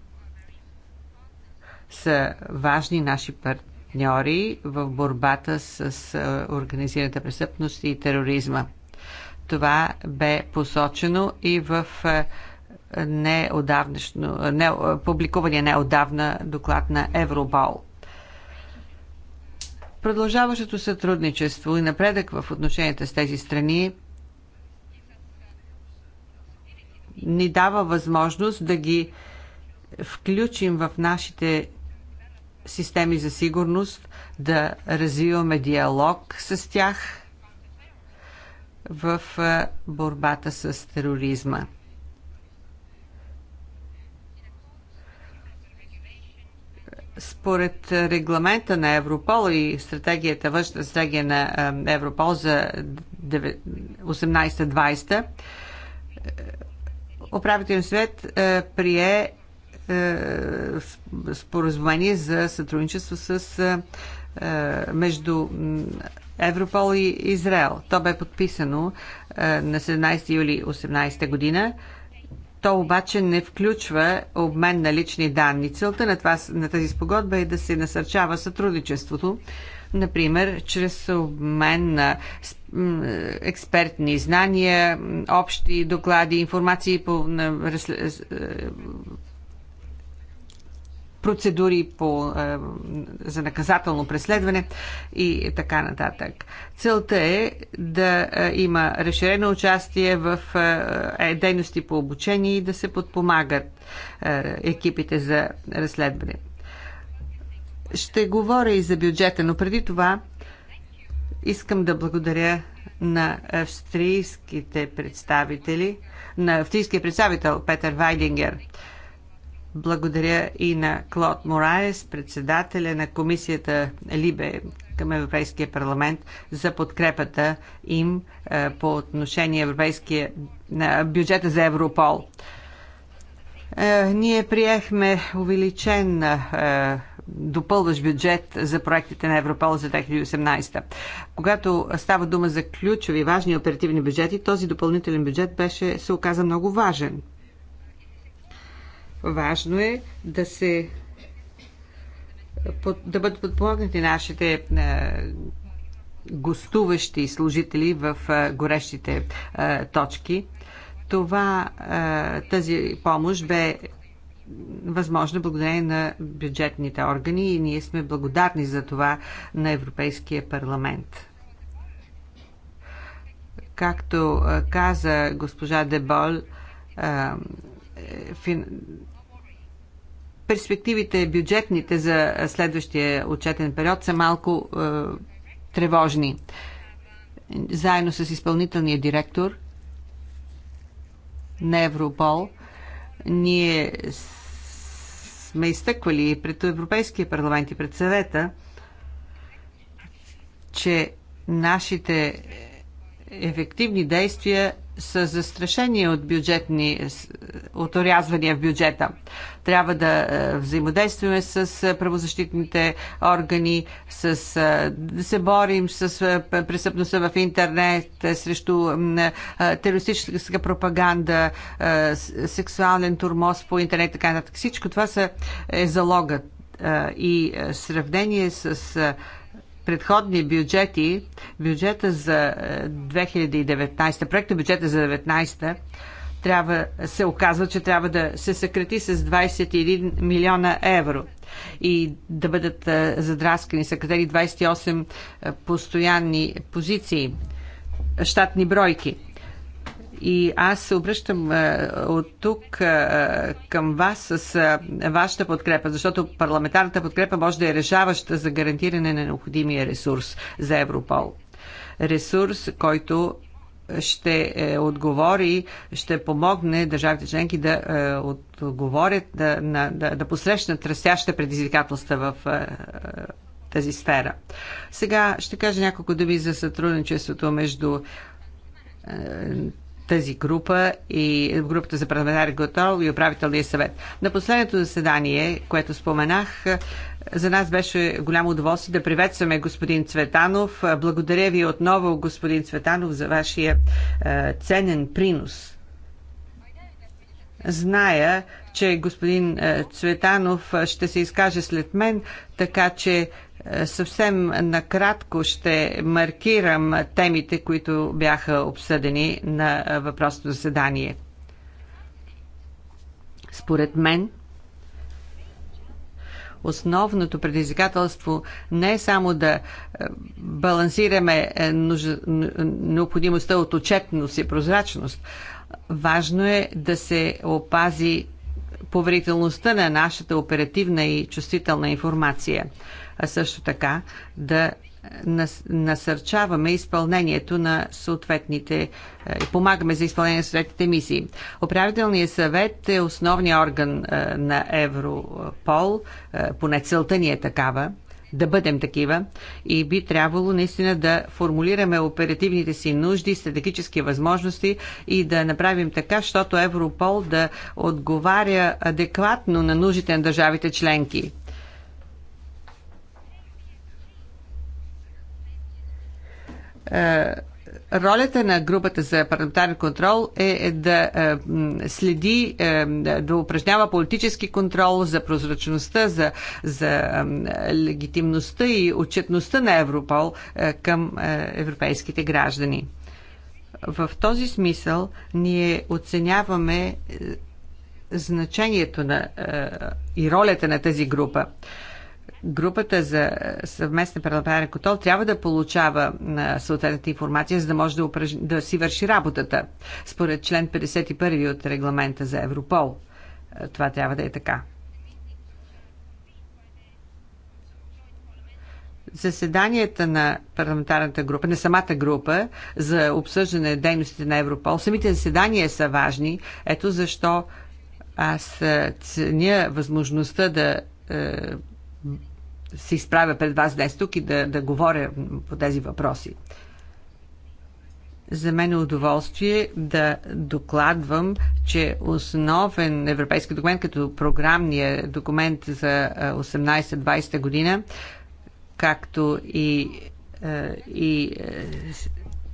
са важни наши партньори партньори в борбата с е, организираната престъпност и тероризма. Това бе посочено и в е, неодавнашно, е, не, публикувания неодавна доклад на Европол. Продължаващото сътрудничество и напредък в отношенията с тези страни ни дава възможност да ги включим в нашите системи за сигурност, да развиваме диалог с тях в борбата с тероризма. Според регламента на Европол и стратегията, външна стратегия на Европол за 18-20, управителен свет прие е, споразумение за сътрудничество с, е, е, между Европол и Израел. То бе подписано на 17 юли 18 година. То обаче не включва обмен на лични данни. Целта на, това, на тази спогодба е да се насърчава сътрудничеството, например, чрез обмен на експертни знания, общи доклади, информации по процедури по, е, за наказателно преследване и така нататък. Целта е да е, има разширено участие в е, дейности по обучение и да се подпомагат екипите за разследване. Ще говоря и за бюджета, но преди това искам да благодаря на австрийските представители, на австрийския представител Петър Вайдингер – благодаря и на Клод Мораес, председателя на комисията Либе към Европейския парламент за подкрепата им е, по отношение европейския, на бюджета за Европол. Е, ние приехме увеличен е, допълващ бюджет за проектите на Европол за 2018. Когато става дума за ключови, важни оперативни бюджети, този допълнителен бюджет беше, се оказа много важен – Важно е да се да бъдат подпомогнати нашите гостуващи служители в горещите точки. Това, тази помощ бе възможно благодарение на бюджетните органи и ние сме благодарни за това на Европейския парламент. Както каза госпожа Дебол, перспективите бюджетните за следващия отчетен период са малко е, тревожни. Заедно с изпълнителния директор на Европол, ние сме изтъквали пред Европейския парламент и пред съвета, че нашите ефективни действия са застрашени от бюджетни от орязвания в бюджета. Трябва да е, взаимодействаме с е, правозащитните органи, с, е, да се борим с престъпността в интернет, срещу терористическа пропаганда, сексуален турмоз по интернет, така нататък. Всичко това са, е залогът и сравнение с предходни бюджети, бюджета за 2019, е, проекта бюджета за 2019, трябва, се оказва, че трябва да се съкрати с 21 милиона евро и да бъдат е, задраскани, съкратени 28 е, постоянни позиции, щатни бройки. И аз се обръщам е, от тук е, към вас с е, вашата подкрепа, защото парламентарната подкрепа може да е решаваща за гарантиране на необходимия ресурс за Европол. Ресурс, който ще е, отговори, ще помогне държавите членки да е, отговорят, да, на, да, да посрещнат растящите предизвикателства в е, е, тази сфера. Сега ще кажа няколко думи за сътрудничеството между тази група и групата за парламентарен контрол и управителния съвет. На последното заседание, което споменах, за нас беше голямо удоволствие да приветстваме господин Цветанов. Благодаря ви отново, господин Цветанов, за вашия е, ценен принос. Зная, че господин е, Цветанов ще се изкаже след мен, така че Съвсем накратко ще маркирам темите, които бяха обсъдени на въпросното заседание. Според мен, основното предизвикателство не е само да е, балансираме е, необходимостта от отчетност и прозрачност. Важно е да се опази поверителността на нашата оперативна и чувствителна информация а също така да насърчаваме изпълнението на съответните и е, помагаме за изпълнение на съответните мисии. Управителният съвет е основният орган е, на Европол, е, поне целта ни е такава, да бъдем такива и би трябвало наистина да формулираме оперативните си нужди, стратегически възможности и да направим така, защото Европол да отговаря адекватно на нуждите на държавите членки Е, ролята на групата за парламентарен контрол е, е да е, следи, да упражнява политически контрол за прозрачността, за, за легитимността и отчетността на Европол към европейските граждани. В този смисъл ние оценяваме значението на, и ролята на тази група групата за съвместна парламентарен контрол трябва да получава съответната информация, за да може да, упраж... да си върши работата. Според член 51 от регламента за Европол. Това трябва да е така. заседанията на парламентарната група, на самата група за обсъждане на дейностите на Европол, самите заседания са важни. Ето защо аз ценя възможността да е, се изправя пред вас днес тук и да, да говоря по тези въпроси. За мен е удоволствие да докладвам, че основен европейски документ, като програмния документ за 18-20 година, както и, и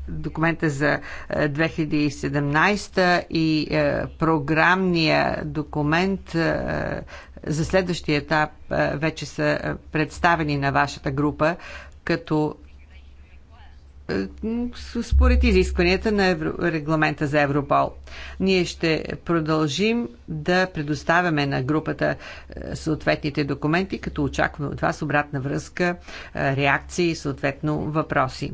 документа за 2017 е, и е, програмния документ е, за следващия етап вече са представени на вашата група като според изискванията на регламента за Европол. Ние ще продължим да предоставяме на групата съответните документи, като очакваме от вас обратна връзка, реакции и съответно въпроси.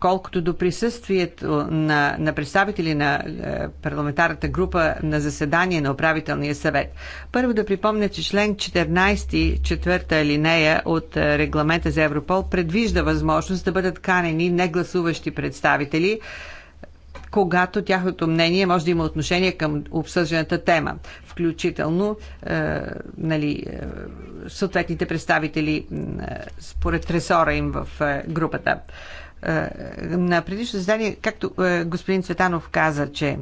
Колкото до присъствието на, на представители на е, парламентарната група на заседание на управителния съвет. Първо да припомня, че член 14, четвърта линея от е, регламента за Европол предвижда възможност да бъдат канени негласуващи представители когато тяхното мнение може да има отношение към обсъжданата тема, включително е, нали, е, съответните представители е, според ресора им в е, групата. Е, на предишното заседание, както е, господин Цветанов каза, че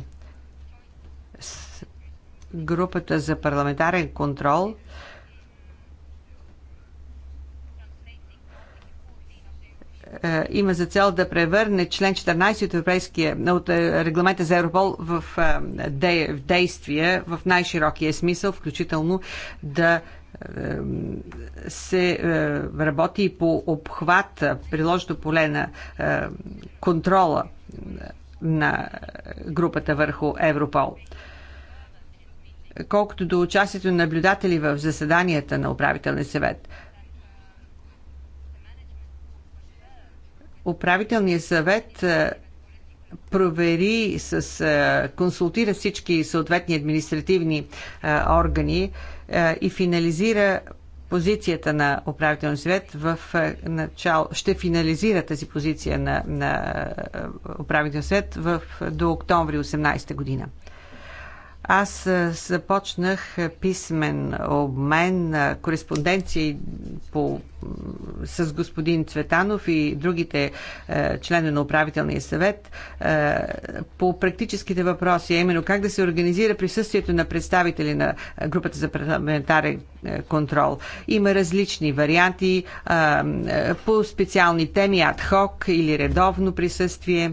групата за парламентарен контрол е, има за цел да превърне член 14 от, европейския, от регламента за Европол в, в действие в най-широкия смисъл, включително да се е, работи и по обхват, приложно поле на е, контрола на групата върху Европол. Колкото до участието на наблюдатели в заседанията на управителния съвет, управителният съвет е, провери, с, консултира всички съответни административни органи и финализира позицията на управителен съвет в начало, ще финализира тази позиция на, на управителен съвет в, до октомври 18 година. Аз започнах писмен обмен на кореспонденции по, с господин Цветанов и другите е, члени на управителния съвет е, по практическите въпроси, а именно как да се организира присъствието на представители на групата за парламентарен контрол. Има различни варианти е, по специални теми, адхок или редовно присъствие. Е,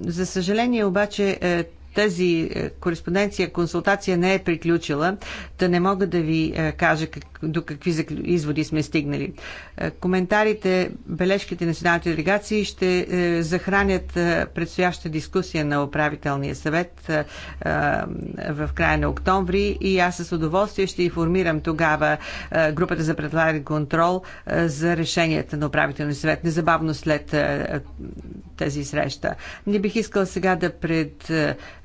за съжаление обаче е, тази е, кореспонденция, консултация не е приключила, да не мога да ви е, кажа до какви изводи сме стигнали. Е, коментарите, бележките на националните делегации ще захранят предстояща дискусия на управителния съвет в края на октомври и аз с удоволствие ще информирам тогава групата за предлагане контрол за решенията на управителния съвет незабавно след тази среща. Не бих искал сега да пред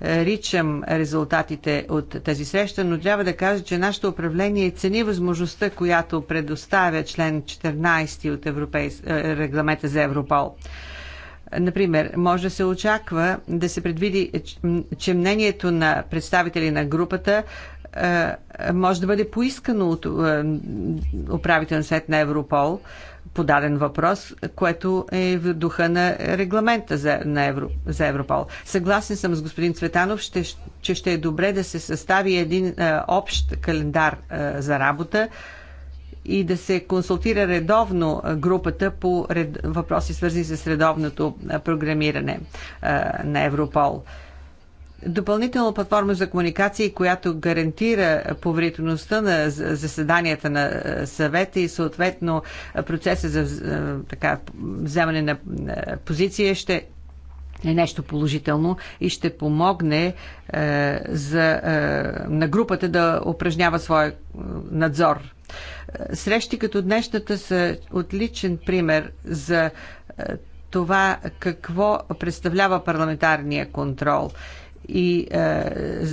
ричам резултатите от тази среща, но трябва да кажа, че нашето управление цени възможността, която предоставя член 14 от Европейс... Е, регламента за Европол. Например, може да се очаква да се предвиди, че мнението на представители на групата е, може да бъде поискано от е, управителен свет на Европол, подаден въпрос, което е в духа на регламента за, на Евро, за Европол. Съгласен съм с господин Цветанов, ще, че ще е добре да се състави един а, е, общ календар а, е, за работа и да се консултира редовно групата по ред, въпроси, свързани с редовното е, програмиране а, на Европол. А, допълнителна платформа за комуникации, която гарантира поверителността на заседанията на е, съвета и съответно процеса за е, така, вземане на позиция ще е нещо положително и ще помогне е, за, е, на групата да упражнява своя е, надзор. Срещи като днешната са отличен пример за е, това какво представлява парламентарния контрол. Е, и е,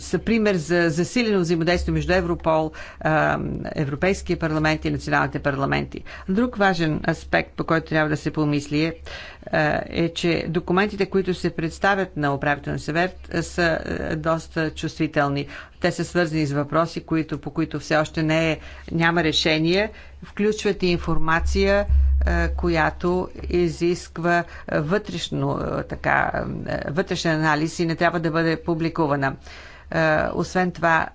са пример за засилено взаимодействие между Европол, а, е, Европейския парламент и националните парламенти. Друг важен аспект, по който трябва да се помисли е, е че документите, които се представят на управителен съвет, са е, доста чувствителни. Те са свързани с въпроси, които, по които все още не е, няма решение, включват и информация, която изисква вътрешно, така, вътрешен анализ и не трябва да бъде публикувана. Освен това,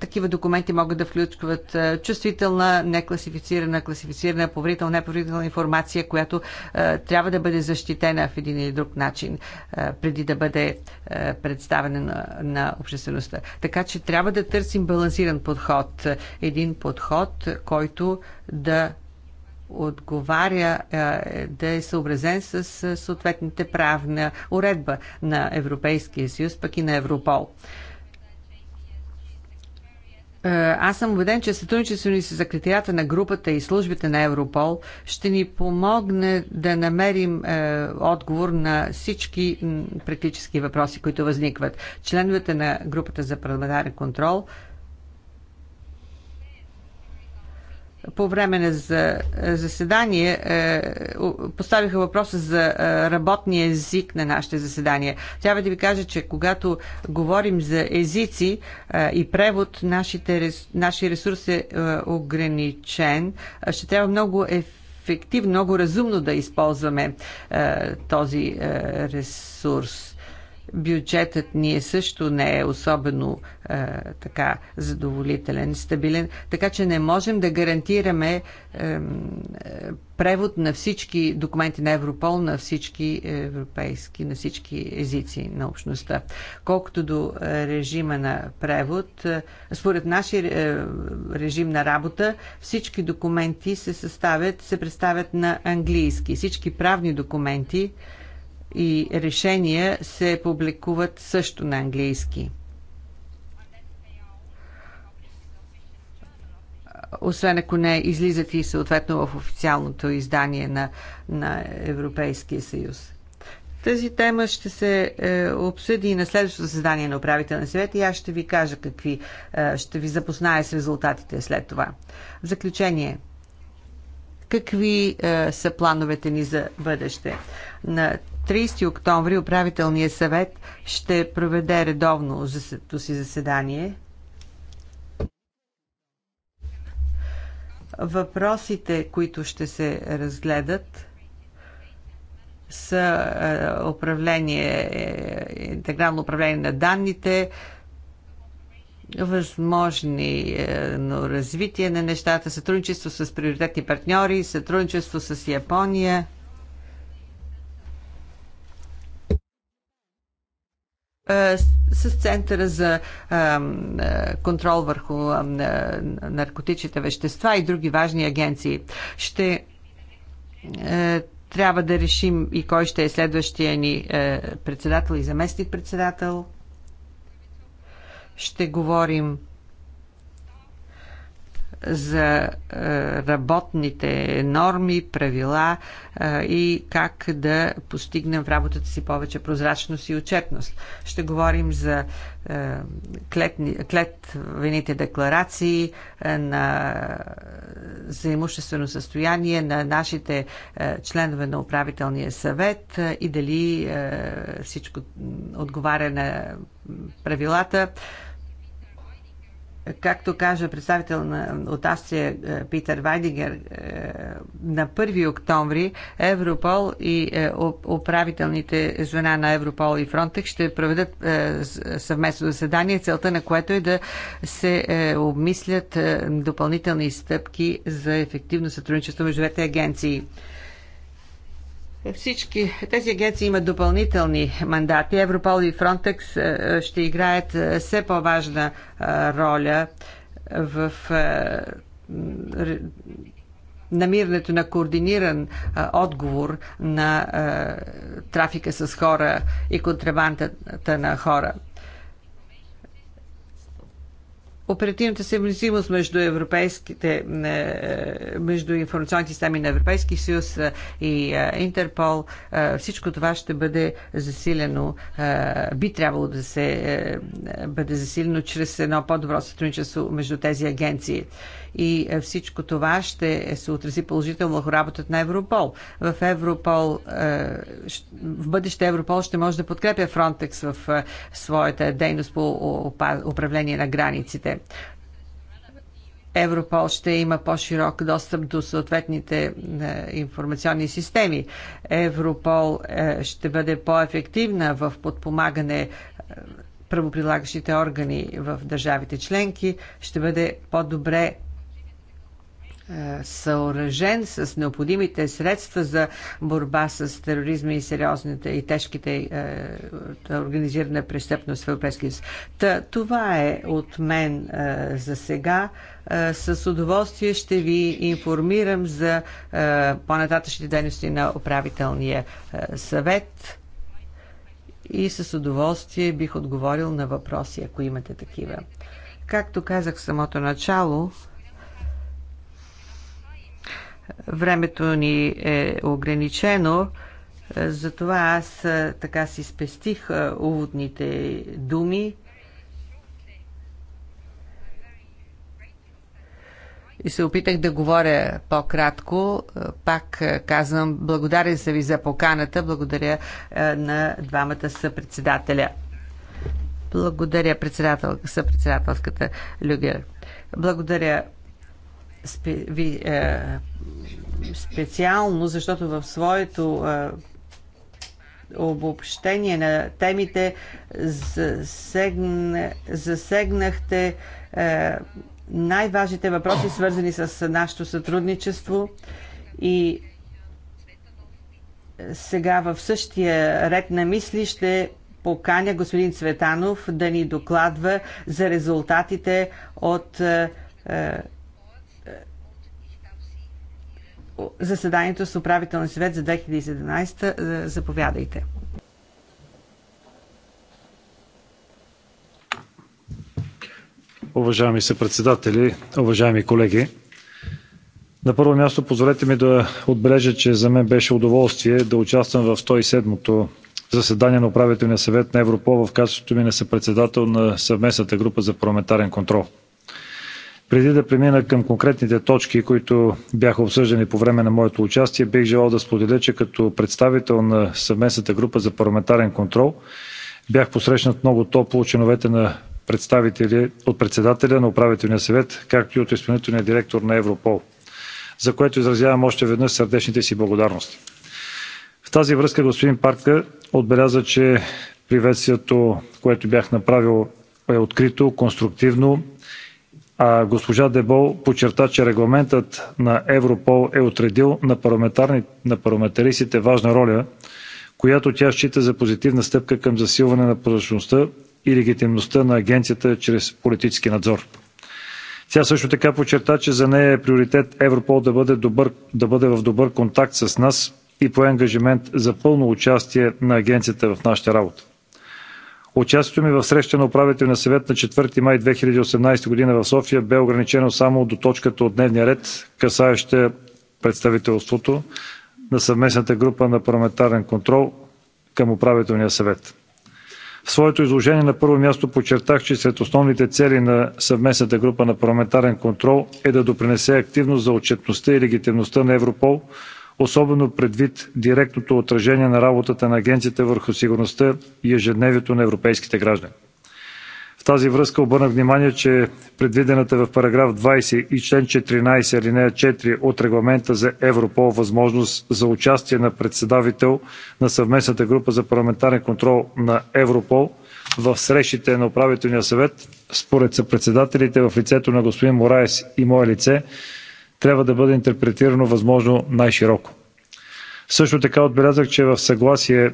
такива документи могат да включват чувствителна, некласифицирана, класифицирана, поверителна, неповерителна информация, която трябва да бъде защитена в един или друг начин, преди да бъде представена на, на обществеността. Така че трябва да търсим балансиран подход. Един подход, който да отговаря, е, е, да е съобразен с съответните правна уредба на Европейския съюз, пък и на Европол. Е, аз съм убеден, че сътрудничеството ни с секретарията на групата и службите на Европол ще ни помогне да намерим е, отговор на всички практически въпроси, които възникват. Членовете на групата за парламентарен контрол по време на за, е, заседание е, поставиха въпроса за е, работния език на нашите заседания. Трябва да ви кажа, че когато говорим за езици и превод, нашите, нашия ресурс е ограничен. Ще трябва много ефективно, много разумно да използваме този ресурс Бюджетът ни е също не е особено е, така задоволителен, стабилен, така че не можем да гарантираме е, е, превод на всички документи на Европол, на всички европейски, на всички езици на общността. Колкото до е, режима на превод, е, според нашия е, режим на работа, всички документи се съставят, се представят на английски. Всички правни документи, и решения се публикуват също на английски. освен ако не излизат и съответно в официалното издание на, на Европейския съюз. Тази тема ще се е, обсъди и на следващото заседание на управителния съвет и аз ще ви кажа какви, е, ще ви запозная с резултатите след това. В заключение – Какви а, е, са плановете ни за бъдеще? На 30 октомври управителният съвет ще проведе редовно си заседание. Въпросите, които ще се разгледат, са е, управление, е, интегрално управление на данните, възможни е, но развитие на нещата, сътрудничество с приоритетни партньори, сътрудничество с Япония. Е, с Центъра за е, контрол върху наркотичните вещества и други важни агенции. Ще трябва да решим и кой ще е следващия ни председател и заместник председател ще говорим за е, работните норми, правила е, и как да постигнем в работата си повече прозрачност и отчетност. Ще говорим за е, клетни, клетвените декларации на за имуществено състояние на нашите членове на управителния съвет и дали всичко отговаря на правилата както кажа представител на, от Австрия е, Питър Вайдингер, е, на 1 октомври Европол и е, управителните звена на Европол и Фронтекс ще проведат съвместно заседание, целта на което е да се обмислят допълнителни стъпки за ефективно сътрудничество между двете агенции. Всички тези агенции имат допълнителни мандати. Европол и Фронтекс е, ще играят е, все по-важна е, роля в намирането на координиран отговор на трафика с хора и контрабандата на хора оперативната съвместимост между европейските, е, между информационните системи на Европейски съюз е, и е, Интерпол, всичко това ще бъде засилено, би трябвало да се бъде засилено чрез едно по-добро сътрудничество между тези агенции и е, всичко това ще се отрази положително върху работата на Европол. В Европол, е, в бъдеще Европол ще може да подкрепя Фронтекс в е, своята дейност по управление на границите. Европол ще има по-широк достъп до съответните информационни системи. Европол ще бъде по-ефективна в подпомагане правоприлагащите органи в държавите членки, ще бъде по-добре е, съоръжен с необходимите средства за борба с тероризма и сериозните и тежките е, организирана престъпност в Европейския съюз. Та, това е от мен е, за сега. Е, с удоволствие ще ви информирам за е, по-нататъчните дейности на управителния е, съвет и с удоволствие бих отговорил на въпроси, ако имате такива. Както казах в самото начало, Времето ни е ограничено, затова аз така си спестих уводните думи. и се опитах да говоря по-кратко. Пак казвам, благодарен съм ви за поканата, благодаря на двамата съпредседателя. Благодаря председател, съпредседателската Люгер. Благодаря спе, ви, е, специално, защото в своето е, обобщение на темите засегна, засегнахте е, най-важните въпроси, свързани с нашето сътрудничество и сега в същия ред на мисли ще поканя господин Цветанов да ни докладва за резултатите от е, заседанието с управителния съвет за 2017. Е, заповядайте. Уважаеми председатели, уважаеми колеги, на първо място позволете ми да отбележа, че за мен беше удоволствие да участвам в 107-то заседание на управителния съвет на Европол в качеството ми на съпредседател на съвместната група за парламентарен контрол. Преди да премина към конкретните точки, които бяха обсъждани по време на моето участие, бих желал да споделя, че като представител на съвместната група за парламентарен контрол бях посрещнат много топло от чиновете на представители от председателя на управителния съвет, както и от изпълнителния директор на Европол, за което изразявам още веднъж сърдечните си благодарности. В тази връзка господин Парка отбеляза, че приветствието, което бях направил, е открито, конструктивно а госпожа Дебол подчерта, че регламентът на Европол е отредил на парламентаристите важна роля, която тя счита за позитивна стъпка към засилване на прозрачността и легитимността на агенцията чрез политически надзор. Тя също така подчерта, че за нея е приоритет Европол да бъде, добър, да бъде в добър контакт с нас и пое ангажимент за пълно участие на агенцията в нашата работа. Участието ми в среща на управителния съвет на 4 май 2018 година в София бе ограничено само до точката от дневния ред, касаеща представителството на съвместната група на парламентарен контрол към управителния съвет. В своето изложение на първо място подчертах, че сред основните цели на съвместната група на парламентарен контрол е да допринесе активно за отчетността и легитимността на Европол, особено предвид директното отражение на работата на агенцията върху сигурността и ежедневието на европейските граждани. В тази връзка обърнах внимание, че предвидената в параграф 20 и член 14 алинея 4 от регламента за Европол възможност за участие на председател на съвместната група за парламентарен контрол на Европол в срещите на управителния съвет според съпредседателите в лицето на господин Мораес и мое лице трябва да бъде интерпретирано възможно най-широко. Също така отбелязах, че в съгласие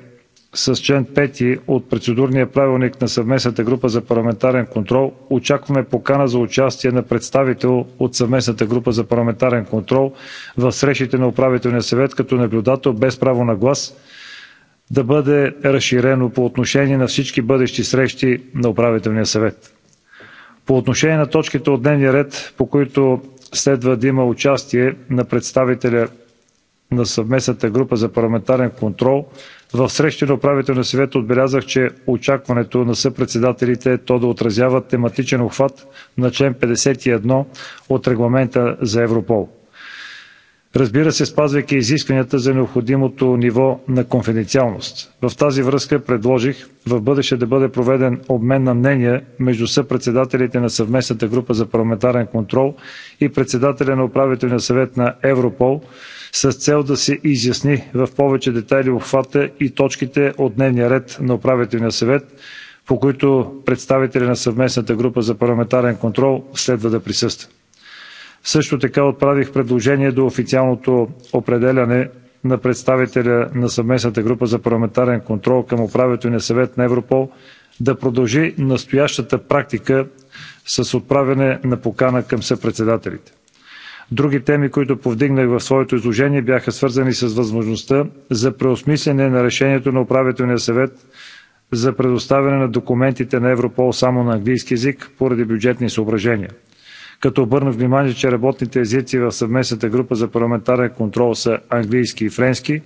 с член 5 от процедурния правилник на съвместната група за парламентарен контрол очакваме покана за участие на представител от съвместната група за парламентарен контрол в срещите на управителния съвет като наблюдател без право на глас да бъде разширено по отношение на всички бъдещи срещи на управителния съвет. По отношение на точките от дневния ред, по които Следва да има участие на представителя на съвместната група за парламентарен контрол. В среща на управителния съвет отбелязах, че очакването на съпредседателите е то да отразява тематичен обхват на член 51 от Регламента за Европол разбира се, спазвайки изискванията за необходимото ниво на конфиденциалност. В тази връзка предложих в бъдеще да бъде проведен обмен на мнения между съпредседателите на съвместната група за парламентарен контрол и председателя на управителния съвет на Европол с цел да се изясни в повече детайли обхвата и точките от дневния ред на управителния съвет, по които представители на съвместната група за парламентарен контрол следва да присъства. Също така отправих предложение до официалното определяне на представителя на съвместната група за парламентарен контрол към управителния съвет на Европол да продължи настоящата практика с отправяне на покана към съпредседателите. Други теми, които повдигнах в своето изложение, бяха свързани с възможността за преосмислене на решението на управителния съвет за предоставяне на документите на Европол само на английски език поради бюджетни съображения като обърна внимание, че работните езици в съвместната група за парламентарен контрол са английски и френски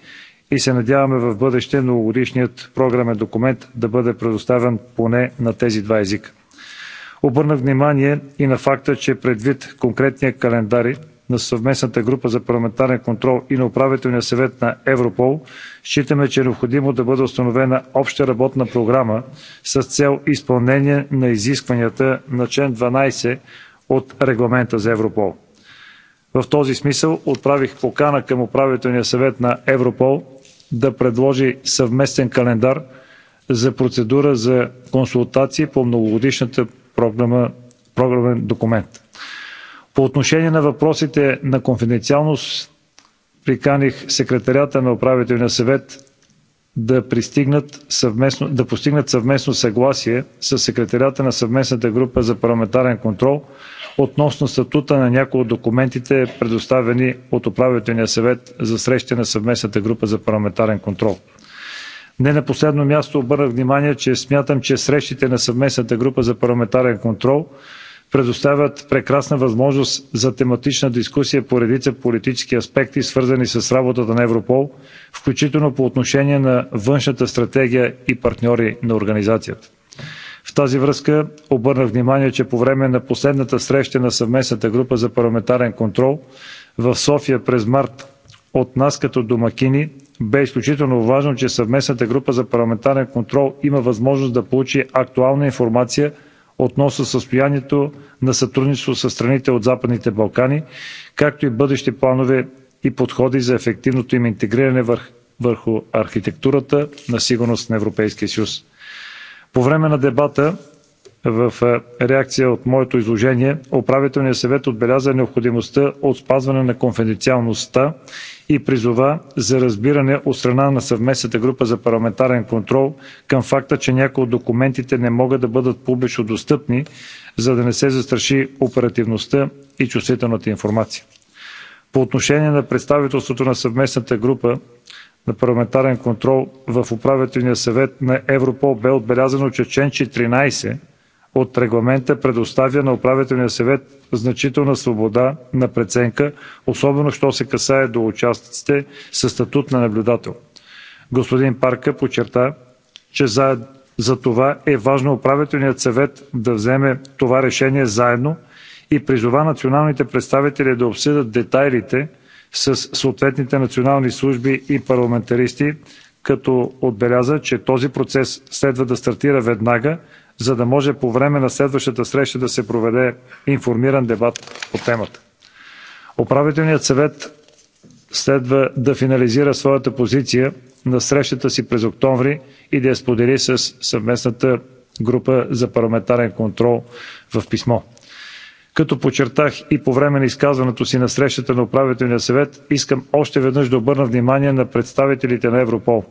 и се надяваме в бъдеще многогодишният програмен документ да бъде предоставен поне на тези два езика. Обърна внимание и на факта, че предвид конкретния календар на съвместната група за парламентарен контрол и на управителния съвет на Европол, считаме, че е необходимо да бъде установена обща работна програма с цел изпълнение на изискванията на член 12 от регламента за Европол. В този смисъл отправих покана към управителния съвет на Европол да предложи съвместен календар за процедура за консултации по многогодишната програма, програмен документ. По отношение на въпросите на конфиденциалност, приканих секретарята на управителния съвет да, пристигнат съвместно, да постигнат съвместно съгласие с секретарята на съвместната група за парламентарен контрол – относно статута на някои от документите, предоставени от Управителния съвет за среща на съвместната група за парламентарен контрол. Не на последно място обърнах внимание, че смятам, че срещите на съвместната група за парламентарен контрол предоставят прекрасна възможност за тематична дискусия по редица политически аспекти, свързани с работата на Европол, включително по отношение на външната стратегия и партньори на организацията. В тази връзка обърнах внимание, че по време на последната среща на съвместната група за парламентарен контрол в София през март от нас като домакини бе изключително важно, че съвместната група за парламентарен контрол има възможност да получи актуална информация относно състоянието на сътрудничество с страните от Западните Балкани, както и бъдещи планове и подходи за ефективното им интегриране върху архитектурата на сигурност на Европейския съюз. По време на дебата в е, реакция от моето изложение, управителният съвет отбеляза необходимостта от спазване на конфиденциалността и призова за разбиране от страна на съвместната група за парламентарен контрол към факта, че някои от документите не могат да бъдат публично достъпни, за да не се застраши оперативността и чувствителната информация. По отношение на представителството на съвместната група на парламентарен контрол в Управителния съвет на Европол бе отбелязано, че член 14 от Регламента предоставя на Управителния съвет значителна свобода на преценка, особено що се касае до участниците със статут на наблюдател. Господин Парка подчерта, че за това е важно Управителният съвет да вземе това решение заедно и призова националните представители да обсъдят детайлите със съответните национални служби и парламентаристи, като отбеляза, че този процес следва да стартира веднага, за да може по време на следващата среща да се проведе информиран дебат по темата. Управителният съвет следва да финализира своята позиция на срещата си през октомври и да я сподели с съвместната група за парламентарен контрол в писмо. Като подчертах и по време на изказването си на срещата на управителния съвет, искам още веднъж да обърна внимание на представителите на Европол,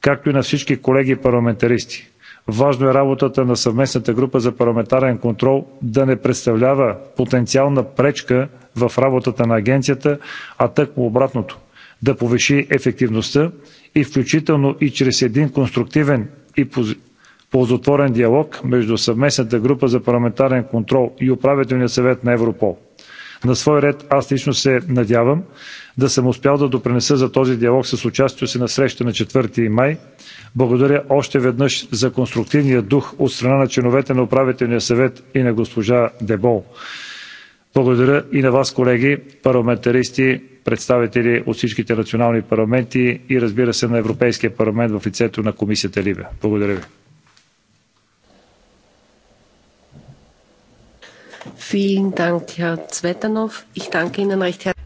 както и на всички колеги парламентаристи. Важно е работата на съвместната група за парламентарен контрол да не представлява потенциална пречка в работата на агенцията, а тъкмо обратното да повиши ефективността и включително и чрез един конструктивен и ползотворен диалог между съвместната група за парламентарен контрол и управителния съвет на Европол. На свой ред аз лично се надявам да съм успял да допринеса за този диалог с участието си на среща на 4 май. Благодаря още веднъж за конструктивния дух от страна на членовете на управителния съвет и на госпожа Дебол. Благодаря и на вас, колеги, парламентаристи, представители от всичките национални парламенти и разбира се на Европейския парламент в лицето на комисията Либе. Благодаря ви.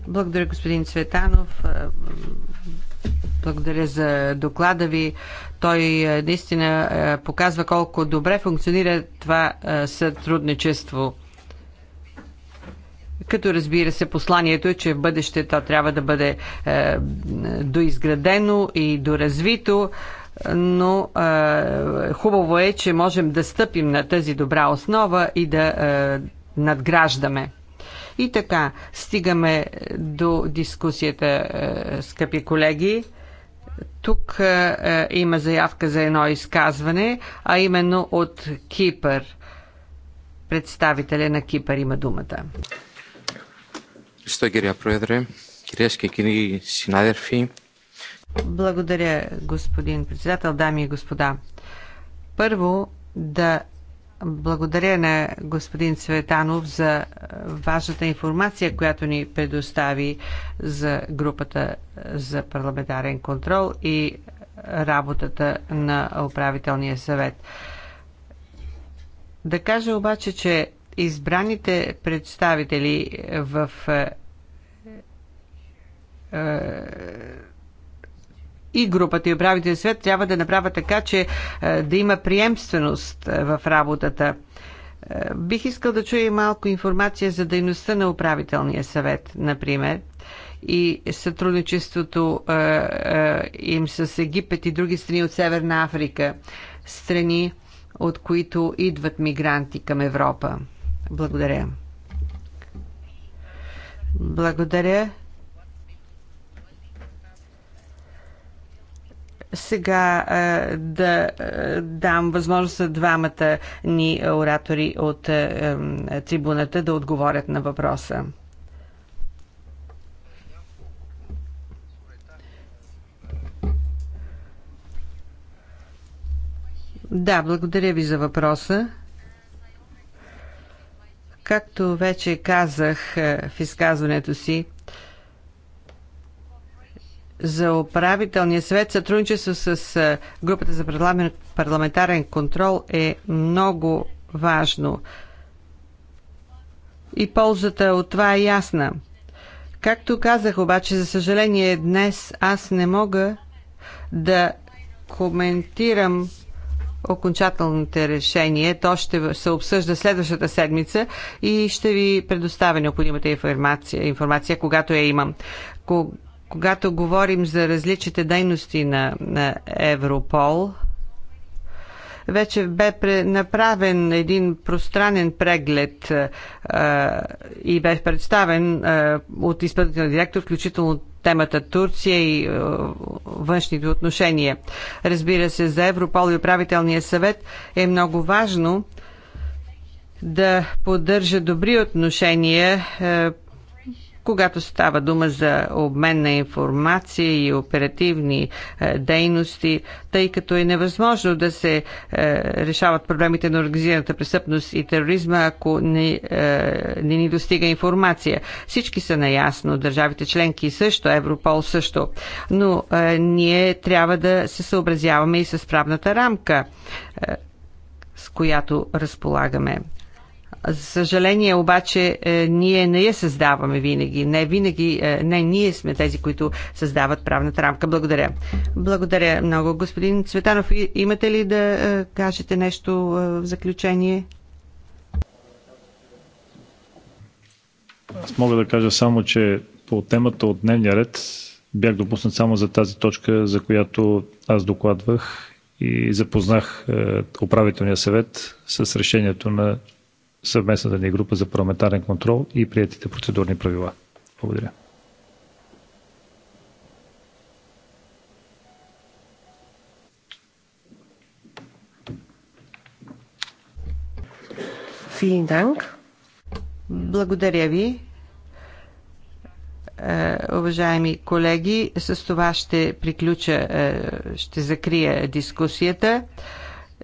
Благодаря, господин Цветанов. Е, благодаря за доклада ви. Той е, наистина е, показва колко добре функционира това сътрудничество. Като разбира се, посланието е, че в бъдеще то трябва да бъде доизградено и доразвито, но е, хубаво е, че можем да стъпим на тази добра основа и да. Е, надграждаме. И така, стигаме до дискусията, е, скъпи колеги. Тук е, е, има заявка за едно изказване, а именно от Кипър. Представителя на Кипър има думата. Сто, гирия, проедре, кириеш και κύριοι Благодаря, господин председател, дами и господа. Първо да благодаря на господин Цветанов за важната информация, която ни предостави за групата за парламентарен контрол и работата на управителния съвет. Да кажа обаче, че избраните представители в е, е, и групата и управителен свет трябва да направят така, че е, да има приемственост е, в работата. Е, бих искал да чуя малко информация за дейността на управителния съвет, например, и сътрудничеството им с Египет и други страни от Северна Африка, страни, от които идват мигранти към Европа. Благодаря. Благодаря. Сега да дам възможност за двамата ни оратори от трибуната да отговорят на въпроса. Да, благодаря ви за въпроса. Както вече казах в изказването си, за управителния съвет, сътрудничество с групата за парламентарен контрол е много важно. И ползата от това е ясна. Както казах обаче, за съжаление днес аз не мога да коментирам окончателните решения. То ще се обсъжда следващата седмица и ще ви предоставя необходимата информация, информация когато я имам. Когато говорим за различните дейности на, на Европол, вече бе направен един пространен преглед а, и бе представен а, от изпълнителния директор, включително темата Турция и а, външните отношения. Разбира се, за Европол и управителния съвет е много важно да поддържа добри отношения когато става дума за обмен на информация и оперативни е, дейности, тъй като е невъзможно да се е, решават проблемите на организираната престъпност и тероризма, ако не, е, не ни достига информация. Всички са наясно, държавите членки също, Европол също, но ние трябва да се съобразяваме и с правната рамка с която разполагаме. За съжаление обаче е, ние не я създаваме винаги. Не винаги, е, не ние сме тези, които създават правната рамка. Благодаря. Благодаря много. Господин Цветанов, имате ли да е, кажете нещо в заключение? Аз мога да кажа само, че по темата от дневния ред бях допуснат само за тази точка, за която аз докладвах и запознах управителния съвет с решението на съвместната ни група за парламентарен контрол и приятите процедурни правила. Благодаря. Благодаря ви, е, уважаеми колеги. С това ще приключа, е, ще закрия дискусията.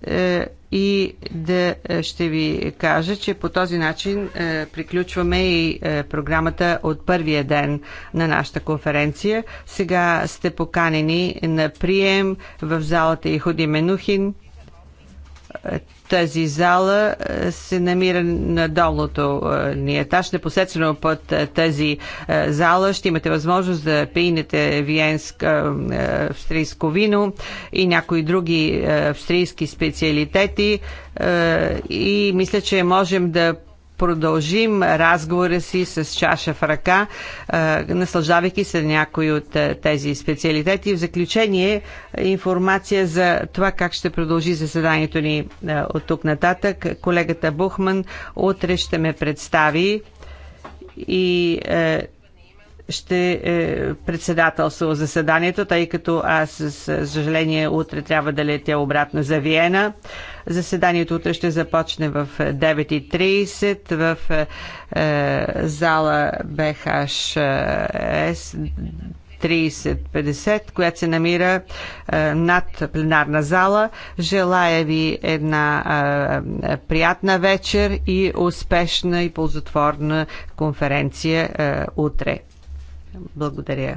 Е, и да е, ще ви кажа, че по този начин е, приключваме и е, програмата от първия ден на нашата конференция. Сега сте поканени на прием в залата Иходи Менухин тази зала е, се намира на долното е, ни етаж, непосредствено под е, тази зала. Ще имате възможност да пийнете виенск австрийско вино и някои други австрийски специалитети и мисля, че можем да продължим разговора си с чаша в ръка, наслаждавайки се някои от тези специалитети. В заключение информация за това как ще продължи заседанието ни от тук нататък. Колегата Бухман утре ще ме представи и ще е, председателства заседанието, тъй като аз, с съжаление, утре трябва да летя обратно за Виена. Заседанието утре ще започне в 9.30 е, в е, е зала БХС 3050, която се намира е, над пленарна зала. Желая ви една е, приятна вечер и успешна и ползотворна конференция е, утре. Благодаря.